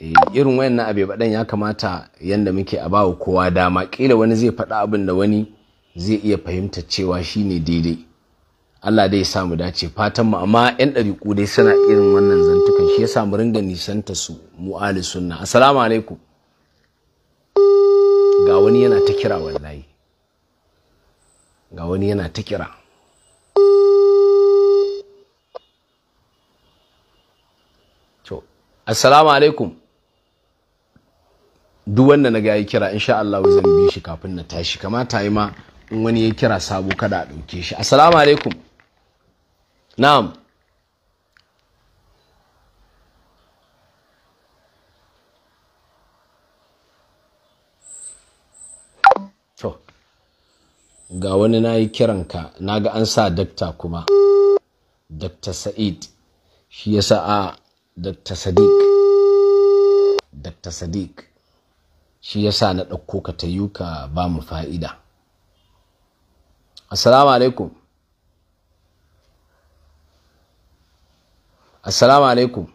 eh, irin wayannan abe badan ya kamata yanda muke a bawo kowa dama kila wani zai faɗa abin da wani zai iya fahimta cewa shine daidai Allah dai ya dace fatan mu amma yan ɗariƙu dai suna irin wannan zantukan shi yasa mu ringa nisanta su mu ahli sunna assalamu alaikum ga wani yana ta kira wallahi ga wani yana ta kira to assalamu alaikum duk wanda na ga ya kira insha Allah zan bi shi kafin na tashi kamata yi ma in wani ya kira sabo kada a ɗauke shi assalamu alaikum na'am ga wani na yi kiranka na ga an sa dakta kuma dakta sa'id shi ya sa a dakta sadiq dakta sadiq shi ya sa na ɗauko ka ta yi ka ba mu fa'ida assalamu alaikum assalamu alaikum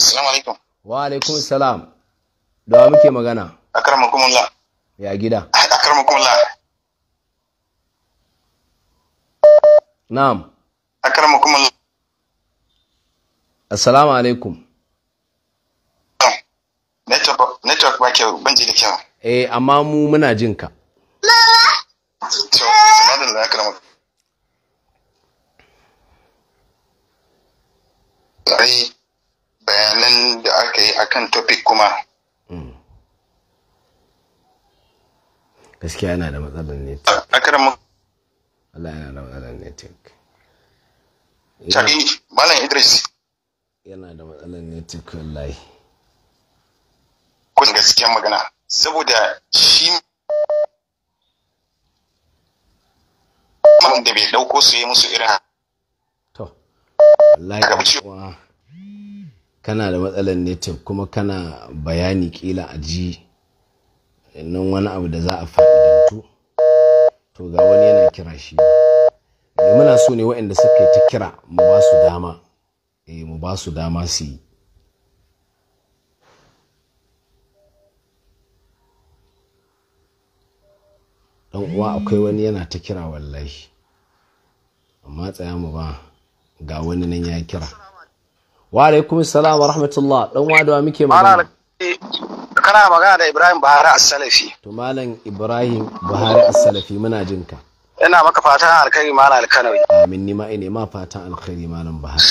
assalamu alaikum wa alaikum salam da muke magana akramakumullah ya gida akramakumullah na'am akramakumullah assalamu alaikum network network ba kyau ban ji da kyau eh amma mu muna jin ka bayanan da aka yi akan topic kuma mm. gaskiya yana da matsalar network Allah yana da matsalar network Chari Malam Idris yana da matsalar network wallahi kun gaskiya magana saboda shi da bai dauko su yi musu irin to wallahi kana da matsalar network kuma kana bayani kila a ji nan wani abu da za a fa'idantu to ga wani yana kira shi e, muna so ne waɗanda suka yi ta kira mu ba su dama e, mu ba su dama su yi dan uwa akwai wani yana ta kira wallahi amma tsaya mu ba ga wani nan ya kira wa alaikum salam wa rahmatullah dan uwa da muke magana kana magana da Ibrahim Buhari As-Salafi to malam Ibrahim Buhari As-Salafi muna jin ka ina maka fatan alkhairi malam Alkanawi amin ni ma eh, ina ma fatan alkhairi malam Buhari.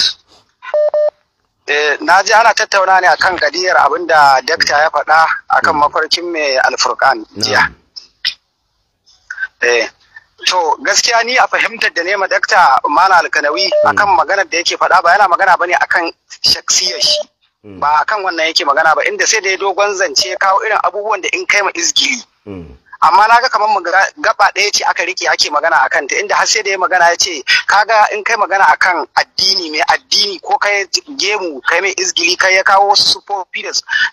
eh na ji ana tattauna ne akan gadiyar abinda dakta ya faɗa akan mafarkin mai alfurkan jiya eh to gaskiya ni a fahimtar da ne ma dakta malam alkanawi hmm. akan maganar da yake faɗa ba yana magana bane akan shaksiyar shi Mm. ba a kan wannan yake magana ba inda sai da ya dogon zance kawo irin abubuwan da in kai ma izgili mm. amma na ga kamar gaba ɗaya ce aka rike ake magana a kanta inda har sai da ya magana ya ce kaga in kai magana akan addini mai addini ko kai gemu kai mai izgili kai ya kawo wasu sufofi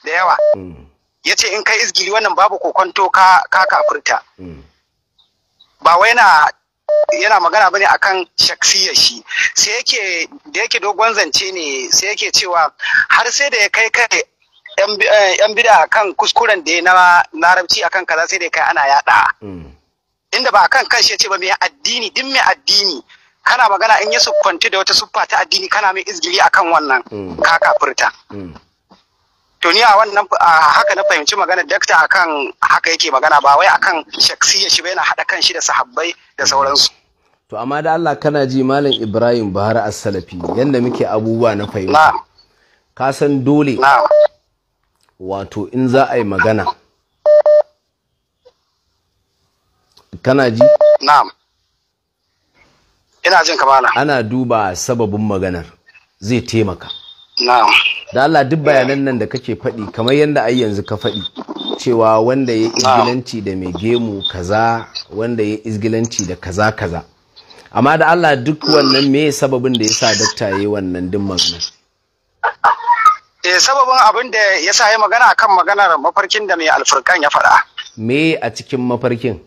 da yawa mm. ya ce in kai izgili wannan babu kokonto ka kafurta ba wai na yana magana bane akan shaksiyar shi sai yake da yake dogon zance ne sai yake cewa har sai da ya kai kai eh, yan bida kan kuskuren da ya na larabci akan kaza sai da kai ana yada hmm. inda ba akan kan shi ya ce ba mai addini din mai addini kana magana in ya sukwanti da wata siffa ta addini kana mai izgili akan wannan hmm. ka kafirta hmm. to ni a wannan haka na fahimci magana dakta akan haka yake magana ba wai akan shaksiyar shi bai yana haɗa kan shi da sahabbai da sauransu to amma da Allah kana ji malam Ibrahim Bahar as-Salafi yanda muke abubuwa na fahimta ka san dole wato in za a yi magana kana ji na'am ina jin kamala ana duba sababin maganar zai taimaka da Allah duk bayanan nan da kake faɗi kamar yadda ai yanzu ka faɗi cewa wanda ya izgilanci da mai gemu kaza wanda ya izgilanci da kaza kaza amma da Allah duk wannan me sababin da yasa dakta yayi wannan din magana eh sababin abin da yasa yayi magana akan maganar mafarkin da mai alfurkan ya faɗa me a cikin mafarkin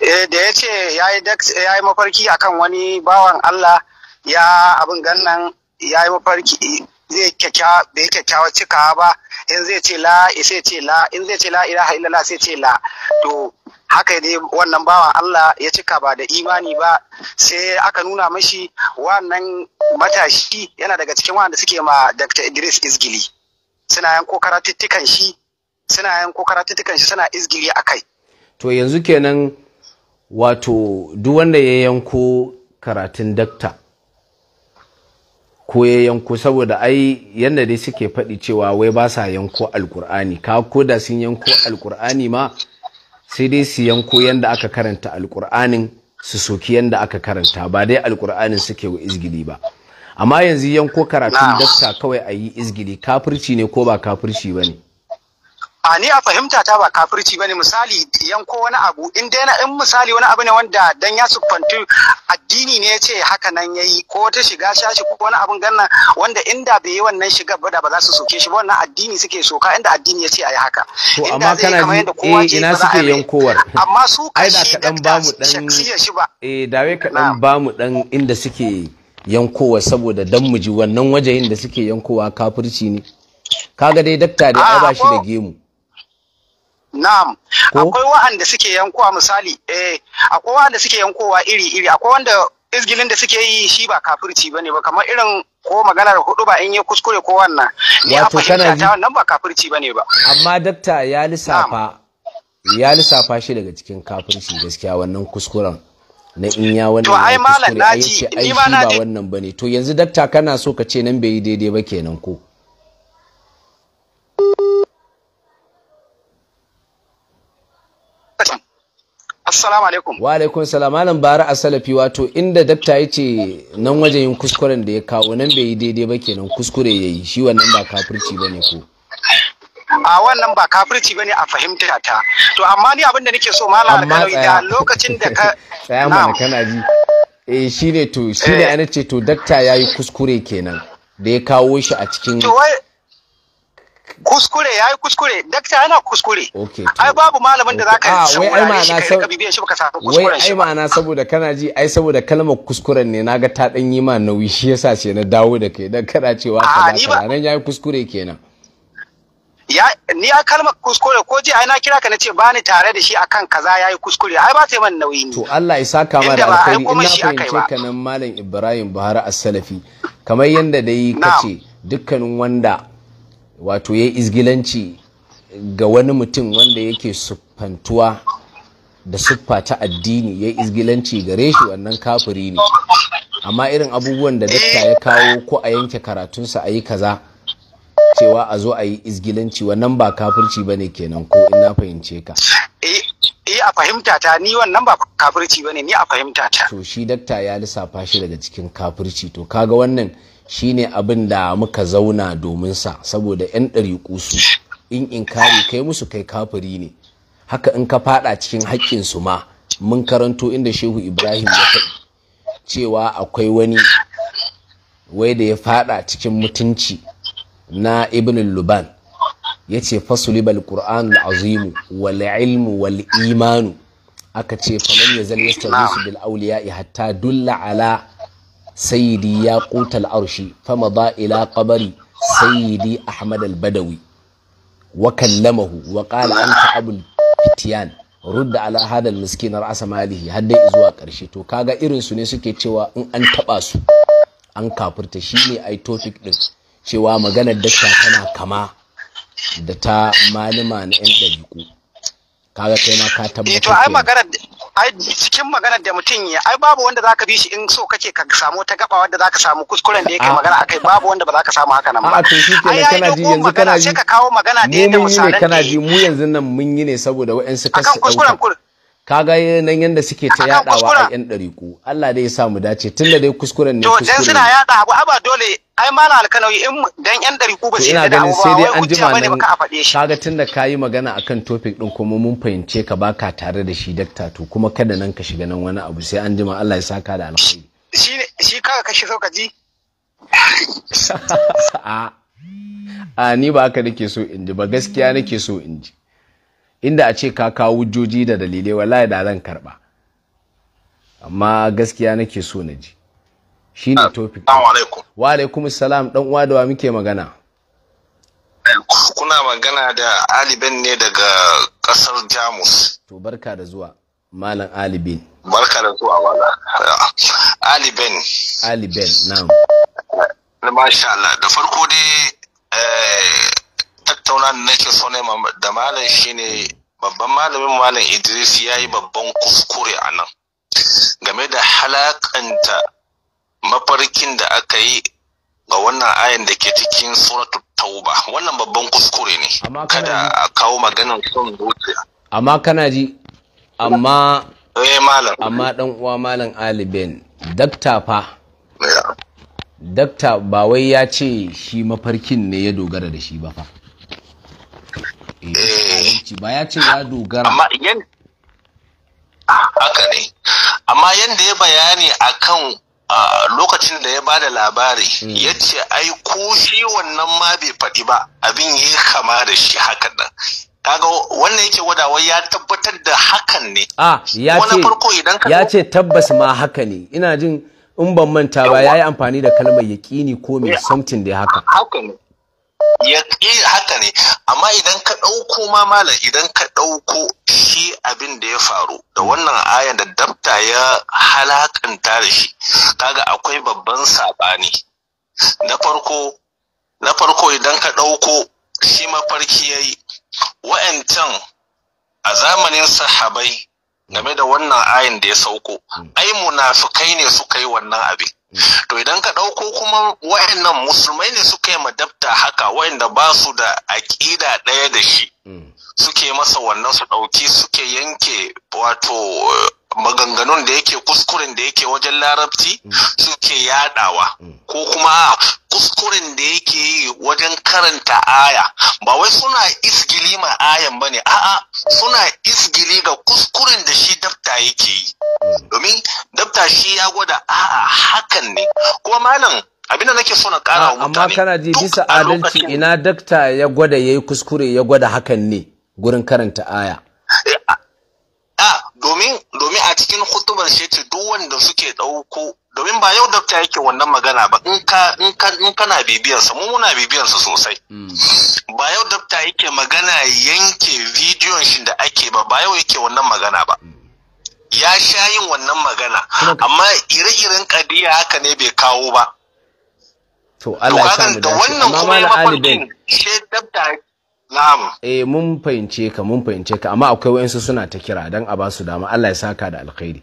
eh da yace yayi yayi mafarki akan wani bawan Allah ya abin gannan ya yi mafarki zai kyakkyawa bai kyakkyawa cikawa ba in zai ce la sai ce la in zai ce la ilaha illallah sai ce la to haka ne wannan bawan Allah ya cika ba da imani ba sai aka nuna mashi wannan matashi yana daga cikin wanda suke ma Dr. Idris Izgili suna yanko karatuttukan shi suna yanko karatuttukan shi suna izgili akai to yanzu kenan wato duk wanda ya yanko karatun dakta ko ya yanko saboda ai yadda dai suke faɗi cewa wai ba sa yanko alkur'ani ka ko da sun yanko alkur'ani ma sai dai su yanko yadda aka karanta alkur'anin su soki yadda aka karanta ba dai alkur'anin suke wa izgili ba amma yanzu yanko karatun dafta kawai a yi izgili kafirci ne ko ba kafirci ba ne a ni a fahimta ta ba kafirci bane misali yanko wani abu in dai na in misali wani abu ne wanda dan ya suffantu addini ne ya ce haka nan yayi ko ta shiga shashi ko wani abun ganna wanda inda bai yi wannan shiga ba da ba za su soke shi ba wannan addini suke soka inda addini ce ayi haka to amma kana ji eh, ina suke yankowar amma su kai da kadan eh, ba mu dan eh dawe kadan ba mu dan inda suke yankowa saboda dan mu ji wannan wajen da suke yankowa kafirci ne kaga dai dakta dai ai ba shi da gemu Na'am, akwai wa'anda suke yankowa misali, eh, akwai wa'anda suke yankowa iri-iri, akwai wanda izgilin da suke yi shi ba kafirci ba ne ba kamar irin ko maganar hudu ba in yi kuskure ko wannan ya fahimta ta wannan ba kafirci ba ne ba amma dakta ya lissafa ya lissafa shi daga cikin kafirci gaskiya wannan kuskuren na in ya wannan to ai malam naji ni ma ji ba wannan bane to yanzu dakta kana so ka ce nan bai yi daidai ba kenan ko Assalamu alaikum. Wa alaikum salam. Malam Bara Asalafi wato inda dakta ya ce nan wajen yin kuskuren da ya kawo nan bai yi daidai ba kenan kuskure ya yi shi wannan ba kafirci ba ne ko. A wannan ba kafirci ba ne a fahimta ta. To amma ni abin da nake so malam alƙalawi eh, da lokacin da ka. [laughs] Tsaya mana kana ji. Eh shi ne to shi ne eh. ana ce to dakta ya yi kuskure kenan da ya kawo shi a cikin. To wai kuskure yayi kuskure dakta yana kuskure ai babu malamin da zaka ah, shi kai ka bibiye shi baka samu wai ai ma'ana saboda kana ji ai saboda kalmar kuskuren ne naga ta dan yi ma nauyi shi yasa ce na dawo da kai dan kana cewa ah, ka ba nan yi kuskure kenan ya ni a kalmar kuskure ko ji ai na kira ka nace ce bani tare da shi akan kaza ya yi kuskure ai ba sai man nauyi ne to Allah ya saka ma da alkhairi ina fahimce ka nan malam Ibrahim Buhari as-Salafi kamar yanda dai kace dukkanin wanda wato ya izgilanci ga wani mutum wanda yake sufantuwa da siffa ta addini ya izgilanci gare shi wannan kafiri ne amma irin abubuwan da dakta ya kawo ko a yanke karatunsa a yi kaza cewa a zo a yi izgilanci wannan ba kafirci ba ne kenan ko in na fahimce ka eh, eh a fahimta ta ni wannan ba kafirci ba ne ni a fahimta ta to shi dakta ya lissafa shi daga cikin kafirci to kaga wannan shine abin da muka zauna domin sa saboda 'yan ɗariƙu su in in kare kai musu kai kafiri ne haka in ka fada cikin haƙƙin su ma mun karanto inda shehu ibrahim ya faɗi cewa akwai wani wai da ya fada cikin mutunci na ibn luban ya ce fasulibal qur'an azimu wal ilmu wal imanu aka ce falam yazal yastazisu bil awliya hatta dulla ala sayidi ya qutal arshi famada ila qabri sayidi ahmad al-badawi wa kallamahu wa an anta abul fitiyan rudda ala hadal miskin ra'sa malihi har dai zuwa karshe to kaga irin su ne suke cewa in an taba su an kafirta shine ai topic din cewa maganar dakta tana kama da ta malama na yan dabiku kaga kai ma ka tabbatar eh, to ai cikin maganar da mutum ya ai babu wanda zaka bi shi in so kake ka samu ta gaba wanda zaka samu kuskuren da yake ah. magana akai babu wanda ba zaka samu haka nan ba a ah, to shi kenan kana ji yanzu kana ji ka kawo magana da yadda misalan kana ji mu yanzu nan mun yi ne saboda wa'ansu kasu kuskuren kaga nan yadda suke ta yadawa a yan dariku Allah dai ya sa mu dace tunda dai kuskuren ne to dan suna yada abu aba dole ai mana alkanawi in dan yan dariku ba shi da abu sai dai an jima nan kaga tunda kayi magana akan topic din kuma mun fahimce ka baka tare da shi dakta to kuma kada nan ka shiga nan wani abu sai an jima Allah ya saka da alkhairi shi shi kaga kashi sauka ji [laughs] a ni ba haka nake so in ji ba gaskiya nake so in ji inda a ce ka kawo hujjoji da dalilai wallahi da zan karba amma gaskiya nake so na ji shine ah, topic wa alaikum salam dan uwa da wa muke magana kuna magana da aliben ne daga kasar jamus to barka da zuwa malam aliben barka da zuwa malam aliben aliben na'am masha Allah da farko dai eh, tattauna da nake so ne da malam shine babban malamin malam Idris ya yi babban kuskure a nan game da halakanta mafarkin da aka yi ga wannan ayan da ke cikin suratul tauba wannan babban kuskure ne kada a kawo maganin son zuciya amma kana ji amma eh malam amma dan uwa malam aliben dakta fa dakta ba wai ya ce shi mafarkin ne ya dogara da shi ba fa ba ya ce ya dogara amma yan haka ne amma yanda ya bayani akan lokacin da ya bada labari hmm. ya ce ai ko shi wannan ma bai faɗi ba abin ya kama da shi hakan nan kaga wannan yake wadawa ya tabbatar da hakan ne a ya ce ya ce tabbas ma haka ne ina jin in ban manta ba ya yi amfani da kalmar yaƙini ko mai something da haka haka ne ya eh, haka ne amma idan ka ɗauko ma malam idan ka ɗauko shi abin da ya faru da wannan ayan da dabta ya halakanta da shi kaga akwai babban saɓani na farko idan ka ɗauko shi mafarki ya yi wa'ancan a zamanin sahabai game da wannan ayin da ya sauko ai munafukai ne suka yi wannan abin to idan ka ɗauko kuma wa'annan musulmai ne suka yi madabta haka wa'anda ba su da aƙida ɗaya da shi mm. suke masa wannan su ɗauki suke yanke wato maganganun da yake kuskuren da yake wajen larabci mm. suke yadawa mm. ko kuma kuskuren da yake yi wajen karanta aya ba wai suna isgili ma ayan ba ne a'a suna isgili ga kuskuren da shi dabta yake yi mm. domin dabta shi ya gwada a'a hakan ne kuma malam abinda nake so na kara mutane amma kana ji bisa adalci ina dakta ya gwada yayi kuskure ya gwada hakan ne gurin karanta aya eh, a domin domin a cikin hutubar shi ce duk wanda suke dauko, domin ba yau dafta yake wannan magana ba in ka in ka in kana bibiyar sa mu muna bibiyar sa sosai hmm. ba yau dafta yake magana yanke bidiyon shi da ake ba ba yau yake wannan magana ba hmm. ya sha yin wannan magana amma ire-iren kadiya haka ne bai kawo ba to Allah ya sa mu da wannan kuma ya mafarkin shi dafta Na'am. Eh mun fahimce ka mun fahimce ka amma akwai wayansu suna ta kira dan a ba su dama Allah ya saka da alkhairi.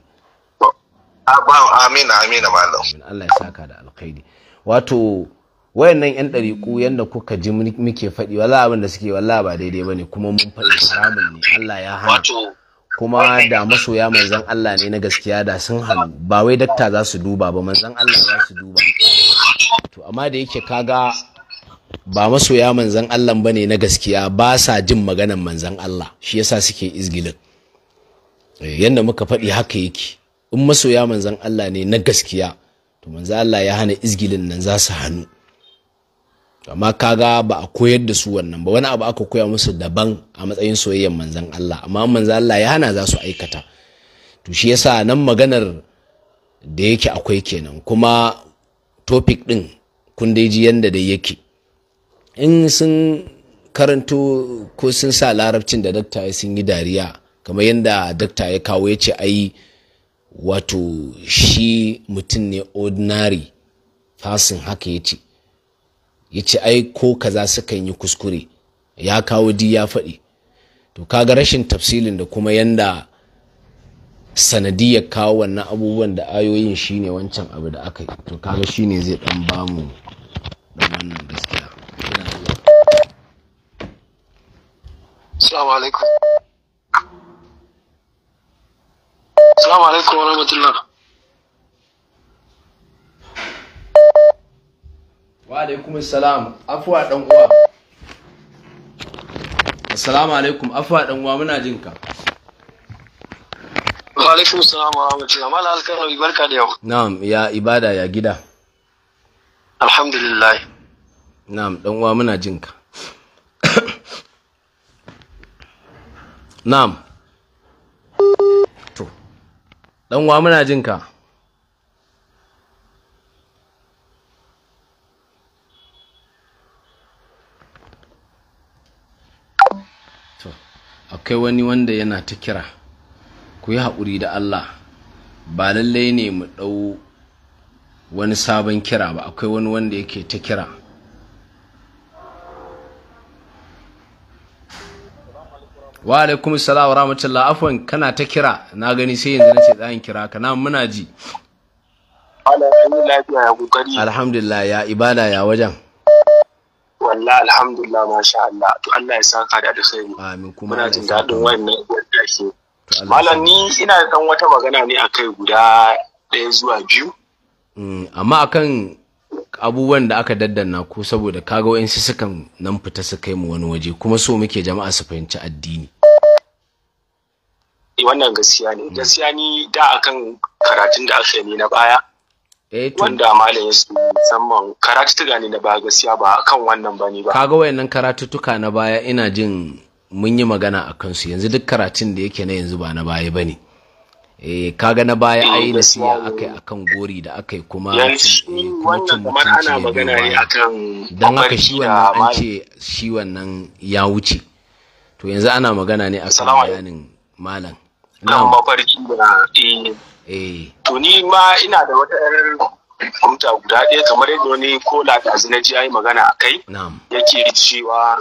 Ah, amin amin malam. Allah ya saka da alkhairi. Wato wayannan yan dariku yanda kuka ji muke faɗi wala abin da suke wala ba daidai bane kuma mun faɗi haramun ne Allah ya hana Wato kuma da masoya manzan Allah ne na gaskiya da sun hannu ba wai dakta za su duba ba manzan Allah za su duba to amma da yake kaga ba masoya manzan Allah ba ne na gaskiya ba sa jin maganan manzan Allah shi yasa suke izgilin eh, Yadda muka faɗi haka yake in masoya manzan Allah ne na gaskiya to manzan Allah ya hana izgilin nan za su hannu amma kaga ba a koyar da su wannan ba wani abu aka koya musu daban a matsayin soyayyar manzan Allah amma manzan Allah ya hana za su aikata to shi yasa nan maganar da yake akwai kenan kuma topic din kun dai ji yanda dai yake in sun karanto ko sun sa larabcin da dakta ya sun yi dariya kamar yadda dakta ya kawo ya ce ai wato shi mutum ne ordinary fasin haka ya ce ya ce ai ko kaza sukan yi kuskure ya kawo di ya faɗi to kaga rashin tafsilin da kuma yadda sanadiyar kawo wannan abubuwan da ayoyin shine wancan abu da aka yi to kaga shine zai ɗan bamu dan wannan gaskiya Assalamu alaikum. alaikum Wa Afuwa dan uwa. alaikum. Afuwa dan uwa muna jin ka. Wa alaikum assalam wa rahmatullah. Mala alkarabi barka da yau. Na'am, ya ibada ya gida. Alhamdulillah. na'am dan uwa muna jin ka [coughs] na'am to dan uwa muna jin ka akwai wani wanda yana ta kira ku yi haƙuri da Allah ba lallai ne mu ɗau wani sabon kira ba akwai wani wanda yake ta kira wa alaikum salam wa rahmatullah afwan kana ta kira na gani sai yanzu nace in kira ka na muna ji alhamdulillah ya ibada ya wajen wallahi alhamdulillah masha Allah to Allah ya saka da alkhairi amin kuma muna jin dadin wannan gashi malam ni ina da wata magana ne akai guda ɗaya zuwa biyu mm, amma akan abubuwan da aka daddanna ko saboda kaga wa'insu sukan nan fita su kai mu wani waje kuma so muke jama'a su fahimci addini Eh, wannan gaskiya ne hmm. gaskiya ni da akan karatun da aka yi na baya eh, wanda malam ya su musamman karatuttuka ne na baya gaskiya ba akan wannan bane ba kaga wayannan karatutuka na baya ina jin mun yi magana a kansu yanzu duk karatun da yake na yanzu ba na baya bane eh kaga na baya eh, ai nasiya akai akan gori da akai kuma wannan kuma ana magana ne akan dan haka shi wannan an ce shi wannan ya wuce to yanzu ana magana ne a kan bayanin malam kan mafarki da eh. eh to ni ma ina da wata yar kumta guda ɗaya kamar yadda wani ko lakazi na ji ya yi magana a kai yake cewa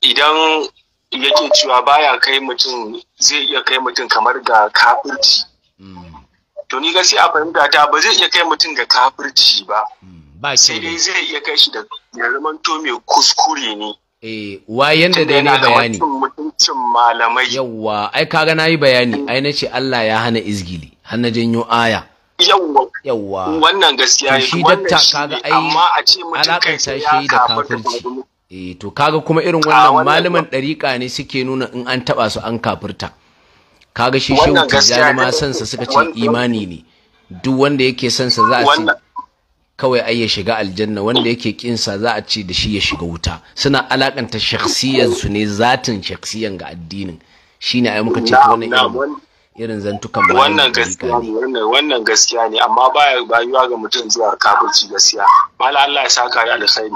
idan yake cewa baya kai mutum zai iya kai mutum kamar ga kafirci hmm. to ni gaskiya a fahimta ta ba zai iya kai mutum ga kafirci ba hmm. sai dai zai iya kai shi da ya zamanto mai kuskure ne eh wa yanda dai ne bayani mutum hukuncin malamai yawwa ai kaga yi bayani ai na ce Allah ya hana izgili har na janyo aya yawwa yawwa wannan gaskiya ne datta kaga ai amma a ce mutum kai sai ya da kafirci eh to kaga kuma irin wannan malaman ɗariƙa ne suke nuna in an taɓa su an kafirta kaga shi shehu tijjani ma sansa suka ce imani ne duk wanda yake sansa za a ce kawai ai ya shiga aljanna wanda yake kinsa za a ce da shi ya shiga wuta suna alakanta shakhsiyan su ne zatin shakhsiyan ga addinin shine ai muka ce to wannan irin zantukan ba wannan gaskiya ne wannan gaskiya ne amma ba ya bayuwa ga mutum zuwa kafirci gaskiya mala Allah ya saka ya da sai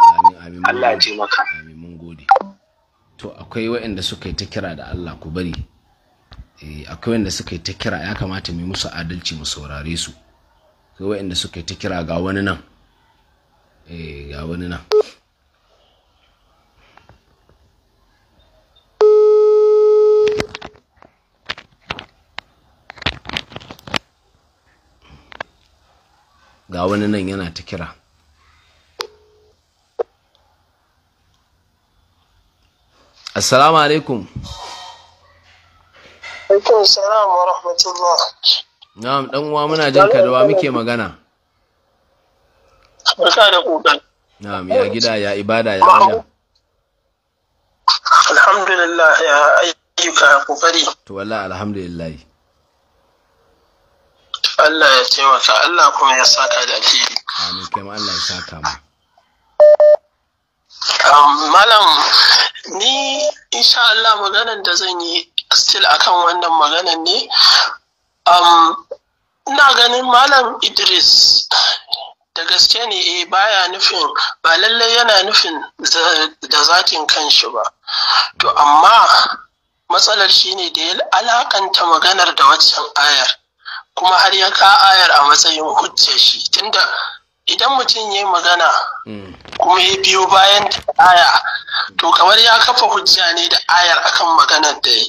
Allah ya maka amin mun gode to akwai waɗanda suka yi ta kira da Allah ku bari eh, akwai wanda suka yi ta kira ya kamata mu musu adalci mu saurare su akwai waɗanda suka yi ta kira ga wani nan eh ga wani nan ga wani nan yana ta kira assalamu alaikum alaikum salam wa rahmatullah na'am dan uwa muna jin ka da wa muke magana barka da ya gida ya ibada ya Allah alhamdulillah ya ayyuka kokari Allah ya Allah kuma ya saka da amin kai malam ni insha Allah maganan da zan yi still akan wannan maganan ne ina ganin malam Idris da gaske ne eh baya nufin ba lallai yana nufin da zatin kanshi ba to amma matsalar shine da ya alakanta maganar da waccan ayar kuma har ya ka ayar a matsayin hujjar shi tunda idan mutum ya magana mm. kuma ya biyo bayan aya to kamar ya kafa hujja ne da ayar akan maganar da ya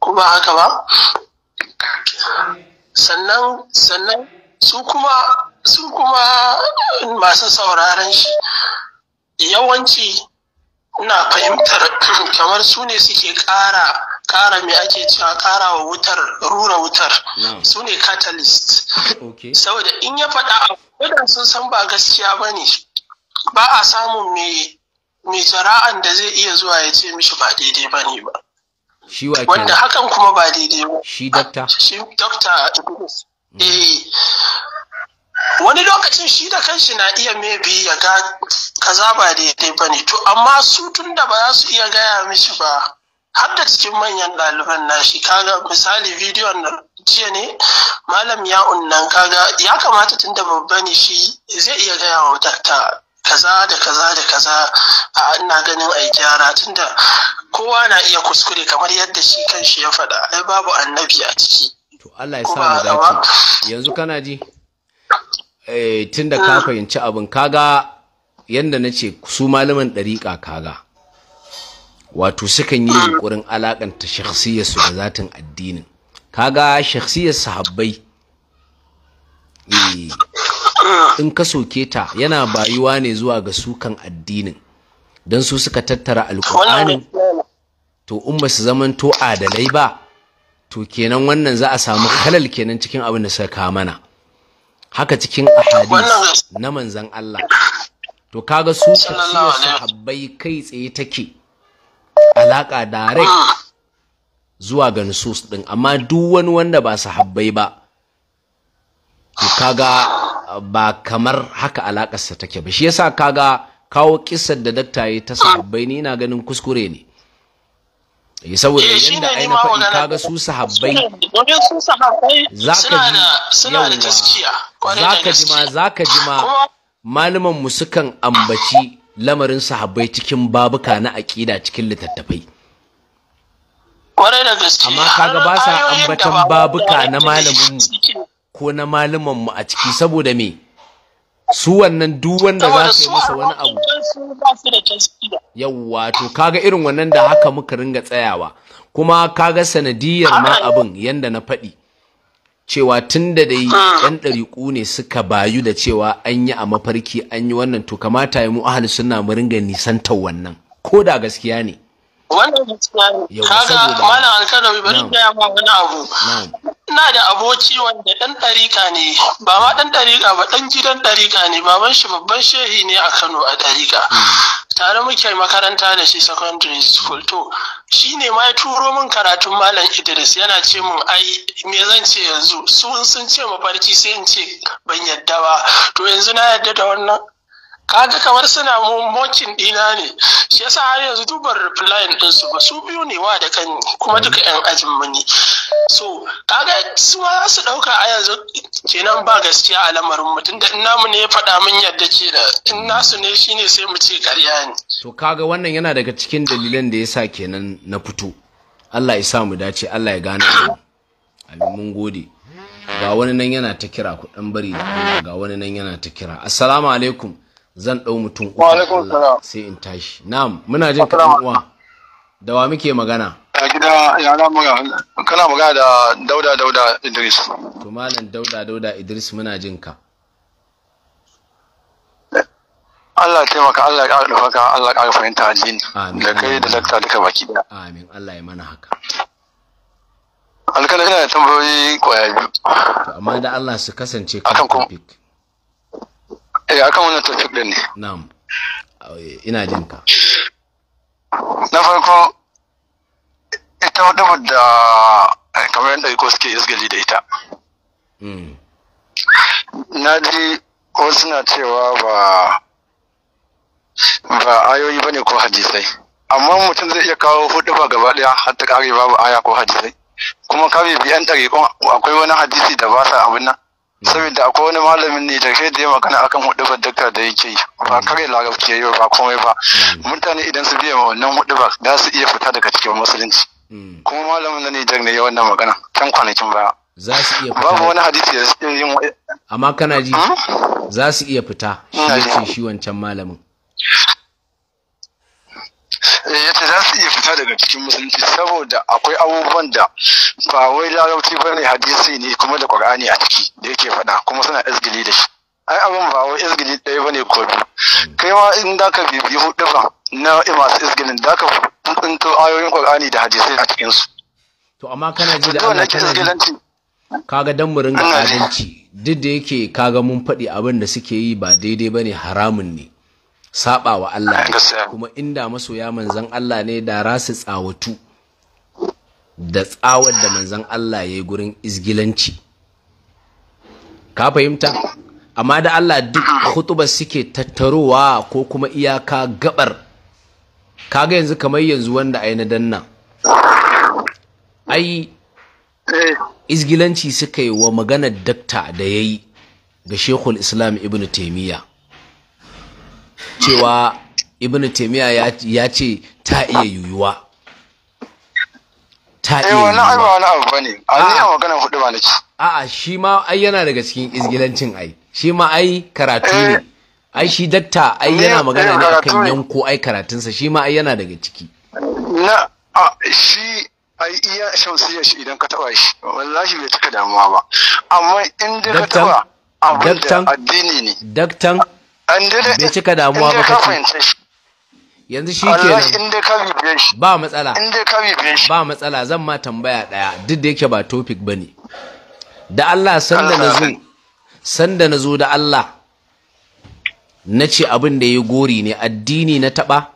kuma haka ba sannan su kuma su kuma masu sauraron shi yawanci na fahimtar kamar su ne suke ƙara ƙara me ake cewa ƙara wa wutar rura wutar su ne catalyst saboda in ya faɗa a sun san ba gaskiya ba ne ba a samun mai jara'an da zai iya zuwa ya ce mishi ba daidai ba ne ba wanda hakan kuma ba daidai ba shi dokta shi dokta mm. eh wani lokacin shi da kanshi na iya maybe ya ga kaza ba daidai ba ne to amma su tun da ba za su iya gaya mishi ba har da cikin manyan ɗaliban na shi kaga misali bidiyon na jiya ne malam ya unnan kaga ya kamata tun da babba ne shi zai iya gaya wa ta, kaza da kaza da kaza a ina ganin ai gyara tunda kowa na iya kuskure kamar yadda shi kanshi ya faɗa ai babu annabi a ciki to Allah ya sa mu dace yanzu kana ji tun eh, tunda ka ah. fahimci abin kaga yadda na ce su malaman ɗariƙa kaga wato sukan yi ah. yunkurin alaƙanta shakhsiyar su da zatin addinin kaga shakhsiyar sahabbai eh, ah. in ka soke ta yana bayuwa ne zuwa ga sukan addinin don su suka tattara alkur'anin to in ba su zamanto adalai ba to kenan wannan za a samu halal kenan cikin abin da suka kama mana haka cikin ahadis na manzan Allah to kaga su sahabbai kai tsaye take alaka direct zuwa ga nusus din amma duk wani wanda ba sahabbai ba to kaga ba kamar haka alakarsa take ba shi yasa kaga kawo kissar da dakta ta sahabbai ni ina ganin kuskure ne ya eh, saboda eh, yadda ai na faɗi kaga su sahabbai za ka ji ma ka ji ma malaman mu sukan ambaci lamarin sahabbai cikin babuka na aƙida cikin littattafai amma kaga ba sa ambatan babuka na malamin mu ko na malaman mu a ciki saboda me su wannan duk wanda za su yi masa wani abu yawwa to kaga irin wannan da haka muka ringa tsayawa kuma kaga sanadiyar ma abin yanda na faɗi cewa tun da dai yan ɗariƙu ne suka bayu da cewa an yi a mafarki an yi wannan to kamata ya mu ahal suna mu ringa nisantar wannan ko da gaskiya ne wannan gaskiya kaga malam alkanawi bari gaya ma wani abu ina da aboki wanda dan ɗarika ne ba ma dan ɗarika ba dan gidan ɗarika ne baban shi babban shehi ne a Kano a ɗarika hmm. tare muke makaranta da shi secondary school to shi ne ma ya turo min karatun malam Idris yana ce min ai me zan ce yanzu su sun ce mafarki sai in ce ban yadda ba to yanzu na yadda da wannan kaga kamar suna mokin dina ne shi yasa har yanzu duban reply ɗinsu su ba su biyu ne wa da kan kuma duka yan ajin mani so kaga su ma su dauka a yanzu kenan ba gaskiya a lamarin mutum da ina mu ne ya faɗa min yadda ce da in nasu ne shine sai mu ce ƙarya ne to kaga wannan yana daga cikin dalilan da yasa kenan na fito Allah ya sa mu dace Allah ya gane mu amin mun gode ga wani nan yana ta kira ku dan bari ga wani nan yana ta kira assalamu alaikum zan ɗau mutum uku sai in tashi na'am muna jin ka uwa da wa muke magana a gida yana kana magana da dauda dauda idris to malam dauda dauda idris muna jin ka Allah taimaka Allah ya ƙara haka Allah ya ƙara fahimta jini, da kai da lakta duka baki da amin Allah ya mana haka yana da tambayoyi kwaya biyu amma da Allah su kasance kan topic eh akan wannan topic din ne na'am eh, ina jin ka na farko ita wadda da eh, kamar yadda iko suke isgali da ita mm. na ji wasu na cewa ba ba ayoyi bane ko hadisai amma mutum zai iya kawo hudu ba gaba daya har ta kare babu aya ko hadisai kuma kare biyan ɗari akwai wani hadisi da ba sa abin nan saboda akwai wani malamin ne da kai da ya magana akan ba dakka da yake yi ba kare larabci yayi ba komai ba hmm. mutane idan su biya wannan ba za su iya fita daga cikin musulunci hmm. kuma malamin na Nijar ne ya wannan magana can kwanakin baya za su iya fita babu wani hadisi da suke yin amma kana ji hmm? za su iya fita shi shi wancan malamin Eh, ya ce za su iya fita daga cikin musulunci saboda akwai abubuwan da ba wai larabci ba ne hadisi ne kuma da ƙwar'ani a ciki da yake faɗa kuma suna izgili da shi ai abin ba wai izgili ɗaya ba ne ko biyu kai ma in da ka bibiyi hudu ba na masu izgilin da ka tsinto ayoyin ƙwar'ani da hadisai a cikinsu. to amma kana ji da ana kana kaga dan mu ringa adalci duk da yake kaga mun faɗi abin da suke yi ba daidai ba ne haramun ne saba wa Allah kuma inda masoya manzan Allah ne da rasu tsawatu da tsawar da manzan Allah ya yi gurin izgilanci ka fahimta amma da Allah duk hutubar suke tattarowa ko kuma iyaka gabar kaga yanzu kamar yanzu wanda ai na danna ai eh. izgilanci suka yi wa maganar dakta da yayi ga Sheikhul islam ibn taimiyya cewa ibn taimiyya ya ce ta iya yiwuwa ta iya yiwuwa eh, wannan aiba wani abu bane a ni a magana hudu ba nake a'a shi ma ai yana daga cikin izgilancin ai shi ma ai karatu ne eh. ai shi datta ai yana magana ne akan yanko ai karatunsa shi ma ai yana daga ciki na a shi ai iya shan shamsiyya shi idan ka taba shi wallahi bai taka damuwa ba amma in dai ka taba abin da addini ne daktan bai cika damuwa ba kace yanzu shi nan, ba matsala ba matsala zan ma tambaya daya duk da yake ba topic bane da Allah sanda na zo sanda na zo da Allah na ce abin da ya gori ne addini na taba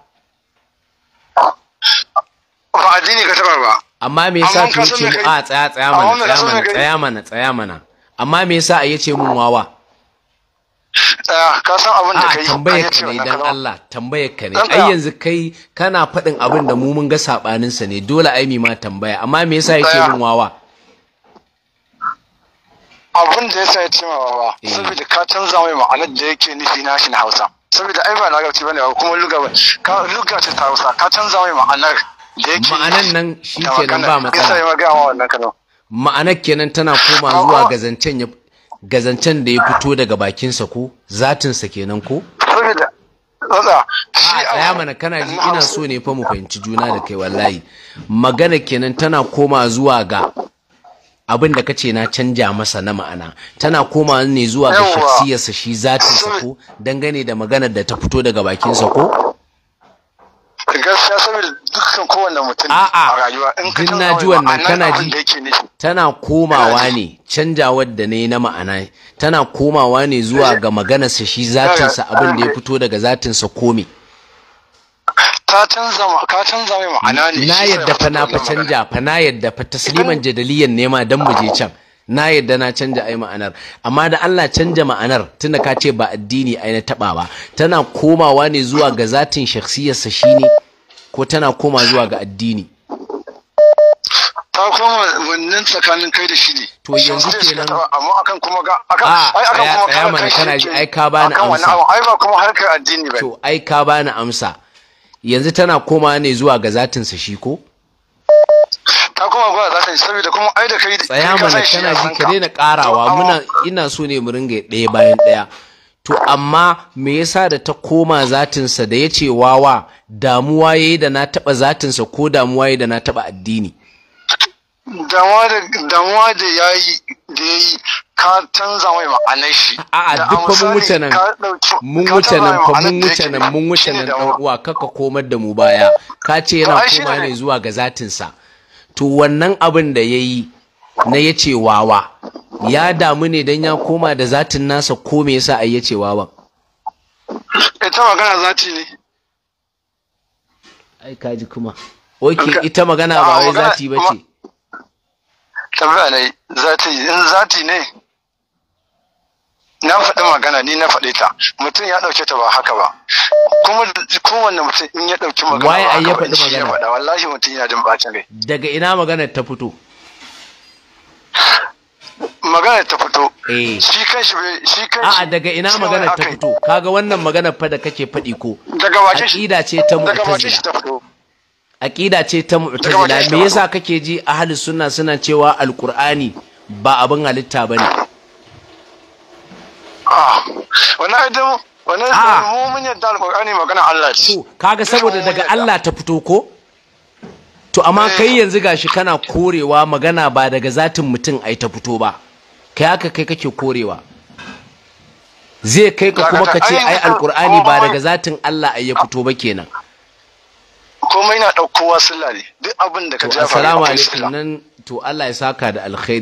ba addini ka taba ba amma me yasa ka ce a ah, tsaya tsaya mana tsaya mana tsaya mana amma me yasa a ce mun wawa Ah, ka san abin da ah, kai ka ne dan Allah tambayar ka ne ai yanzu kai kana faɗin abin da mu mun ga sabanin sa ne dole ai mi ma tambaya amma me yasa yake min wawa abin da yasa yake min wawa eh. saboda ka canza mai ma'anar da yake nufi na shi na Hausa saboda ai ba larabci bane kuma luga ka luga ta Hausa ka canza mai ma'anar da yake nan ba matsala ma'anar kenan tana koma zuwa ga zancen gazancen da ya fito daga bakinsa ko zatinsa kenan ko saboda mana kana ji ina so ne fa mu fahimci juna da kai wallahi magana kenan tana koma zuwa ga abin da kace na canja masa na ma'ana tana koma ne zuwa ga shaksiyarsa shi zatinsa ko dangane da maganar da ta fito daga bakinsa ko gaskiya saboda dukkan kowane mutum a rayuwa in ka tana ji wannan kana ji tana komawa ne canjawar da ne na ma'ana tana komawa ne zuwa eh. ga maganarsa shi zatinsa eh, abin da ya eh. fito daga zatinsa komi ka canza ka canza mai ma'ana ne na yadda fa na fa canja fa na yadda fa tasliman jadaliyan nema dan mu je can na yadda na canja ai ma'anar amma da Allah canja ma'anar tunda ka ce ba addini ai na taba ba tana komawa ne zuwa ga zatin sa shine ko tana koma zuwa ga addini ta koma wannan tsakanin kai da shi ne to yanzu kenan amma akan kuma ga akan ah, ai akan kuma kana ji ai ka bani amsa ai ba kuma harkar addini ba to ai ka bani amsa yanzu tana koma ne zuwa ga zatin sa shi ko ta kuma gwada za ta yi saboda kuma ai da kai tsaya mana kana ji ka daina karawa muna ina so ne mu ringa ɗaya bayan ɗaya to amma me yasa da ta koma zatinsa da ya ce wawa damuwa ya yi da na taɓa zatinsa ko damuwa ya yi da na taɓa addini damuwa da ya yi da ya yi ka canza mai ma'anar shi a'a duk fa mun wuce nan mun wuce nan fa mun wuce nan mun wuce nan dan uwa kaka komar da mu baya ka ce yana koma ne zuwa ga zatinsa to wannan abin da ya yi na ya ce wawa ya damu ne don ya koma da zatin nasa ko me yasa a ya ce wawan ita eh, magana zati ne ai kaji kuma oke ita magana ah, ba wai zati ba ce tambaya ne zati in zati ne na faɗi magana ni na faɗe ta mutum ya ɗauke ta ba haka ba kuma kowanne mutum in ya ɗauki magana waye ai ya faɗi magana ya faɗa wallahi mutum yana jin bacin rai daga ina magana ta fito magana ta fito eh. shi kan shi kanshi a'a daga ina magana ta fito kaga wannan magana fa da kake faɗi ko daga wace shi aqida ce ta mu'tazila aqida ce ta mu'tazila me yasa kake ji ahlus sunna suna cewa alqur'ani ba abin halitta bane wani adam wani ah. yadda magana Allah ce kaga saboda daga Allah ta fito ko to amma eh. kai yanzu gashi kana korewa magana ba daga zatin mutum ai ta fito ba kai haka kai kake korewa zai kai ka kuma ka ce ai Alƙur'ani ba daga zatin Allah ai ya fito ba kenan komai na ɗaukowa sila ne duk abin da ka jafa assalamu alaikum nan to Allah ya saka da alkhairi